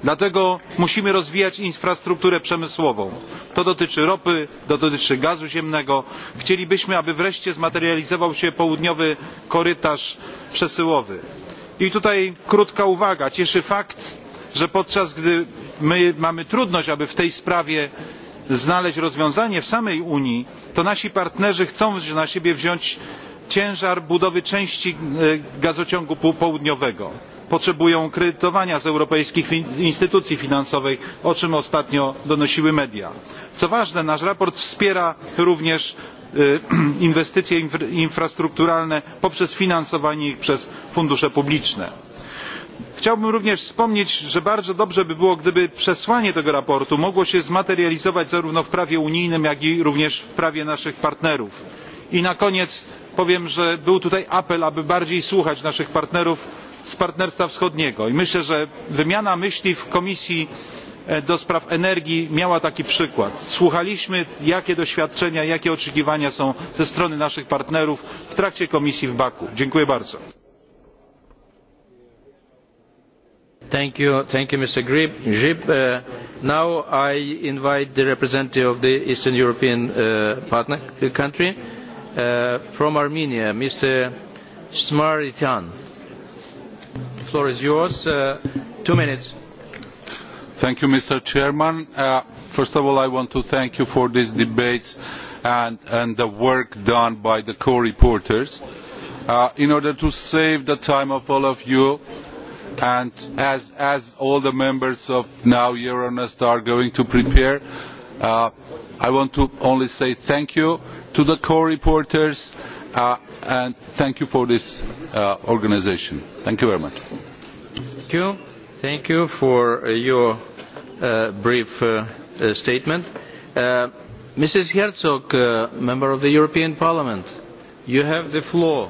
dlatego musimy rozwijać infrastrukturę przemysłową to dotyczy ropy to dotyczy gazu ziemnego. chcielibyśmy aby wreszcie zmaterializował się południowy korytarz przesyłowy. i tutaj krótka uwaga cieszy fakt że podczas gdy my mamy trudność aby w tej sprawie znaleźć rozwiązanie w samej unii to nasi partnerzy chcą na siebie wziąć ciężar budowy części e, gazociągu południowego potrzebują kredytowania z europejskich instytucji finansowych o czym ostatnio donosiły media. co ważne nasze sprawozdanie wspiera również e, <clears throat> inwestycje infrastrukturalne poprzez finansowanie ich przez fundusze publiczne chciałbym również wspomnieć że bardzo dobrze by było gdyby przesłanie tego sprawozdania mogło się zmaterializować zarówno w prawie unijnym jak i również w prawie naszych partnerów. i na koniec powiem że był tutaj apel aby bardziej słuchać naszych partnerów z partnerstwa wschodniego i myślę że wymiana myśli w komisji e, do spraw energii miała taki przykład słuchaliśmy jakie doświadczenia jakie oczekiwania są ze strony naszych partnerów w trakcie komisji w baku. dziękuję bardzo.
Thank you, Mr. Grib. Uh, now I invite the representative of the Eastern European uh, partner uh, country from Armenia, Mr. Smaritan. The floor is yours. two minutes.
Thank you, Mr. Chairman. first of all, I want to thank you for these debates and, and the work done by the co-reporters. in order to save the time of all of you, and as, as all the members of now euronest are going to prepare uh, i want to only say thank you to the co reporters uh, and thank you for this uh, organisation. thank you very much.
thank you, thank you for uh, your uh, brief uh, statement. mrs uh, member of the european parliament you have the floor.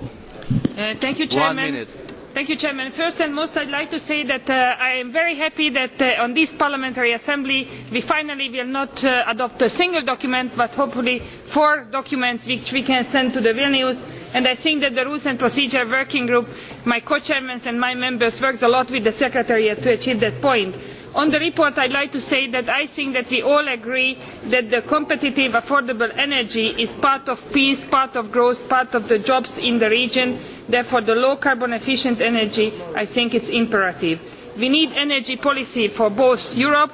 Thank You, one minute first and foremost i would like to say that uh, i am very happy that in uh, on this parliamentary assembly we finally will not uh, adopt a single document but hopefully four documents which we can send to vilnius and i think that the rules and procedure working group my co chairmen and my members worked a lot with the secretariat to achieve that point on the report i would like to say that i think that we all agree that competitive affordable energy is part of peace part of growth part of the jobs in the region therefore the low carbon efficient energy i think is imperative. we need an energy policy for both europe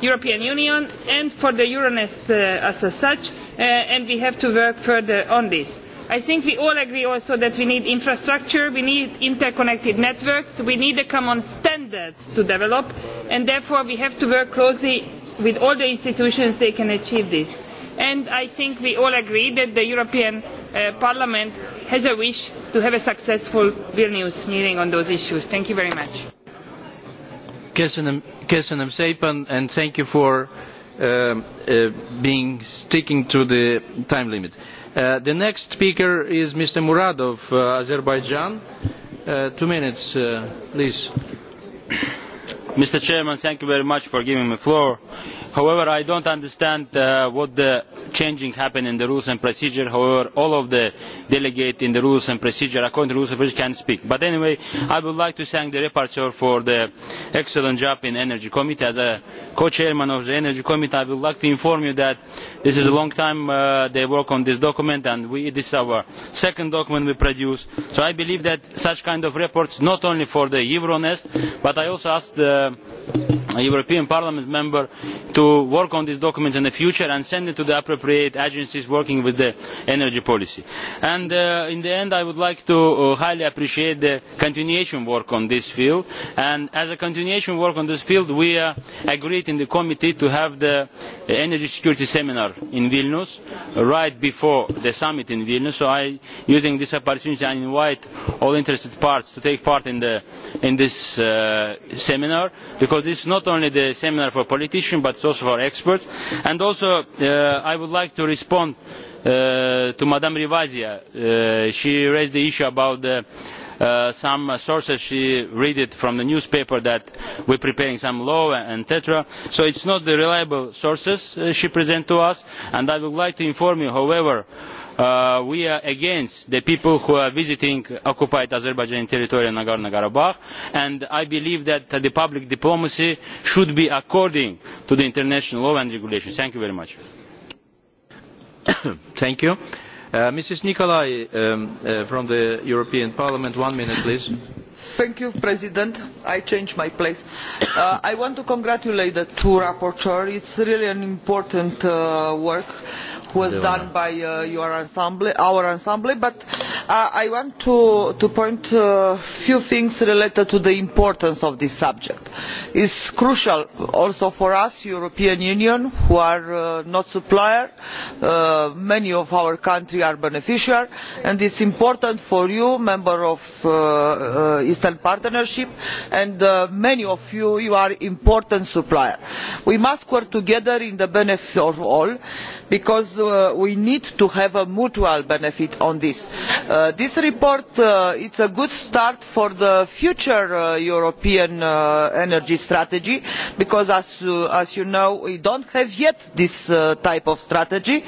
the european union and for euronest uh, as such uh, and we have to work further on this. i think we all agree also that we need infrastructure we need interconnected networks we need a common standard to develop and therefore we have to work closely with all the institutions that can achieve this and i think we all agree that the european uh, parliament has a wish to have a successful vilnius meeting on those issues. thank you very much.
Köszönöm szépen, and thank you for um, uh, being sticking to the time limit. Uh, the next speaker is Mr. Muradov, uh, Azerbaijan.
Uh, two minutes, uh, please. Mr. Chairman, thank you very much for giving me the floor. Uh, however i do not understand uh, what the changing happened in the rules and procedure. however all of the delegates in the rules and procedure according to the rules and procedure can speak. but anyway i would like to thank the rapporteur for the excellent job in the energy committee as a co chairman of the energy committee i would like to inform you that this is a long time uh, they work on this document and it is our second document we produce so i believe that such kind of reports not only for the euronest but i also ask the european parliament member to work on this document in the future and send it to the appropriate agencies working with the energy policy. Uh, in the end i would like to uh, highly appreciate the continuation work on this field and as a continuation work on this field we agreed debate in the committee to have the energy security seminar in vilnius right before the summit in vilnius so i using this opportunity i invite all interested parties to take part in, the, in this uh, seminar because this is not only the seminar for politicians but also for experts and also uh, i would like to respond uh, to madam rivasi uh, she raised the issue about the uh, Uh, some sources she read it from the newspaper that we are preparing some law etc. so it is not the reliable sources uh, she presents to us and i would like to inform you however that uh, we are against the people who are visiting occupied Azerbaijani territory in Nagorno Karabakh, and I believe that the public diplomacy should be according to the international law and regulations. Thank you very much.
<coughs> Uh, Mrs. Nicolai um, uh, from the European Parliament, one minute,
please.
Thank you, President. I changed my place. Uh, I want to congratulate the two rapporteurs. it is really important uh, work was done by uh, your ensemble, our ensemble but uh, i want to, to point out uh, a few things related to the importance of this subject. it is crucial also for us the european union who are not suppliers many of our countries are beneficiaries and it is important for you members of the eastern partnership and many of you, you are important suppliers. we must work together for the benefit of all because Uh, we need to have a mutual benefit on this. Uh, this report uh, is a good start for the future european energy strategy because as, you know we do not have yet this type of strategy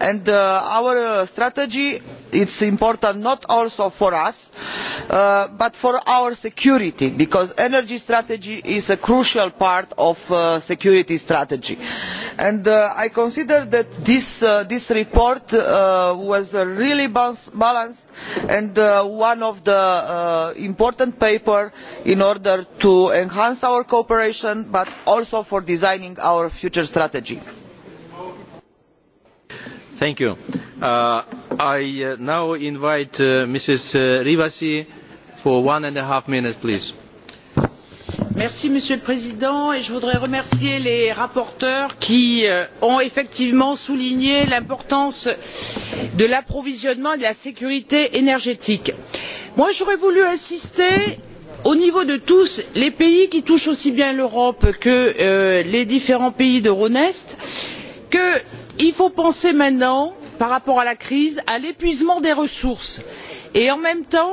and our strategy is important not only for us but for our security because the energy strategy is a crucial part of the security strategy. i consider that this Uh, this report uh, was uh, really balanced and one of the important papers in order to enhance our cooperation but also for designing our future strategy.
i now invite ms rivasi for one and a half minutes please.
Merci, monsieur le président et je voudrais remercier les rapporteurs qui euh, ont effectivement souligné l'importance de l'approvisionnement et de la sécurité énergétique. j'aurais voulu insister au niveau de tous les pays qui touchent aussi bien l'europe que euh, les différents pays d'euronest qu'il faut penser maintenant par rapport à la crise à l'épuisement des ressources et en même temps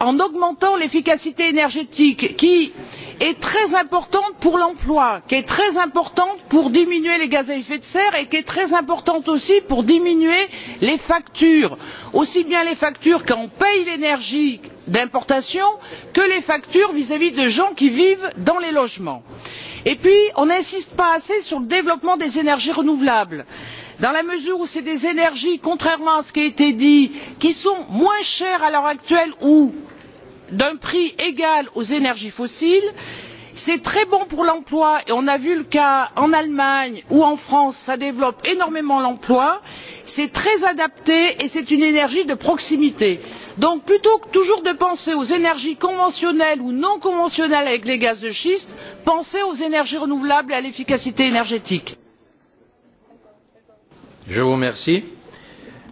en augmentant l'efficacité énergétique qui est très importante pour l'emploi qui est très importante pour diminuer les gaz à effet de serre et qui est très importante aussi pour diminuer les factures aussi bien les factures quand on paie l'énergie d'importation que les factures vis à vis de gens qui vivent dans les logements. et puis on n'insiste pas assez sur le développement des énergies renouvelables dans la mesure où ce sont des énergies contrairement à ce qui a été dit qui sont moins chères à l'heure actuelle ou d'un prix égal aux énergies fossiles c'est très bon pour l'emploi et on a vu le cas en allemagne ou en france cela développe énormément l'emploi c'est très adapté et c'est une énergie de proximité. donc plutôt que toujours de penser aux énergies conventionnelles ou non conventionnelles avec les gaz de schiste pensez aux énergies renouvelables et à l'efficacité énergétique.
Je vous remercie.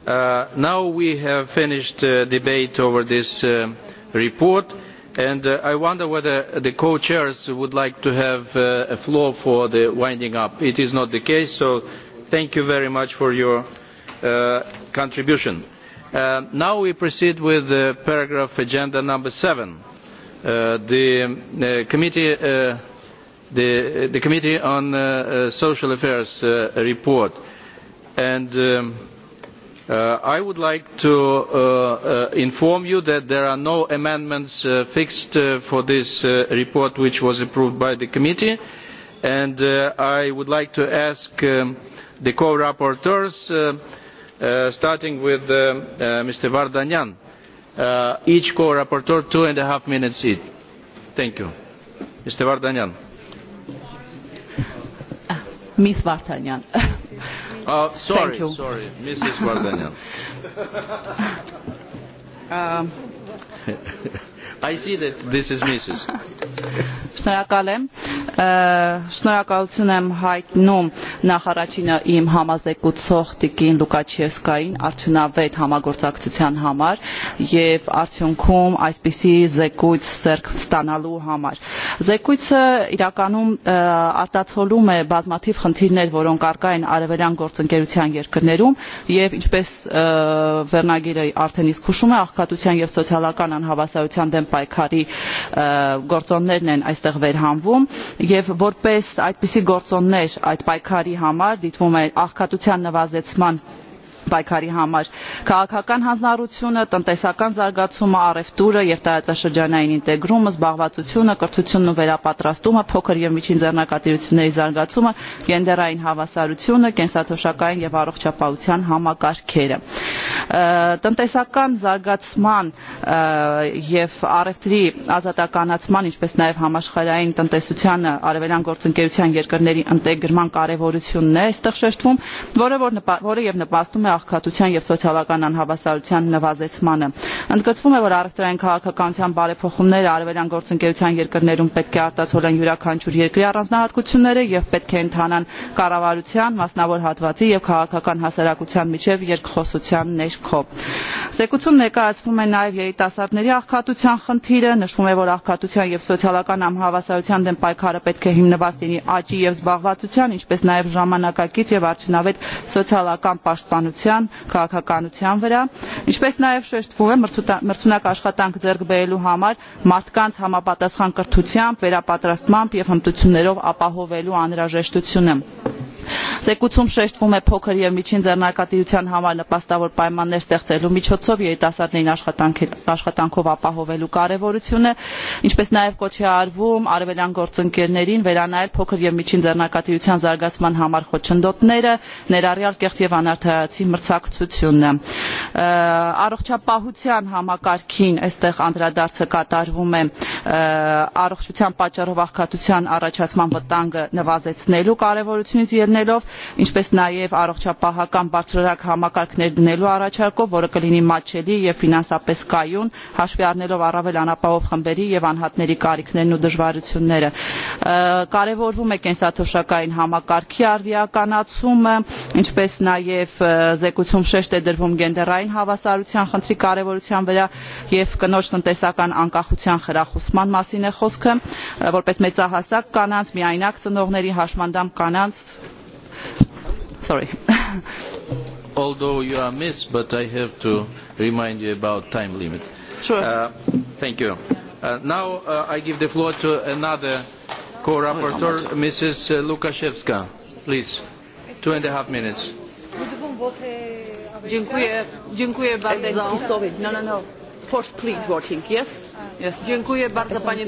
Uh, now we have finished uh, debate over this uh, report and uh, I wonder whether the co-chairs would like to have uh, a floor for the winding up. It is not the case, so thank you very much for your uh, contribution. Uh, now we proceed with uh, paragraph agenda number seven. Uh, the, uh, committee, uh, the, the Committee on uh, uh, Social Affairs uh, report and um, uh, I would like to uh, uh inform you that there are no amendments uh, fixed uh, for this report which was approved by the committee and I would like to ask um, the co-rapporteurs starting with Mr. Vardanyan each co-rapporteur two and a half minutes each. Thank you. Mr. Vardanyan.
Ah, Ms. Vardanyan. <laughs> Uh,
sorry, Thank you. sorry, Mrs. Vardanyan.
<laughs> <laughs> um, Շնորհակալ եմ։ Շնորհակալություն եմ հայտնում նախարարինը իմ համազեկուցող Տիկին Լուկաչևսկային արժանավետ համագործակցության համար եւ արդյունքում այսպիսի զեկույց սերկ ստանալու համար։ Զեկույցը իրականում արտացոլում է բազմաթիվ խնդիրներ, որոնք առկա են արևելյան գործընկերության երկրներում եւ ինչպես վերնագիրը արդեն իսկ հուշում է աղքատության եւ սոցիալական անհավասարության դեմ պայքարի գործոններն են այստեղ վերհանվում եւ որպես այդպիսի գործոններ այդ պայքարի համար դիտվում է աղքատության նվազեցման պայքարի համար քաղաքական հանձնառությունը տնտեսական զարգացումը առևտուրը եւ տարածաշրջանային ինտեգրումը զբաղվածությունը կրթությունն ու վերապատրաստումը փոքր եւ միջին ձեռնարկատիրությունների զարգացումը գենդերային հավասարությունը կենսաթոշակային եւ առողջապահության համակարգերը տնտեսական զարգացման եւ առևտրի ազատականացման ինչպես նաեւ համաշխարհային տնտեսությանը արևելյան գործընկերության երկրների ընտեգրման կարեւորությունն է այստեղ շեշտվում որը որ նպա, որը եւ նպաստում է աղքատության և սոցիալական անհավասարության նվազեցմանը։ Ընդգծվում է, որ առևտրային քաղաքականության բարեփոխումները արևելյան գործընկերության երկրներում պետք է արտացոլեն յուրաքանչյուր երկրի առանձնահատկությունները և պետք է ընդհանան կառավարության, մասնավոր հատվածի և քաղաքական հասարակության միջև երկխոսության ներքո։ Զեկուցում ներկայացվում է նաև երիտասարդների աղքատության խնդիրը, նշվում է, որ աղքատության և սոցիալական անհավասարության դեմ պայքարը պետք է հիմնված լինի աճի և զբաղվածության, ինչպես նաև ժամանակակից և արդյունավետ սոցիալական պաշտպանության քաղաքականության քաղաքականության վրա ինչպես նաև շեշտվում է մրցունակ աշխատանք ձեռք բերելու համար մարդկանց համապատասխան կրթությամբ վերապատրաստմամբ և հմտություններով ապահովելու անհրաժեշտությունը զեկուցում շեշտվում է փոքր և միջին ձեռնարկատիրության համար նպաստավոր պայմաններ ստեղծելու միջոցով երիտասարդներին աշխատանքով ապահովելու կարևորությունը ինչպես նաև կոչ է արվում արևելյան գործընկերներին վերանայել փոքր և միջին ձեռնարկատիրության զարգացման համար խոչընդոտները ներառյալ կեղծ և անարդարացի մրցակցությունը առողջապահության համակարգին այստեղ անդրադարձը կատարվում է առողջության պատճառով աղքատության առաջացման վտանգը նվազեցնելու կարևորությունից և ներդնելով ինչպես նաև առողջապահական բարձրորակ համակարգներ դնելու առաջարկով որը կլինի մատչելի և ֆինանսապես կայուն հաշվի առնելով առավել անապահով խմբերի և անհատների կարիքներն ու դժվարությունները կարևորվում է կենսաթոշակային համակարգի արդիականացումը ինչպես նաև զեկուցում շեշտ է դրվում գենդերային հավասարության խնդրի կարևորության վրա և կնոջ տնտեսական անկախության խրախուսման մասին է խոսքը որպես մեծահասակ կանանց միայնակ ծնողների հաշմանդամ կանանց Sorry. <laughs>
Although you are missed, but I have to remind you about time limit. Sure. Uh, thank you. Uh, now uh, I give the floor to another co-rapporteur, Mrs. Uh, Lukaszewska. Please, two and a half minutes.
Dziękuję, dziękuję bardzo. No, no, no. First, please, voting. Yes? Yes. Dziękuję bardzo, panie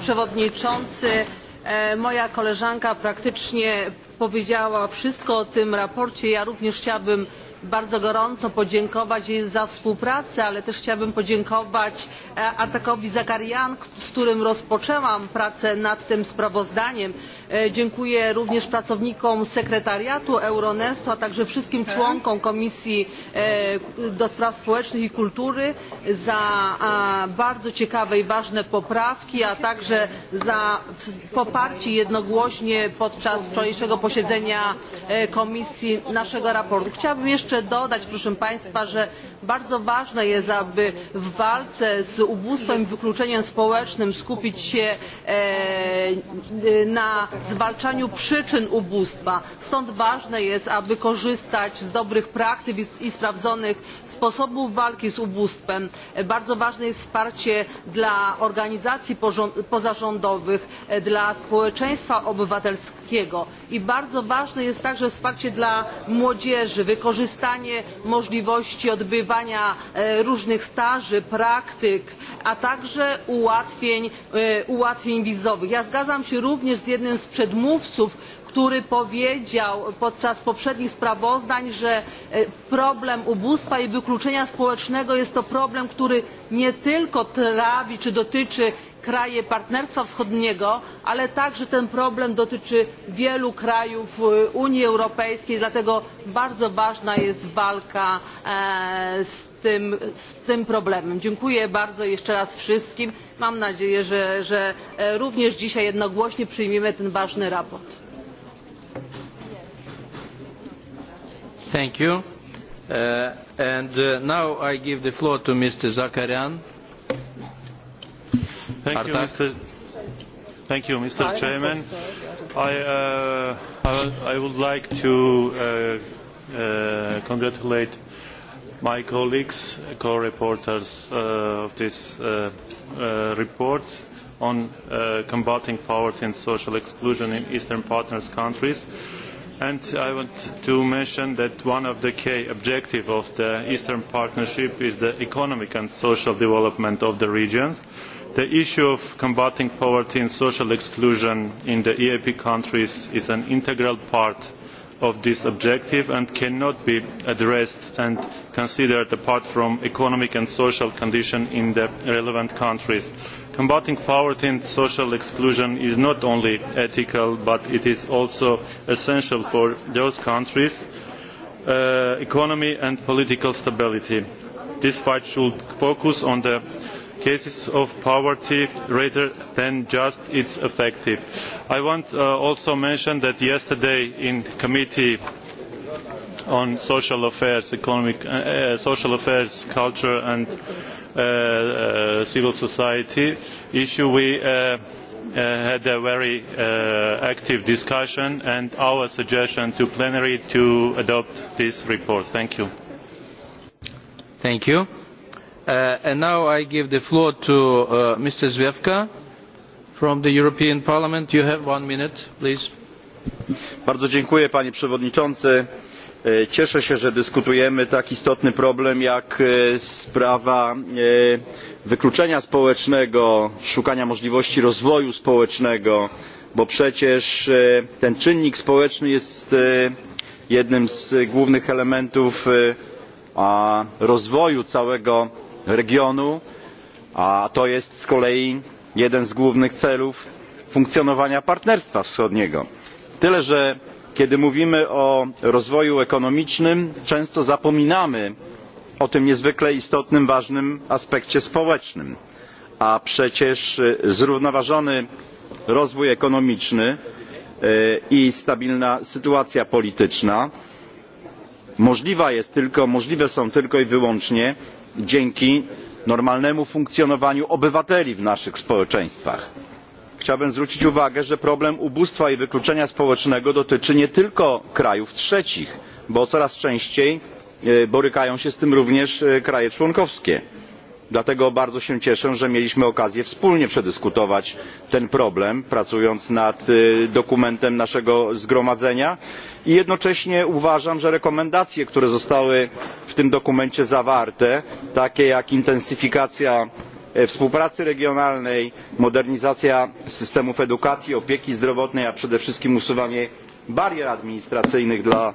przewodniczący. E, moja koleżanka praktycznie powiedziała wszystko o tym sprawozdaniu. ja również chciałabym bardzo gorąco podziękować jej za współpracę ale też chciałabym podziękować e, atacowi zakarian z którym rozpoczęłam pracę nad tym sprawozdaniem. E, dziękuję również pracownikom sekretariatu euronestu a także wszystkim członkom komisji e, do spraw społecznych i kultury za bardzo ciekawe i ważne poprawki a także za poparcie jednogłośnie podczas wczorajszego posiedzenia e, komisji naszego sprawozdania. chciałabym jeszcze dodać proszę państwa że bardzo ważne jest aby w walce z ubóstwem i wykluczeniem społecznym skupić się na zwalczaniu przyczyn ubóstwa stąd ważne jest aby korzystać z dobrych praktyk i sprawdzonych sposobów walki z ubóstwem bardzo ważne jest wsparcie dla organizacji pozarządowych dla społeczeństwa obywatelskiego i bardzo ważne jest także wsparcie dla młodzieży wykorzystanie możliwości odbywania e, różnych staży praktyk a także e, ułatwień wizowych. ja zgadzam się również z jednym z przedmówców który powiedział podczas poprzednich sprawozdań że e, problem ubóstwa i wykluczenia społecznego jest to problem który nie tylko trawi czy dotyczy kraje partnerstwa wschodniego ale także ten problem dotyczy wielu krajów e, unii europejskiej dlatego bardzo ważna jest walka e, z z tym problemem. dziękuję bardzo jeszcze raz wszystkim mam nadzieję że, że e, również dzisiaj jednogłośnie przyjmiemy to ważne sprawozdanie.
Uh, and uh, now I give the floor to Mr. Zakarian. Thank you, Mr.
Thank you, Mr. Chairman. I, uh, I, I would like to uh, uh, congratulate my colleagues, co-reporters uh, of this uh, uh, report on combating poverty and social exclusion in Eastern Partners countries. And I want to mention that one of the key objectives of the Eastern Partnership is the economic and social development of the regions. The issue of combating poverty and social exclusion in the EAP countries is an integral part of this objective and cannot be addressed and considered apart from economic and social conditions in the relevant countries. combating poverty and social exclusion is not only ethical but it is also essential for those countries' uh, economy and political stability. this fight should focus on the cases of poverty rather than just its effective. i want to uh, also mention that yesterday in committee on social affairs economic uh, uh social affairs culture and uh, uh civil society issue we uh, had a very active discussion and our suggestion to plenary to adopt this report. thank you. Thank
you. Uh, and now I give the floor to uh, Mr. Zwiefka from the European Parliament. You have one minute, please.
Bardzo dziękuję, panie przewodniczący e, cieszę się że dyskutujemy tak istotny problem jak e, sprawa e, wykluczenia społecznego szukania możliwości rozwoju społecznego bo przecież ten czynnik społeczny jest jednym z głównych elementów rozwoju całego regionu a to jest z kolei jeden z głównych celów funkcjonowania partnerstwa wschodniego tyle że kiedy mówimy o rozwoju ekonomicznym często zapominamy o tym niezwykle istotnym ważnym aspekcie społecznym a przecież zrównoważony rozwój ekonomiczny e, i stabilna sytuacja polityczna możliwa jest tylko możliwe są tylko i wyłącznie dzięki normalnemu funkcjonowaniu obywateli w naszych społeczeństwach. chciałbym zwrócić uwagę że problem ubóstwa i wykluczenia społecznego dotyczy nie tylko krajów trzecich bo coraz częściej e, borykają się z tym również e, kraje członkowskie dlatego bardzo się cieszę że mieliśmy okazję wspólnie przedyskutować ten problem pracując nad dokumentem naszego zgromadzenia i jednocześnie uważam że rekomendacje które zostały w tym dokumencie zawarte takie jak intensyfikacja e, współpracy regionalnej modernizacja systemów edukacji opieki zdrowotnej a przede wszystkim usuwanie barier administracyjnych dla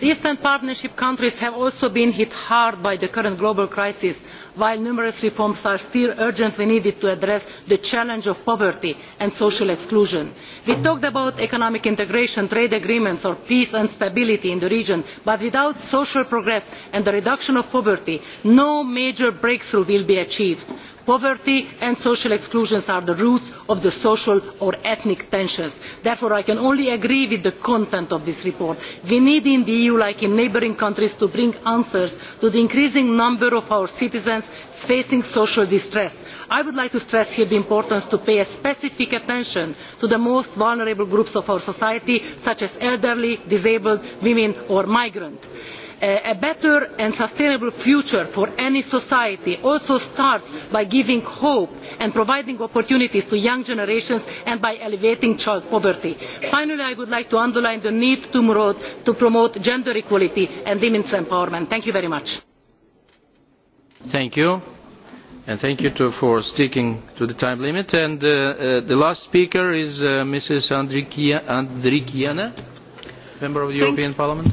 the eastern partnership countries have also been hit hard by the current global crisis while numerous reforms are still urgently needed to address the challenge of poverty and social exclusion. we talked about economic integration trade agreements or peace and stability in the region but without social progress and the reduction of poverty no major breakthrough will be achieved poverty and social exclusion are the roots of the social or ethnic tensions. therefore i can only agree with the content of this report. we need in the eu like in neighbouring countries to bring answers to the increasing number of our citizens facing social distress. i would like to stress here the importance of paying specific attention to the most vulnerable groups of our society such as elderly disabled women or migrants a better and sustainable future for any society also starts by giving hope and providing opportunities to young generations and by alleviating child poverty. finally i would like to underline the need to promote gender equality and women's empowerment. thank you very much.
thank you and thank you too for sticking to the time limit. And uh, uh, the last speaker is uh, Mrs. Andrikiana, member of the thank European Parliament.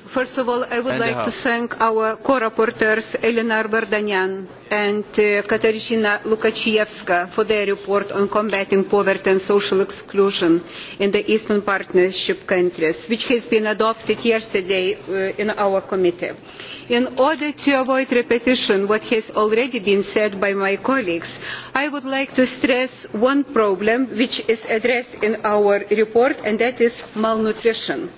First of all, I would like to thank our co-rapporteurs Elena Bardanyan and uh, Katarzyna for their report on combating poverty and social exclusion in the Eastern Partnership countries, which has been adopted yesterday uh, in our committee. In order to avoid repetition what has already been said by my colleagues, I would like to stress one problem which is addressed in our report, and that is malnutrition.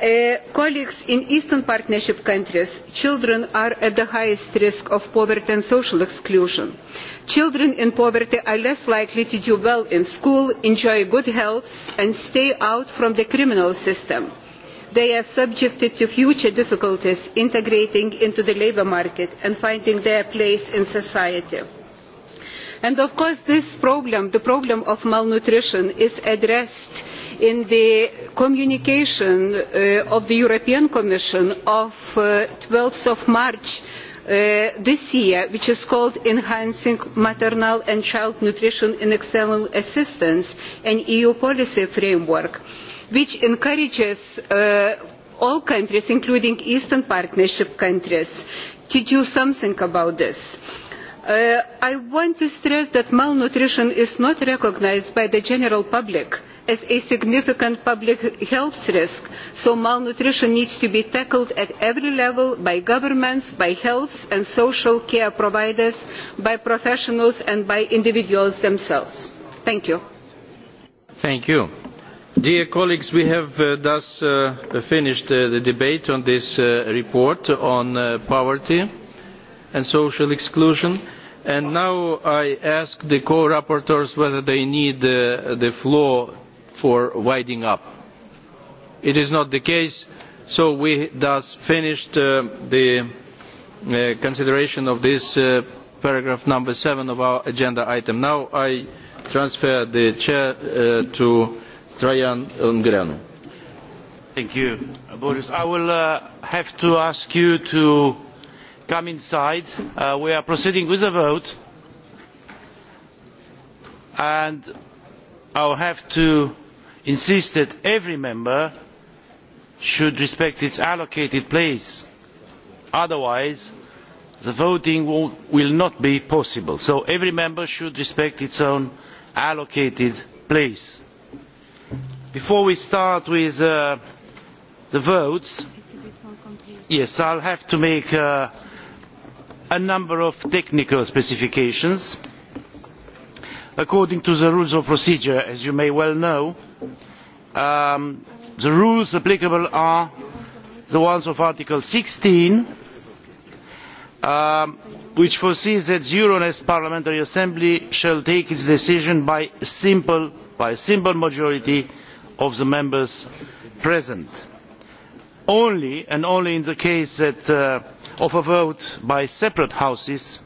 Uh, colleagues in eastern partnership countries children are at the highest risk of poverty and social exclusion. children in poverty are less likely to do well in school enjoy good health and stay out from the criminal system. they are subjected to future difficulties integrating into the labour market and finding their place in society. And of course this problem the problem of malnutrition is addressed in the communication uh, of the european commission of uh, twelve of march Uh, this year which is called enhancing maternal and child nutrition in external assistance an eu policy framework which encourages uh, all countries including eastern partnership countries to do something about this. Uh, i want to stress that malnutrition is not recognised by the general public as as a significant public health risk, so malnutrition needs to be tackled at every level by governments, by health and social care providers, by professionals and by individuals themselves. Thank you.
Thank you. Dear colleagues, we have uh, thus uh, finished uh, the debate on this uh, report on uh, poverty and social exclusion. And now I ask the co-rapporteurs whether they need uh, the floor for winding up. It is not the case, so we thus finished uh, the uh, consideration of this uh, paragraph number seven of our agenda item. Now I transfer the chair uh, to Trajan Ungrenu. Thank you,
Boris. I will uh, have to ask you to come inside. Uh, we are proceeding with a vote and i will have to insists that every member should respect its allocated place otherwise the voting will not be possible so every member should respect its own allocated place. before we start with uh, the votes yes i will have to make uh, a number of technical specifications according to the rules of procedure as you may well know um, the rules applicable are the ones of article sixteen um, which foresees that the euronest parliamentary assembly shall take its decision by, a simple majority of the members present only and only in the case uh, of a vote by separate houses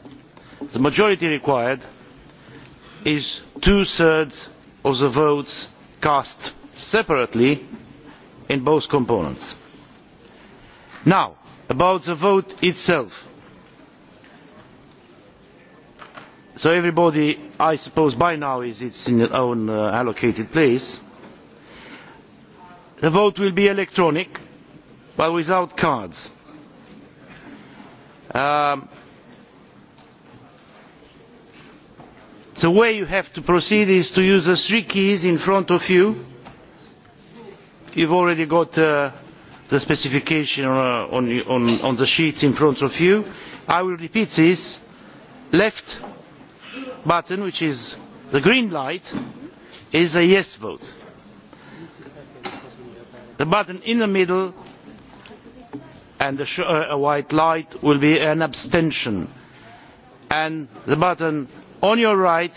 the majority required is two thirds of the votes cast separately in both components. now about the vote itself so everybody i suppose by now is in their own uh, allocated place the vote will be electronic but without cards. Um, the way you have to proceed is to use the three keys in front of you. you have already got uh, the specification uh, on, on, on the sheets in front of you. i will repeat this left button which is the green light is a yes vote. the button in the middle and a, uh, a white light will be an abstention and the button on your right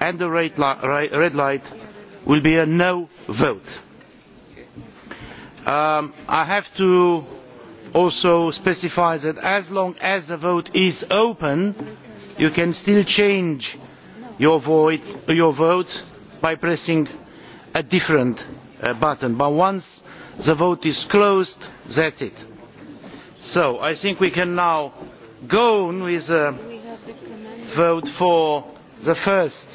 and the red light will be a no vote. Um, i have to also specify that as long as the vote is open you can still change your, void, your vote by pressing a different uh, button but once the vote is closed that is it. so i think we can now go on with uh, vote for the first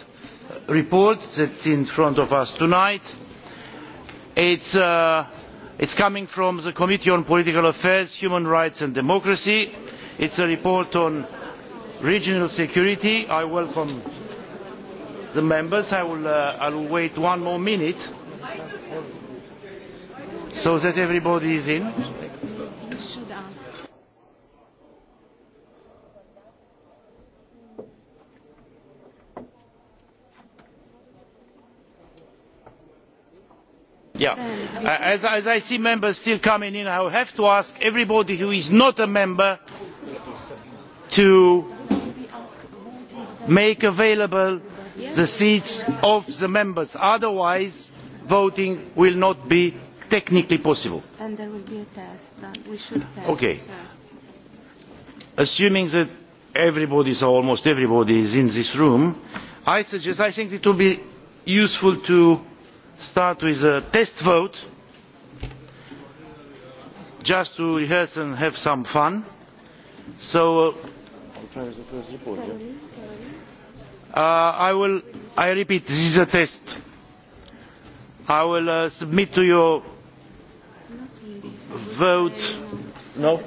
report that is in front of us tonight. it uh, is coming from the committee on political affairs human rights and democracy. it is a report on regional security. i welcome the members. i will, uh, I will wait one more minute so that everybody is in. As, i see members still coming in i have to ask everybody who is not a member to make available the seats of the members otherwise voting will not be technically possible. assuming that everybody or almost everybody is in this room i suggest i think it would be useful to start with a test vote just to rehearse and have some fun. So uh, uh, I will I repeat this is a test. I will uh, submit to your vote no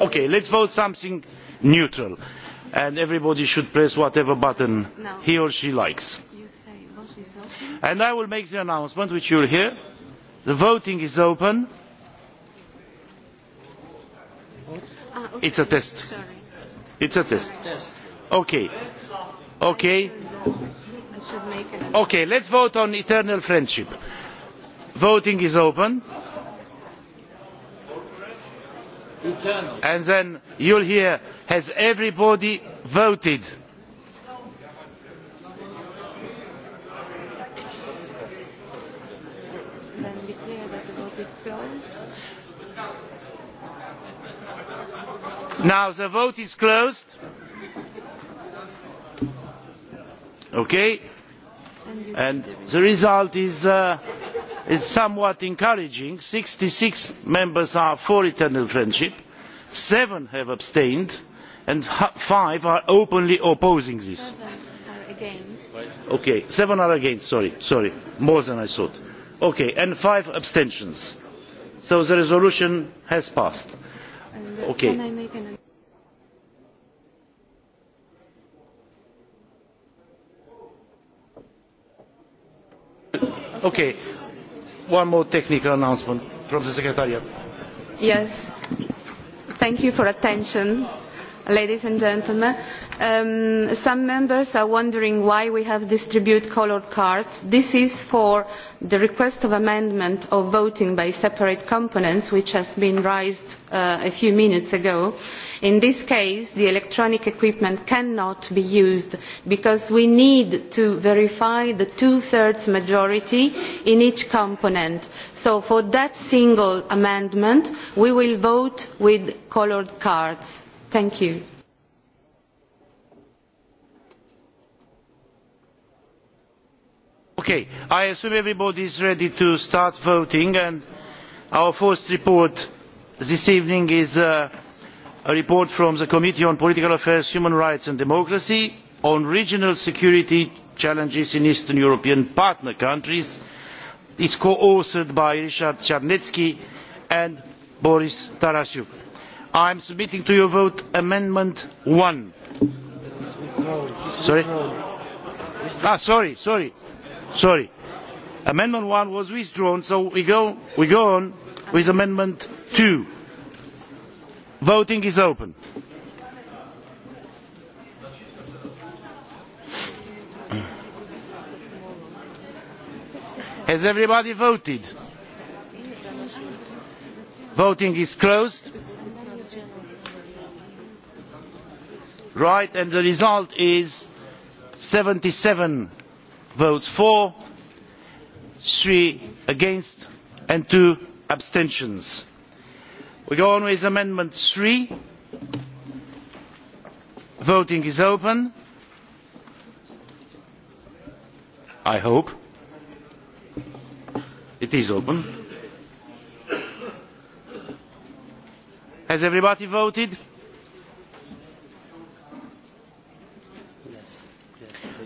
okay let's vote something neutral and everybody should press whatever button no. he or she likes and i will make the announcement which you will hear. the voting is open.
it ah, is it's a test. Sorry.
it's a test. okay. okay. okay. let's vote on eternal friendship. voting is open. and then you will hear has everybody voted? Now the vote is closed. Okay? And the result is uh, somewhat encouraging. Sixty six members are for eternal friendship, seven have abstained, and five are openly opposing this. Okay, seven are against, sorry, sorry, more than I thought. Okay, and five abstentions. So the resolution has passed. Okay. Can I make an Okay. One more technical announcement from the Secretariat.
Yes. Thank you for attention ladies and gentlemen um, some members are wondering why we have distributed coloured cards. this is for the request of amendment of voting by separate components which has been raised uh, a few minutes ago. in this case the electronic equipment cannot be used because we need to verify the two thirds majority in each component. so for that single amendment we will vote with coloured cards Thank you.
Okay, i assume everybody is ready to start voting and our first report this evening is uh, a report from the committee on political affairs human rights and democracy on regional security challenges in eastern european partner countries. it is co authored by richard czarnecki and boris tarasuk i am submitting to your vote amendment one ah, sorry? sorry sorry amendment one was withdrawn so we go, we go on with amendment two voting is open. has everybody voted? voting is closed. right and the result is seventy seven votes for three against and two abstentions. we go on with amendment three voting is open i hope it is open. has everybody voted?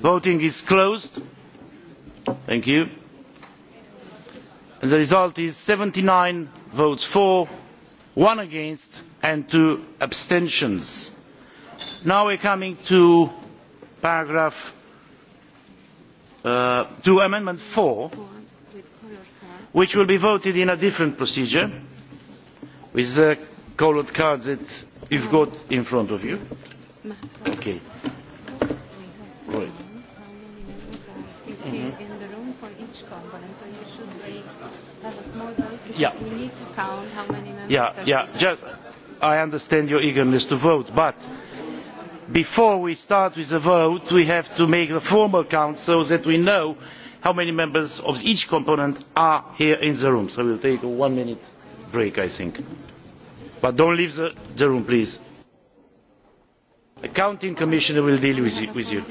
voting is closed And the result is seventy nine votes for one against and two abstentions. now we are coming to paragraph uh, to amendment four which will be voted in a different procedure with the coloured cards that you have got in front of you.
each component, so you should really have a small vote because yeah. we need to count how many members yeah, are yeah. Just,
I understand your eagerness to vote, but before we start with the vote, we have to make the formal count so that we know how many members of each component are here in the room. So we'll take a one-minute break, I think. But don't leave the, the room, please. The counting commissioner will deal with you. With you.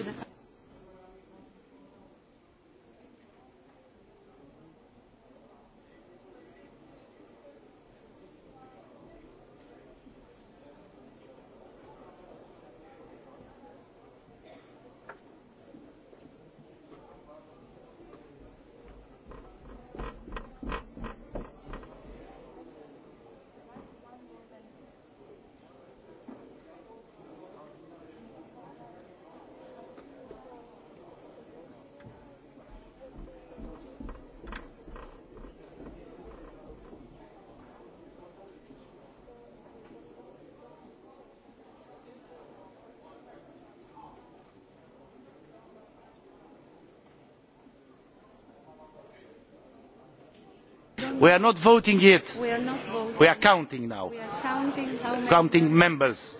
are not voting yet.
We are,
counting now. counting, members.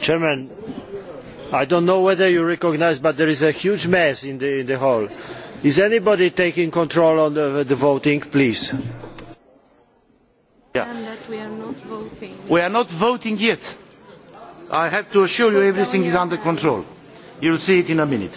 Chairman, I don't know whether you recognise but there is a huge mess in the, hall. Is anybody taking control of the voting, please?
we are not voting yet. i have to assure you everything is under control. you will see it in a minute.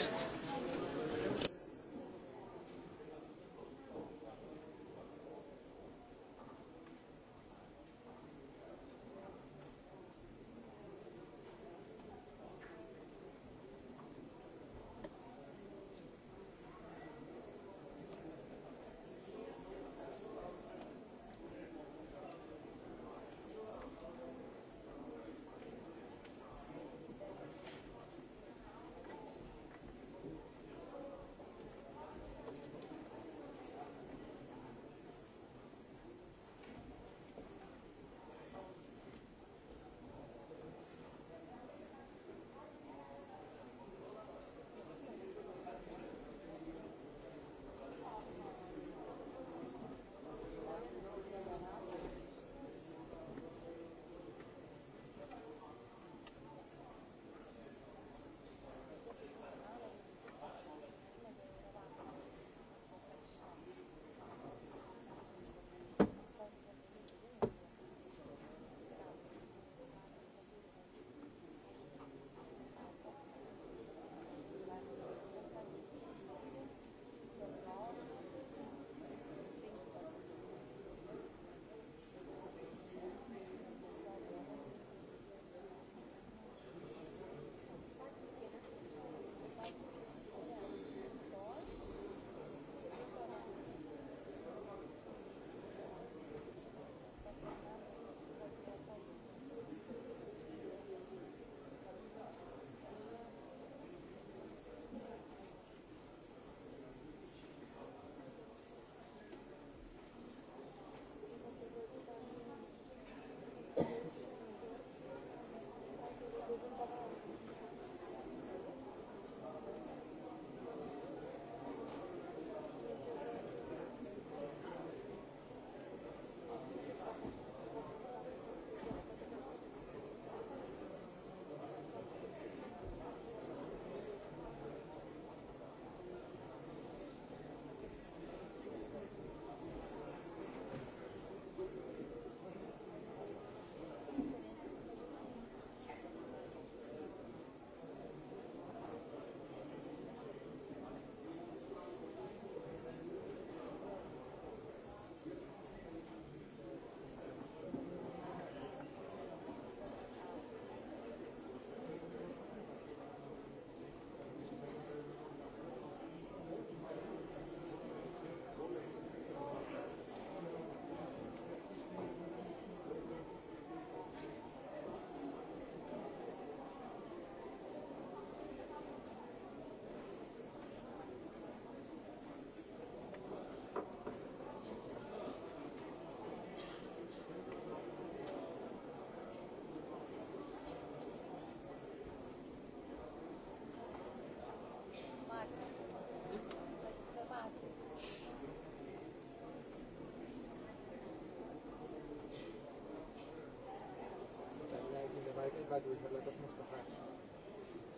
that we have a lot of Mustafas.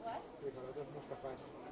What?
We have a lot of Mustafas.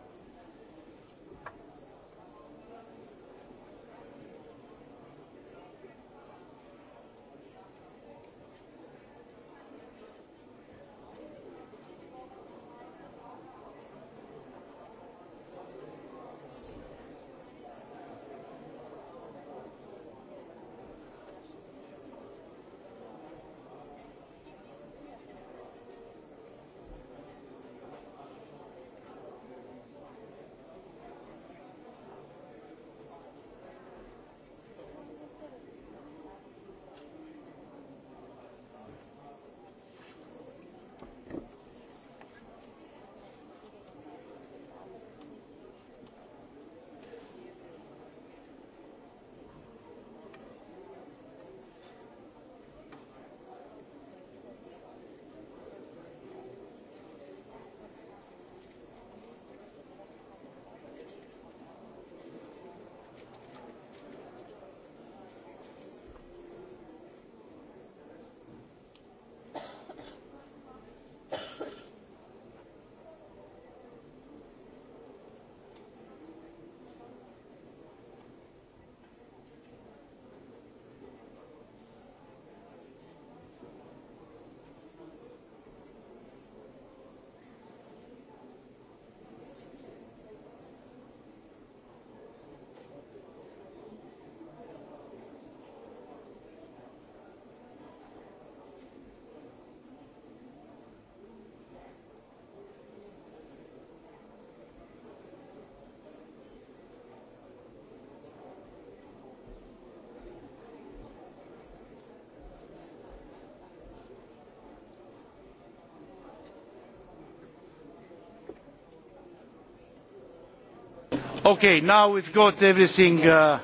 Okay, now we've got everything uh,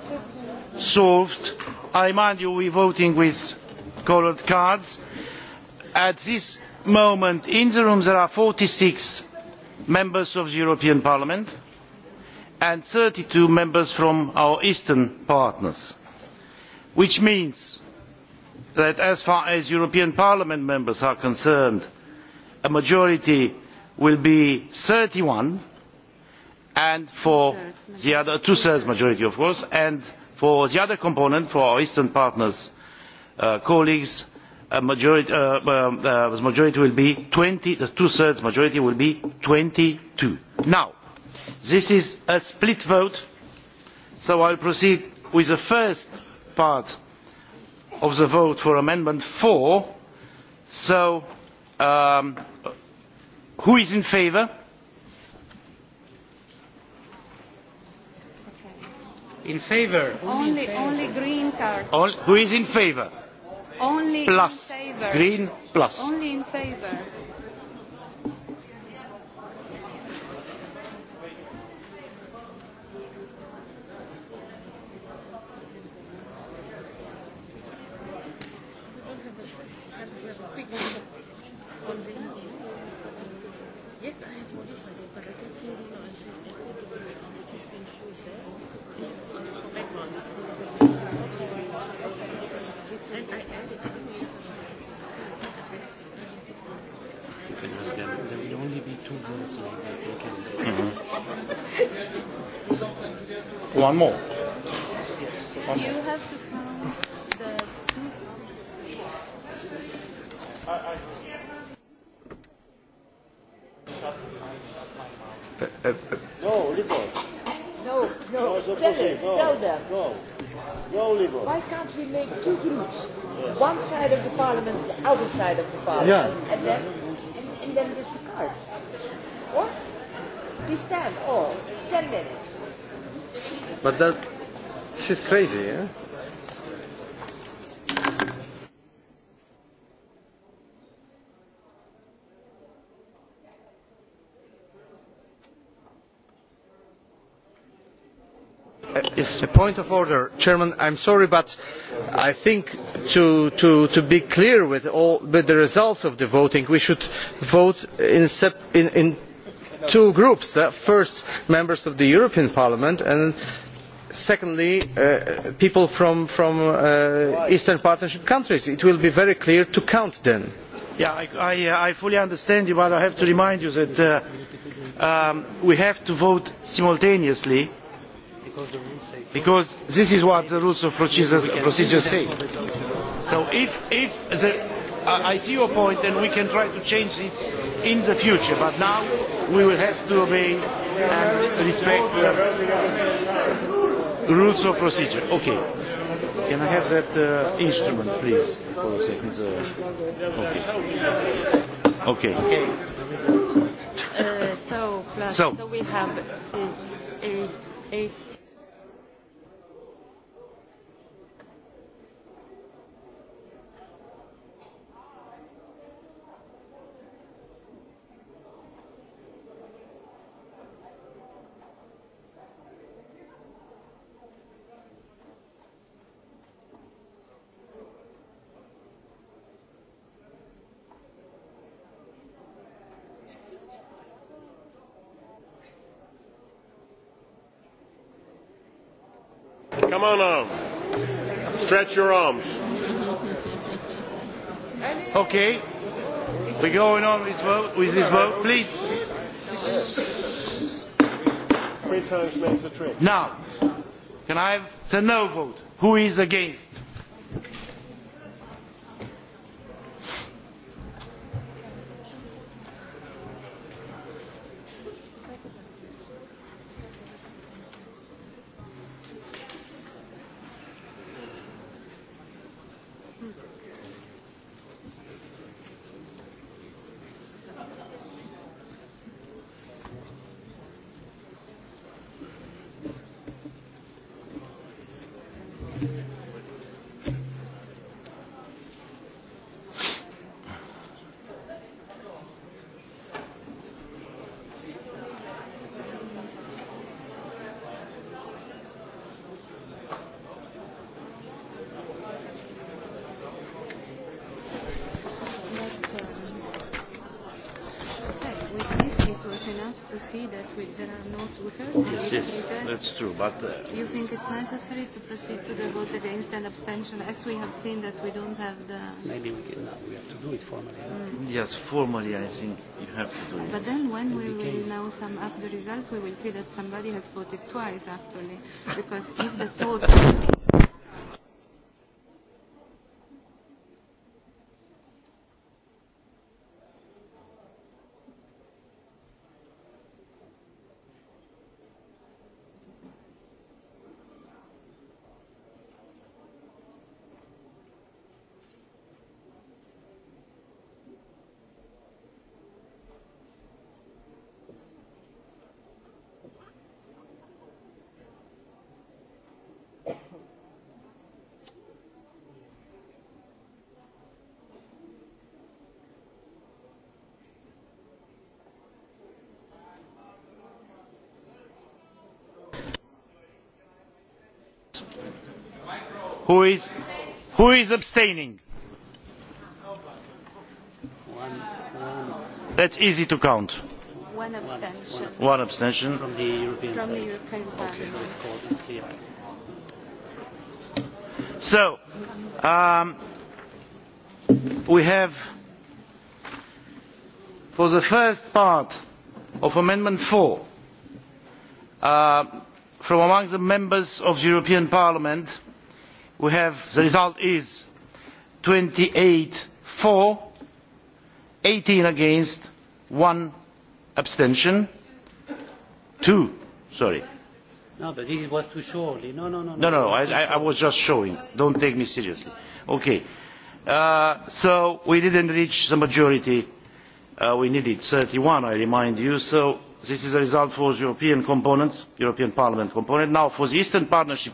solved. I remind you we're voting with coloured cards. At this moment in the room there are 46 members of the European Parliament and 32 members from our eastern partners, which means that as far as European Parliament members are concerned, a majority will be 31 and for the other two thirds majority of course and for the other component for our eastern partners uh, colleagues a uh, um, uh, majority, will be twenty the two thirds majority will be twenty two. now this is a split vote so i will proceed with the first part of the vote for amendment four so um, who is in favour? in favor only
only green card
All, who is in favor
only plus in favor.
green plus only in favor
One more. One more. You have to count the two.
No, no, No, no. tell them. No, tell them. No. No, Why can't we make two groups? Yes. One side of the parliament, the other side of the parliament, yeah. and, and then and, and then with the cards.
But that, this is crazy, eh? Uh, it's a point of order. Chairman, I'm sorry, but I think to, to, to be clear with, all, with the results of the voting, we should vote in, sep, in, in two groups. The first, members of the European Parliament, and secondly uh, people from, uh, eastern partnership countries it will be very clear to count them.
Uh, I, fully understand you but i have to remind you that um, we have to vote simultaneously because this is what the rules of procedure say. so if, if the i see your point and we can try to change this in the future but now we will have to obey and respect the Rules of procedure. Okay. Can I have that uh, instrument, please? for a second uh, Okay. okay.
Uh, so, plus, so. so we have six, eight, eight
Come on now. Stretch your arms. Okay. We're going on with, vote, with this vote. Please. Three times makes the trick.
Now, can I have the no vote? Who is against?
That's true,
but... Uh, do you think
it's necessary to proceed to the vote against an abstention, as we have seen that we don't have the...
Maybe we, can,
no, we have to do it formally. Mm.
Yes, formally I think you have to do it. But then when we the will case...
now sum up the results, we will see that somebody has voted twice, actually, because if the total...
Who is, That is abstaining? That's easy to count.
One abstention.
One abstention. From the European, From the European
Parliament.
So, um, we have for the first part of Amendment 4 uh, from among the members of the European Parliament we have the result is twenty eight for eighteen against one abstention two sorry
no but this was too surely no, no no
no no no I, I, I
was just showing don't take me seriously okay uh, so we didn't reach the majority uh, we needed thirty one, I remind you so this is a result for the European component European Parliament component now for the Eastern Partnership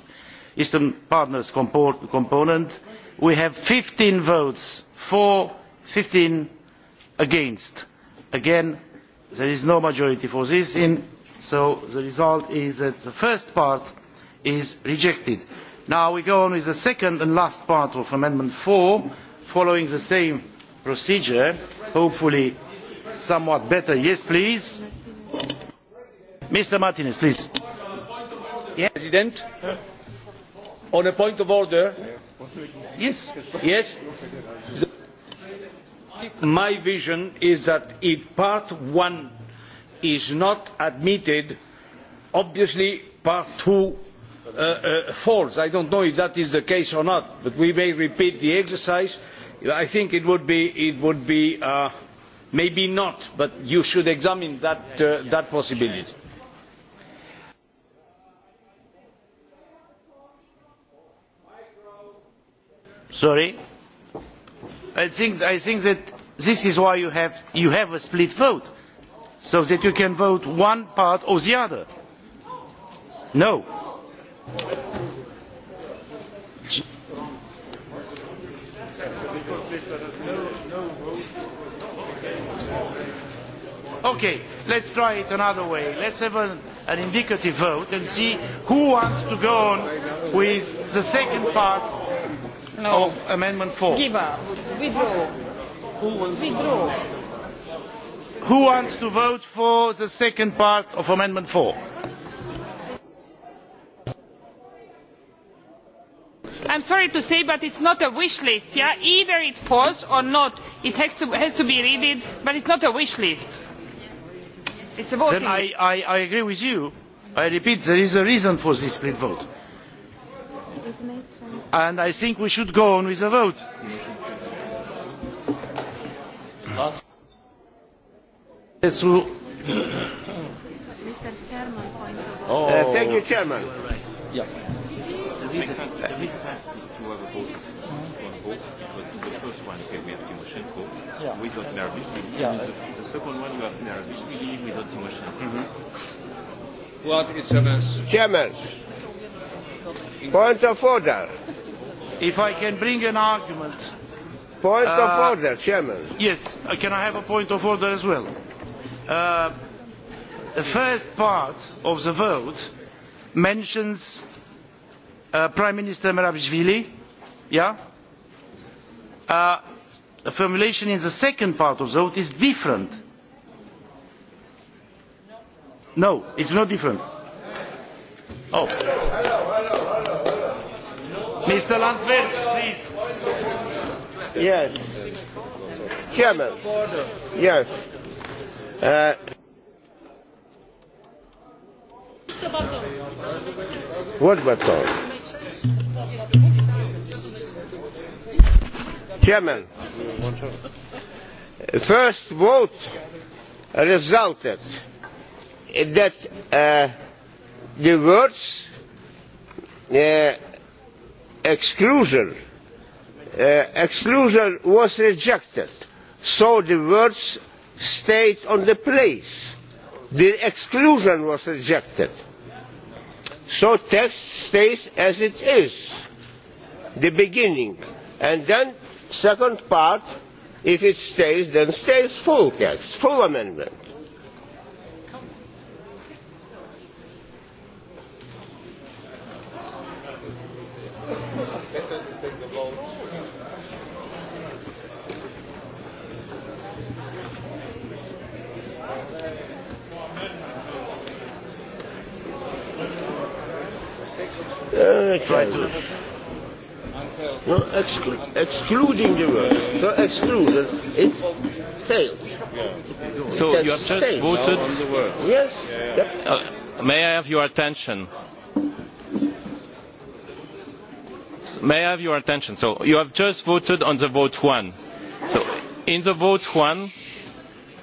eastern partners component we have fifteen votes for fifteen against. again there is no majority for this so the result is that the first part is rejected. now we go on with the second and last part of amendment four following the same procedure hopefully somewhat better. yes please. mr martinez please
on a point of order yes yes my vision is that if part one is not admitted obviously part two uh, uh, falls. i do not know if that is the case or not but we may repeat the exercise. i think it would be, it would be uh, maybe not but you should examine that, uh, that possibility.
sorry I think, that this is why you have, you have a split vote so that you can vote one part or the other. no. okay let us try it another way let us have an indicative vote and see who wants to go on with the second part no. of Amendment 4? Give
up. Withdraw. Who wants Withdraw.
Who wants to vote for the second part of Amendment 4?
i am sorry to say but it is not a wish list. Yeah? either it falls or not it has to, has to be read but it is not a wish list. it is a voting then I,
I, I agree with you. i repeat there is a reason for this split vote and i think we should go on with the vote. Yes, oh.
uh, thank you chairman. Yeah. This is, this
has to have a vote. One vote because the first one came with Timoshenko yeah. without Nervishvili. Yeah. The, the second one you have Nervishvili without Timoshenko. Mm-hmm. What is a mess? Chairman,
Point of order.
If I can bring an argument. Point uh, of order, Chairman. Yes, uh, can I have a point of order as well? Uh, the first part of the vote mentions uh, Prime Minister Merabishvili. Yeah? Uh, the formulation in the second part of the vote is different. No, it's not different. Oh. Hello, hello, hello.
Mr. Landwehr, please. Yes. Chairman. Yes. Uh, what button?
Chairman. First vote resulted that uh, the words uh, exclusion, uh, exclusion was rejected. So the words stayed on the place. The exclusion was rejected. So text stays as it is, the beginning. And then second part, if it stays, then stays full text, full amendment. Uh,
no, exclu- excluding the word. So no, excluded, it failed. So you have just voted.
Yes.
Yeah, Yeah. Uh, may I have your attention? may I have your attention? So you have just voted on the vote one. So in the vote one,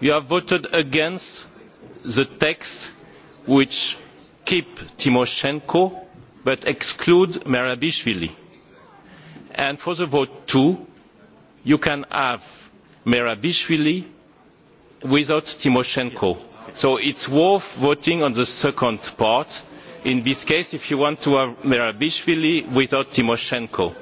you have voted against the text which keep Timoshenko but exclude Merabishvili. And for the vote two, you can have Merabishvili without Timoshenko. So it's worth voting on the second part in this case if you want to have merabishvili without tymoshenko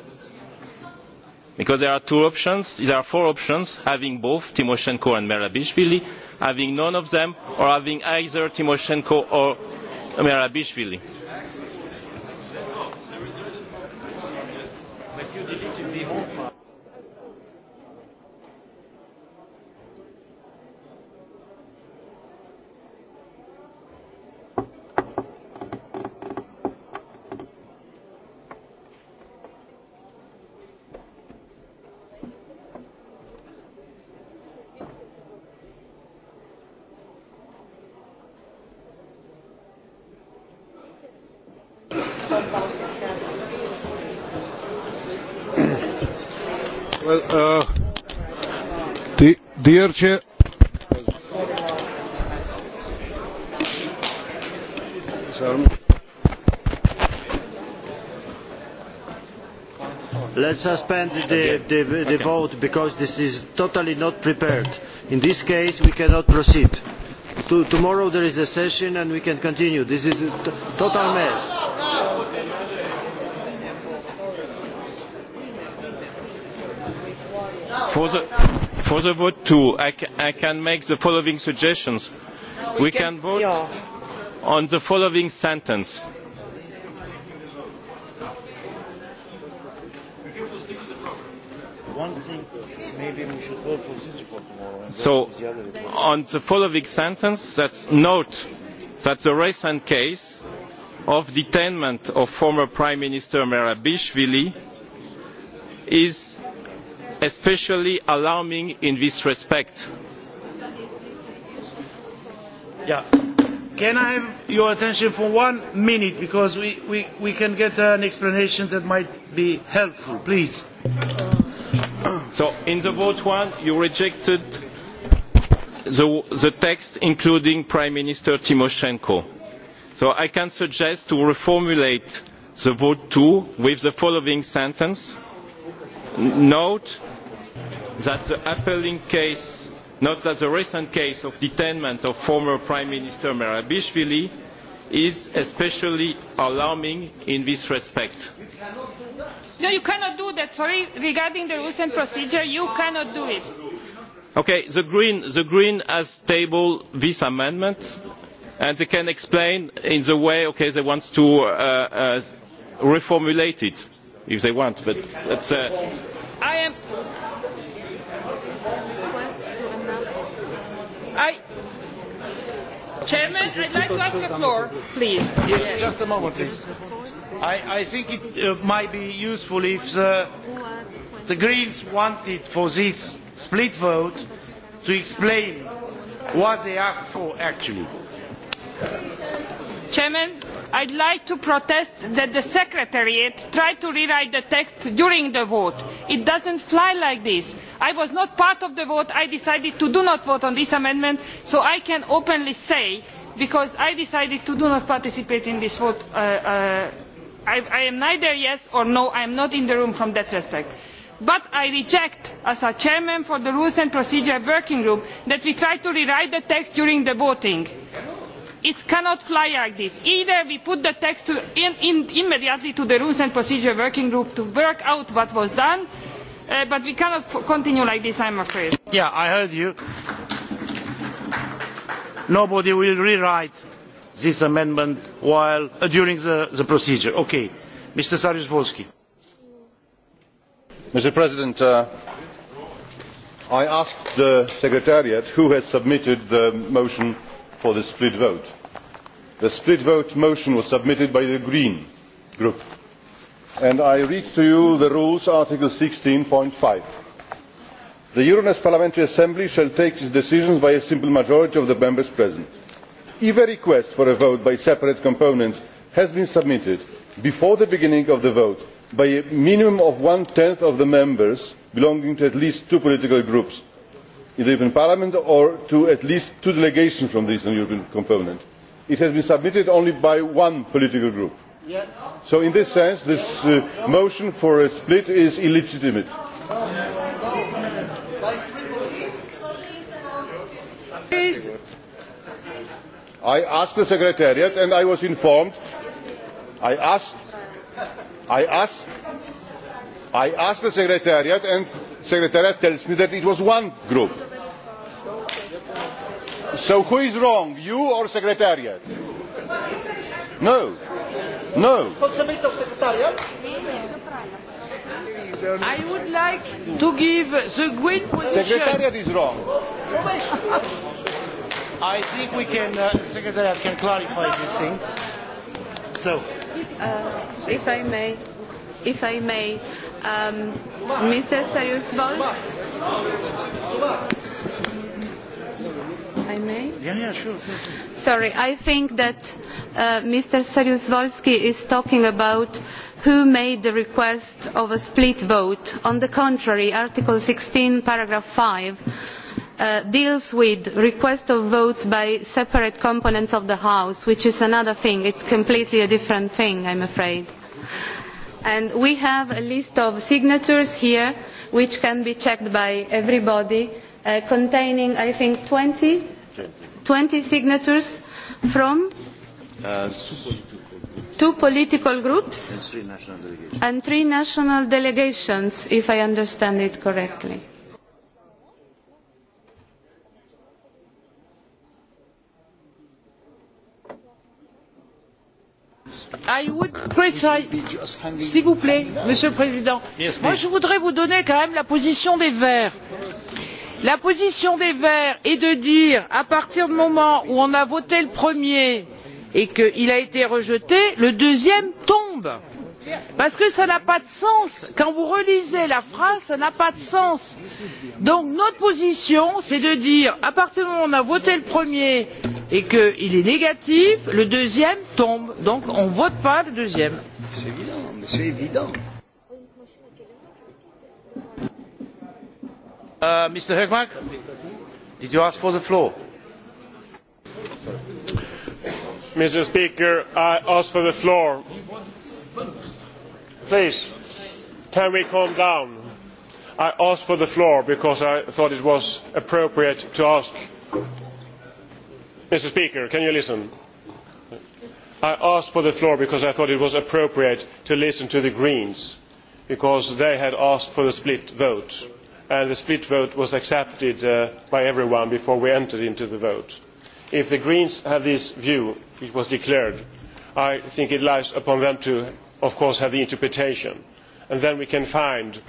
because there are two options there are four options having both tymoshenko and merabishvili having none of them or having either tymoshenko or merabishvili.
Dear
Let's suspend the, the, the okay. vote because this is totally not prepared. In this case, we cannot proceed. To, tomorrow there is a session and we can continue. This is a total mess. Voorzitter
for the vote too I, i can make the following suggestions we, can, vote on the following sentence so, on the following sentence, that's note that the recent case of detainment of former Prime Minister Merabishvili is especially alarming in this respect.
Yeah.
can i have your attention for one minute because we, we, we can get an explanation
that might be helpful please. so in the vote one you rejected the, the text including prime minister tymoshenko. so i can suggest to reformulate the vote two with the following sentence note that the appalling case not that the recent case of detainment of former prime minister merabishvili is especially alarming in this respect.
no you cannot do that sorry regarding the rules and procedure you cannot do it.
okay the green the green has tabled this amendment and they can explain in the way okay they want to uh, uh, reformulate it if they want but that's uh,
I am Chairman,
I'd like to ask the floor,
please. Yes, just a moment, please.
I, I think it uh, might be useful if the, the Greens wanted for this split vote to explain what they asked for actually
chairman i would like to protest that the secretariat tried to rewrite the text during the vote. it does not fly like this. i was not part of the vote i decided to not vote on this amendment so i can openly say because i decided to not participate in this vote uh, uh, I, am neither yes or no i am not in the room from that respect but i reject as a chairman for the rules and procedure working group that we tried to rewrite the text during the voting it cannot fly like this. either we put the text in, immediately to the rules and procedure working group to work out what was done uh, but we cannot continue like this i am afraid. i heard you.
nobody will rewrite this amendment uh, during the, procedure. okay. mr saryusz
wolski. mr president uh, i asked the secretariat who has submitted the motion for the split vote. the split vote motion was submitted by the green group and i read to you the rules article. sixteen five the euronest parliamentary assembly shall take its decisions by a simple majority of the members present. if a request for a vote by separate components has been submitted before the beginning of the vote by a minimum of one tenth of the members belonging to at least two political groups in the european parliament or to at least two delegations from the eastern european component. it has been submitted only by one political group so in this sense this uh, motion for a split is illegitimate. i asked the secretariat and i was informed i asked i asked i asked the secretariat and the secretariat tells me that it was one group. So who is wrong, you or Secretariat? No. No.
of Secretariat? I would like
to give the green position.
Secretariat
is wrong. I think we can, uh, Secretariat can clarify this thing. So. Uh,
if I may, if I may, um, Mr. Serious Vote. I may? Yeah, yeah, sure, sure, sure. Sorry, I think that uh, Mr. saryusz is talking about who made the request of a split vote. On the contrary, Article 16, paragraph 5, Uh, deals with requests of votes by separate components of the house which is another thing it is completely a different thing i am afraid. And we have a list of signatures here which can be checked by everybody uh, containing i think twenty twenty signatures from two political groups and three national delegations, if i understand it correctly.
I Would... Chris, s'il vous plaît monsieur le président Moi, je voudrais vous donner quand même la position des verts la position des verts est de dire à partir du moment où on a voté le premier et qu'il a été rejeté le deuxième tombe parce que cela n'a pas de sens quand vous relisez la phrase cela n'a pas de sens. donc notre position c'est de dire à partir du moment où on a voté le premier et qu'il est négatif le deuxième tombe donc on ne vote pas le deuxième. c'est
évident mais c'est évident. Uh,
Mr. Hökmark, did you ask for the floor? Mr. Speaker, I asked for the floor. Please, can we calm down? I asked for the floor because I thought it was appropriate to ask. Mr. Speaker, can you listen? I asked for the floor because I thought it was appropriate to listen to the Greens because they had asked for the split vote and uh, the split vote was accepted uh, by everyone before we entered into the vote. if the greens have this view which was declared i think it lies upon them to of course have the interpretation and then we can find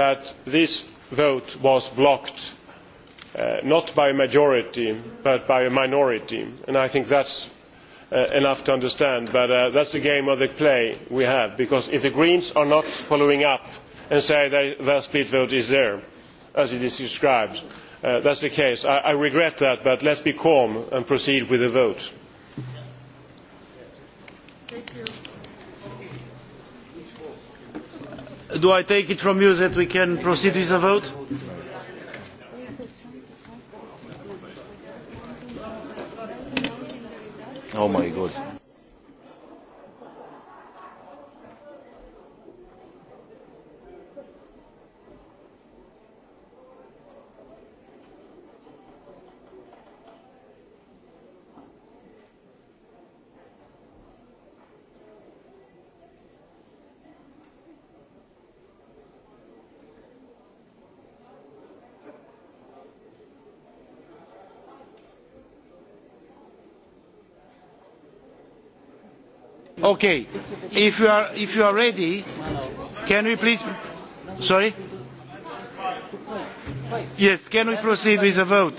that this vote was blocked uh, not by a majority but by a minority and i think that is enough to understand but that is the game of the play we have because if the greens are not following up and say that their split vote is there as it is described. Uh, that is the case. I, I regret that, but let us be calm and proceed with the vote.
Do I take it from you that we can proceed with the vote?
Oh my God.
Okay. If you are if you are ready, can we please sorry? Yes, can we proceed with the vote?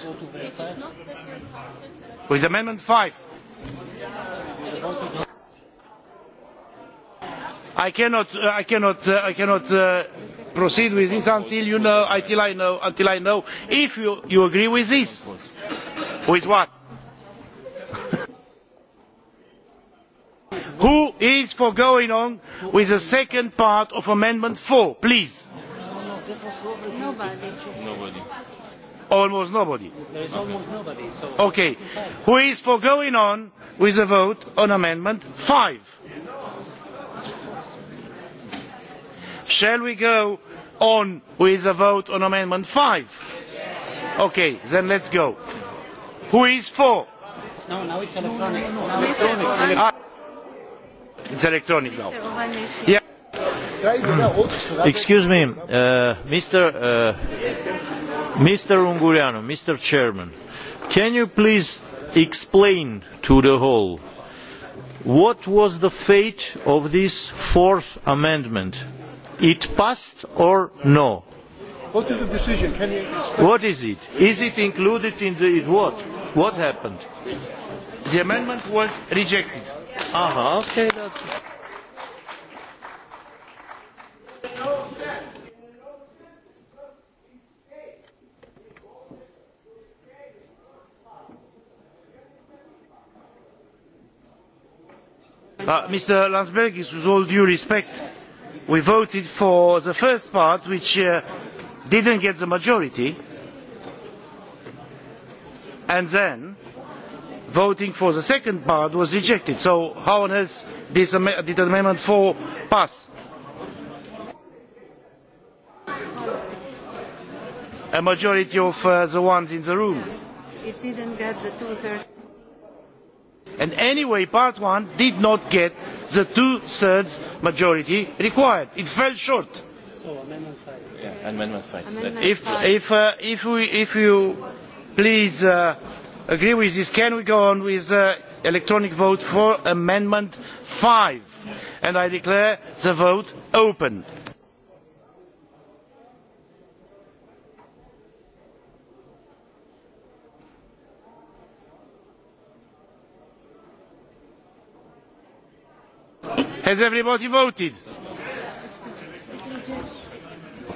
With amendment five. I cannot uh, I cannot uh, I cannot uh, proceed with this until you know until I know until I know if you, you agree with this. With what? please for going on with the second part of amendment four please
nobody.
almost nobody okay. who is for going on with the vote on amendment five shall we go on with the vote on amendment five okay then let's go who is for
no, now it's electronic. No, no, no. electronic. electronic.
It's electronic now.
Yeah. Excuse me, uh, Mr. Uh, Mr. Unguriano, Mr. Chairman, can you please explain to the whole what was the fate of this fourth amendment? It passed or no?
What is the decision? Can you explain?
What is it? Is it included in the in what? What happened? The amendment was rejected Aha,
okay, that's...
Uh, Mr. Landsbergis, with all due respect, we voted for the first part, which uh, didn't get the majority. And then voting for the second part was rejected so how on earth did amendment four pass? a majority of uh, the ones in the room.
It didn't get the two thirds.
And anyway, part one did not get the two thirds majority required. It fell short. So amendment five. Yeah, amendment five. Amendment if five. if uh, if we if you please. Uh, agree with this can we go on with the uh, electronic vote for amendment five and i declare the vote open. has everybody voted?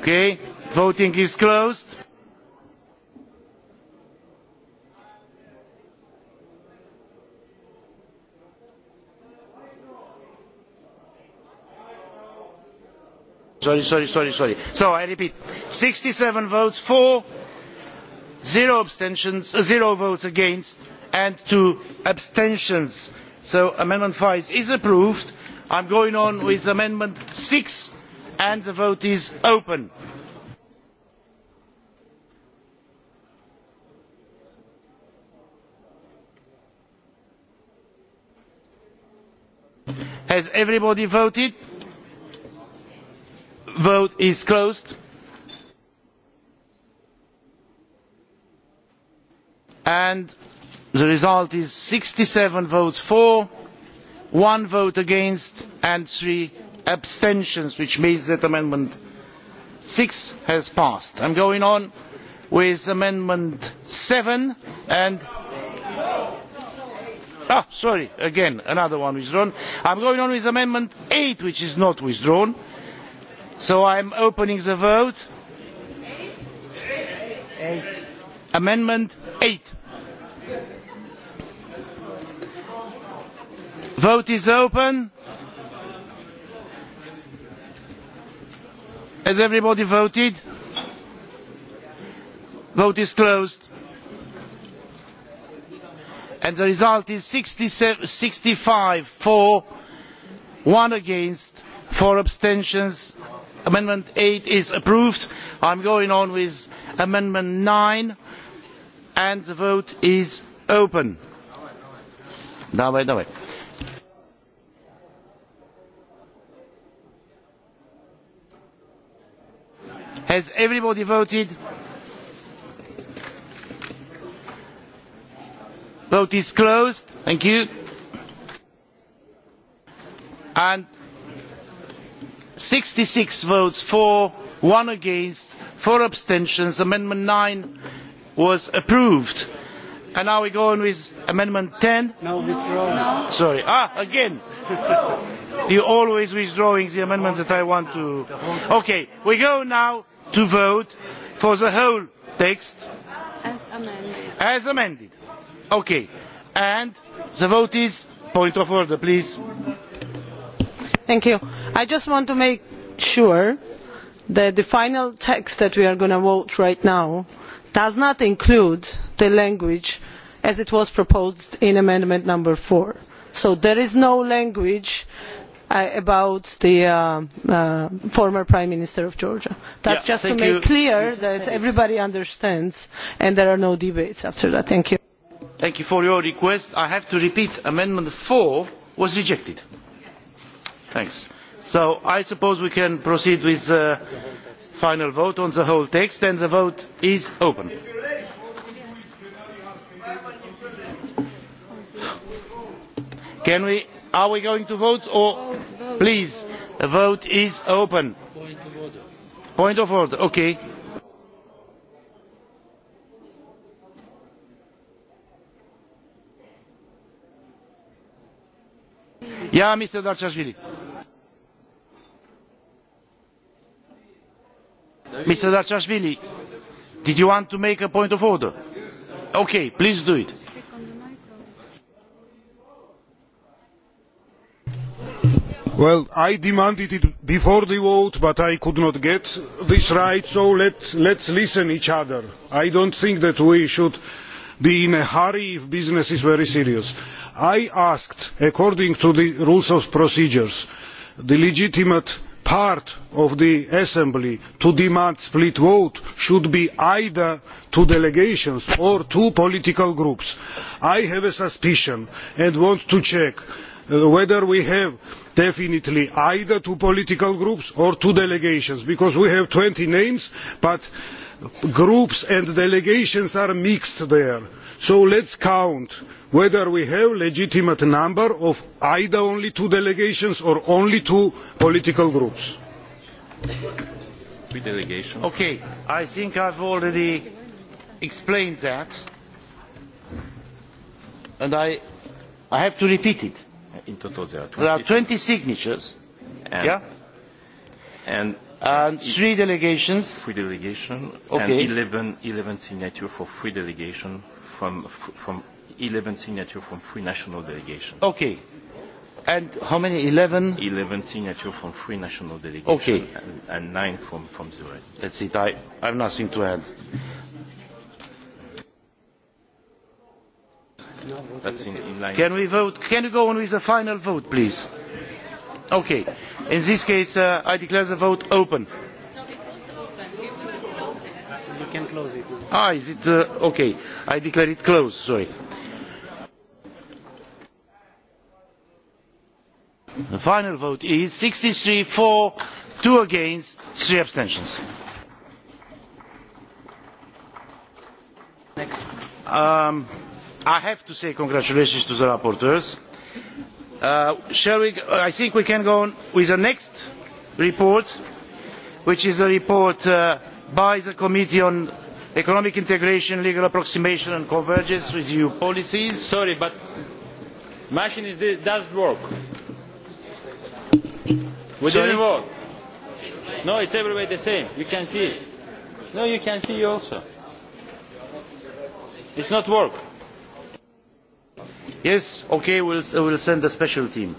okay voting is closed. sorry sorry sorry sorry so i repeat sixty seven votes for zero abstentions uh, zero votes against and two abstentions so amendment five is approved. i am going on with amendment six and the vote is open. has everybody voted? vote is closed and the result is sixty seven votes for one vote against and three abstentions which means that amendment six has passed. i am going on with amendment seven and ah, sorry again another one withdrawn. i am going on with amendment eight which is not withdrawn so i am opening the vote on amendment eight vote is open has everybody voted vote is closed and the result is sixty five for one against four abstentions amendment eight is approved. i am going on with amendment nine and the vote is open. has everybody voted? vote is closed. thank you. and sixty six votes for one against four abstentions amendment nine was approved and now we go on with amendment ten no, no. sorry ah again <laughs> you always withdrawing the amendments that i want to okay we go now to vote for the whole text as amended as amended okay and the vote is point of order please
i just want to make sure that the final text that we are going to vote on right now does not include the language as it was proposed in amendment four so there is no language uh, about the uh, uh, former prime minister of georgia. that is just to make clear that everybody understands and there are no debates after that. thank you.
thank you for your request. i have to repeat amendment four was rejected. So I suppose we can proceed with the final vote on the whole text, and the vote is open. Can we, are we going to vote or please the vote is open point of order okay Ja, Mr. Darčašvili. Mr. Darčašvili, did you want to make a
point of order? ok please do it. well i demanded it before the vote but i could not get this right so let let's listen each other. i don't think that we should be in a hurry if business is very serious i asked according to the rules of procedure the legitimate part of the assembly to demand a split vote should be either two delegations or two political groups. i have a suspicion and want to check uh, whether we have definitely either two political groups or two delegations because we have twenty names but groups and delegations are mixed there so let us count whether we have a legitimate number of either only two delegations or only two political groups.
Okay, i think i have already explained that and i, have to repeat it. there are twenty, signatures
and, three delegations and eleven signatures for three delegations from eleven signatures from three national delegations. Okay. And how many? Eleven? Eleven signatures from three national delegations. Okay.
And, and nine from, from the rest. That's it. I, I have nothing to add.
That's in, in line.
Can we vote? Can you go on with the final vote, please? Okay. In this case, uh, I declare the vote open. No, ah, is it uh, okay? I declare it closed. Sorry. the final vote is sixty three for two against three abstentions. Um, i have to say congratulations to the rapporteurs. Uh, we, i think we can go on with the next report which is a report uh, by the committee on economic integration legal approximation and convergence with eu policies. sorry but the
machine does not work. Would Sorry? didn't vote. No, it's everywhere the same. You can see. No, you can see you also. It's not work. Yes, okay, we'll,
uh, we'll send a special team.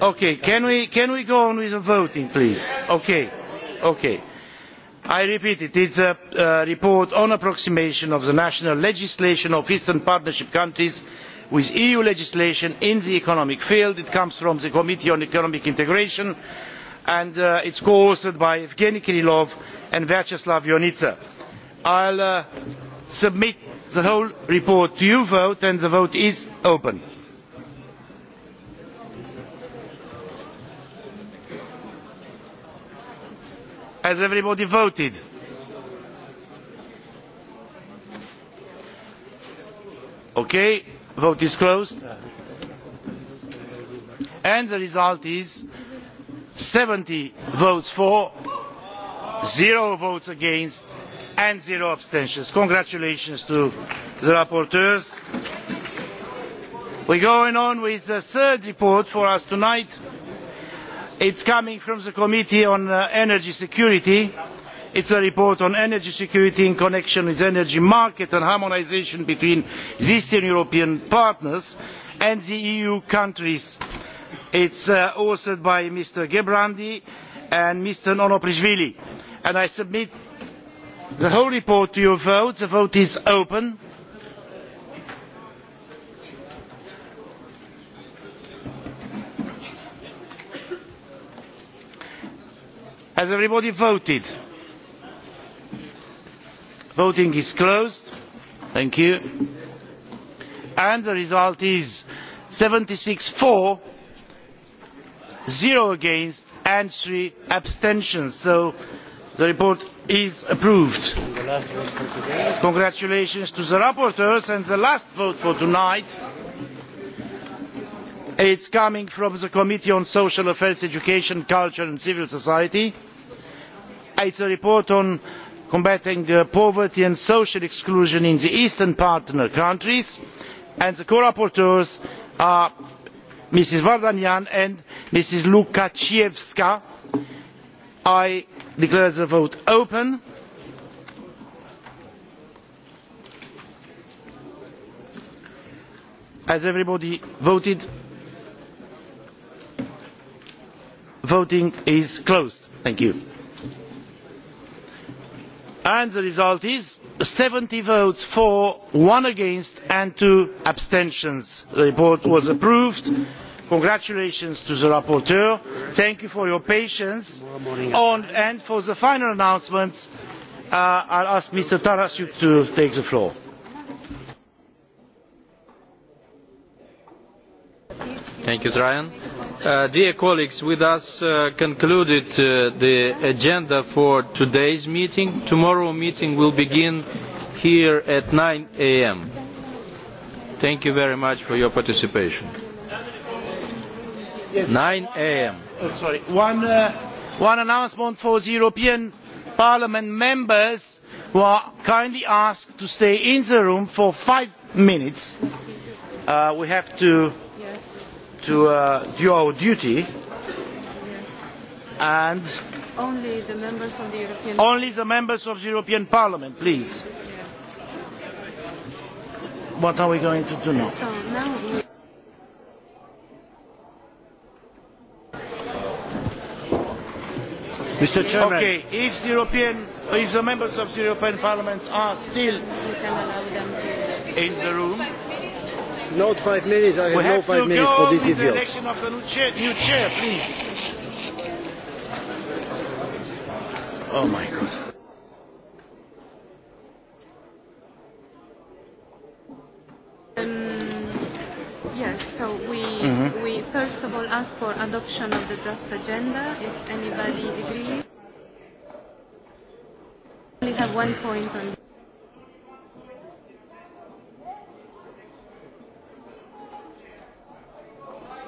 Okay, can we, can we go on with the voting, please? Okay okay. i repeat it it is a report on approximation of the national legislation of eastern partnership countries with eu legislation in the economic field. it comes from the committee on economic integration and uh, it is co authored by evgeny kirilov and vyacheslav ionita. i will uh, submit the whole report to your vote and the vote is open. Has everybody voted? Okay, vote is closed. And the result is 70 votes for, zero votes against, and zero abstentions. Congratulations to the rapporteurs. We're going on with the third report for us tonight it is coming from the committee on uh, energy security it is a report on energy security in connection with the energy market and harmonisation between the eastern european partners and the eu countries. it is uh, authored by mr gerbrandy and mr onoprishvili and i submit the whole report to your vote. the vote is open. has everybody voted? voting is closed thank you and the result is seventy six four, zero against and three abstentions so the report is approved. congratulations to the rapporteurs and the last vote for tonight is coming from the committee on social affairs education culture and civil society it is a report on combating uh, poverty and social exclusion in the eastern partner countries and the co rapporteurs are mrs vardanian and mrs lukaevica. i declare the vote open. has everybody voted? voting is closed. thank you and the result is seventy votes for one against and two abstentions. the report was approved. congratulations to the rapporteur. thank you for your patience. and for the final announcements i uh, will ask mr tarasyuk to take the floor.
thank you, Brian Uh, dear colleagues, we thus uh, concluded uh, the agenda for today's meeting. Tomorrow meeting will begin here at 9 a.m. Thank you very much for your participation. Yes. 9
a.m. Oh, sorry. One, uh, one announcement for the European Parliament members who are kindly asked to stay in the room for five minutes. Uh, we have to to uh, do our duty and
only the members of the European, only the
members of the European Parliament, please. Yes. What are we going to do now?
So now we
Mr. Chairman. Okay, if the, European, if the members of the European Parliament are still
in
the room,
Not five minutes. I have, we no have no five to minutes go for this issue.
election of the new chair, new chair,
please.
Oh my God.
Um, yes, so we, mm -hmm. we first of all ask for adoption of the draft agenda, if anybody agrees. We have one point on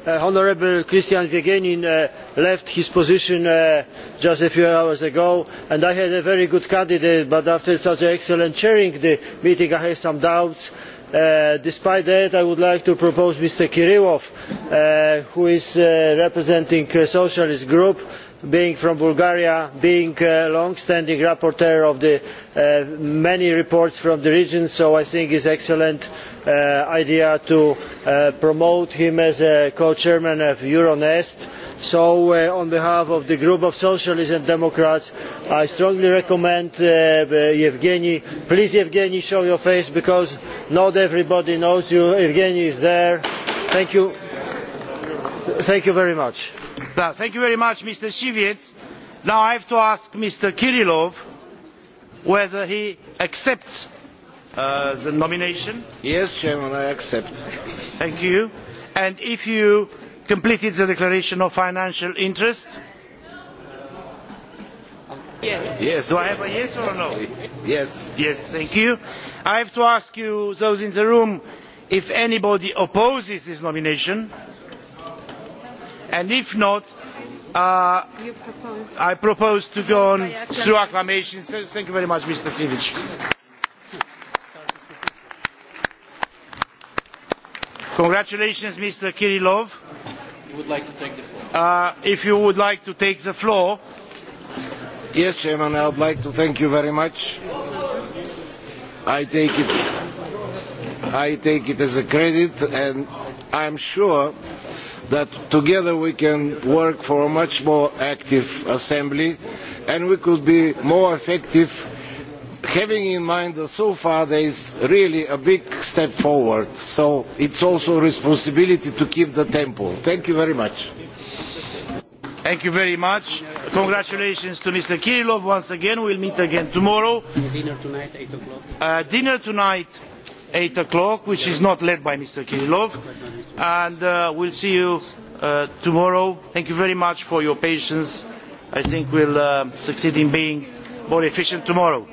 Uh, honourable christian gueguenin uh, left his position uh, just a few hours ago and i had a very good candidate but after such an excellent chairing of the meeting i have some doubts. despite that i would like to propose mr kirilov who is representing the socialist group being from bulgaria being a long standing rapporteur of the, uh, many reports from the region so i think it is an excellent uh, idea to uh, promote him as a co chair of euronest. so on behalf of the group of socialists and democrats i strongly recommend Evgeny. please Evgeny, show your face because not everybody knows you. Evgeny is there. thank you, thank you very much
thank you very much, Mr. Shivets. Now I have to ask Mr. Kirillov whether he accepts uh, the nomination. Yes, Chairman, I accept. Thank you. And if you completed the declaration of financial interest?
Yes. yes. Do I have a yes or a no?
Yes. Yes, thank you. I have to ask you, those in the room, if anybody opposes this nomination and if not uh, i propose to go on through acclamation. thank you very much mr siwiec. congratulations mr
kirilov. Uh,
if you would like to take the floor.
yes chairman i would like to thank you very much. i take it, I take it as a credit and i am sure that together we can work for a much more active assembly and we could be more effective having in mind that so far there is really a big step forward so it is also a responsibility to keep the tempo. thank you very much.
thank you very much. congratulations to mr kirilov once again. we will meet again tomorrow.
dinner tonight, 8 o'clock.
Uh, dinner tonight eight o'clock which is not led by mr kirilov and uh, we will see you uh, tomorrow. thank you very much for your patience. i think we will uh, succeed in being more efficient tomorrow.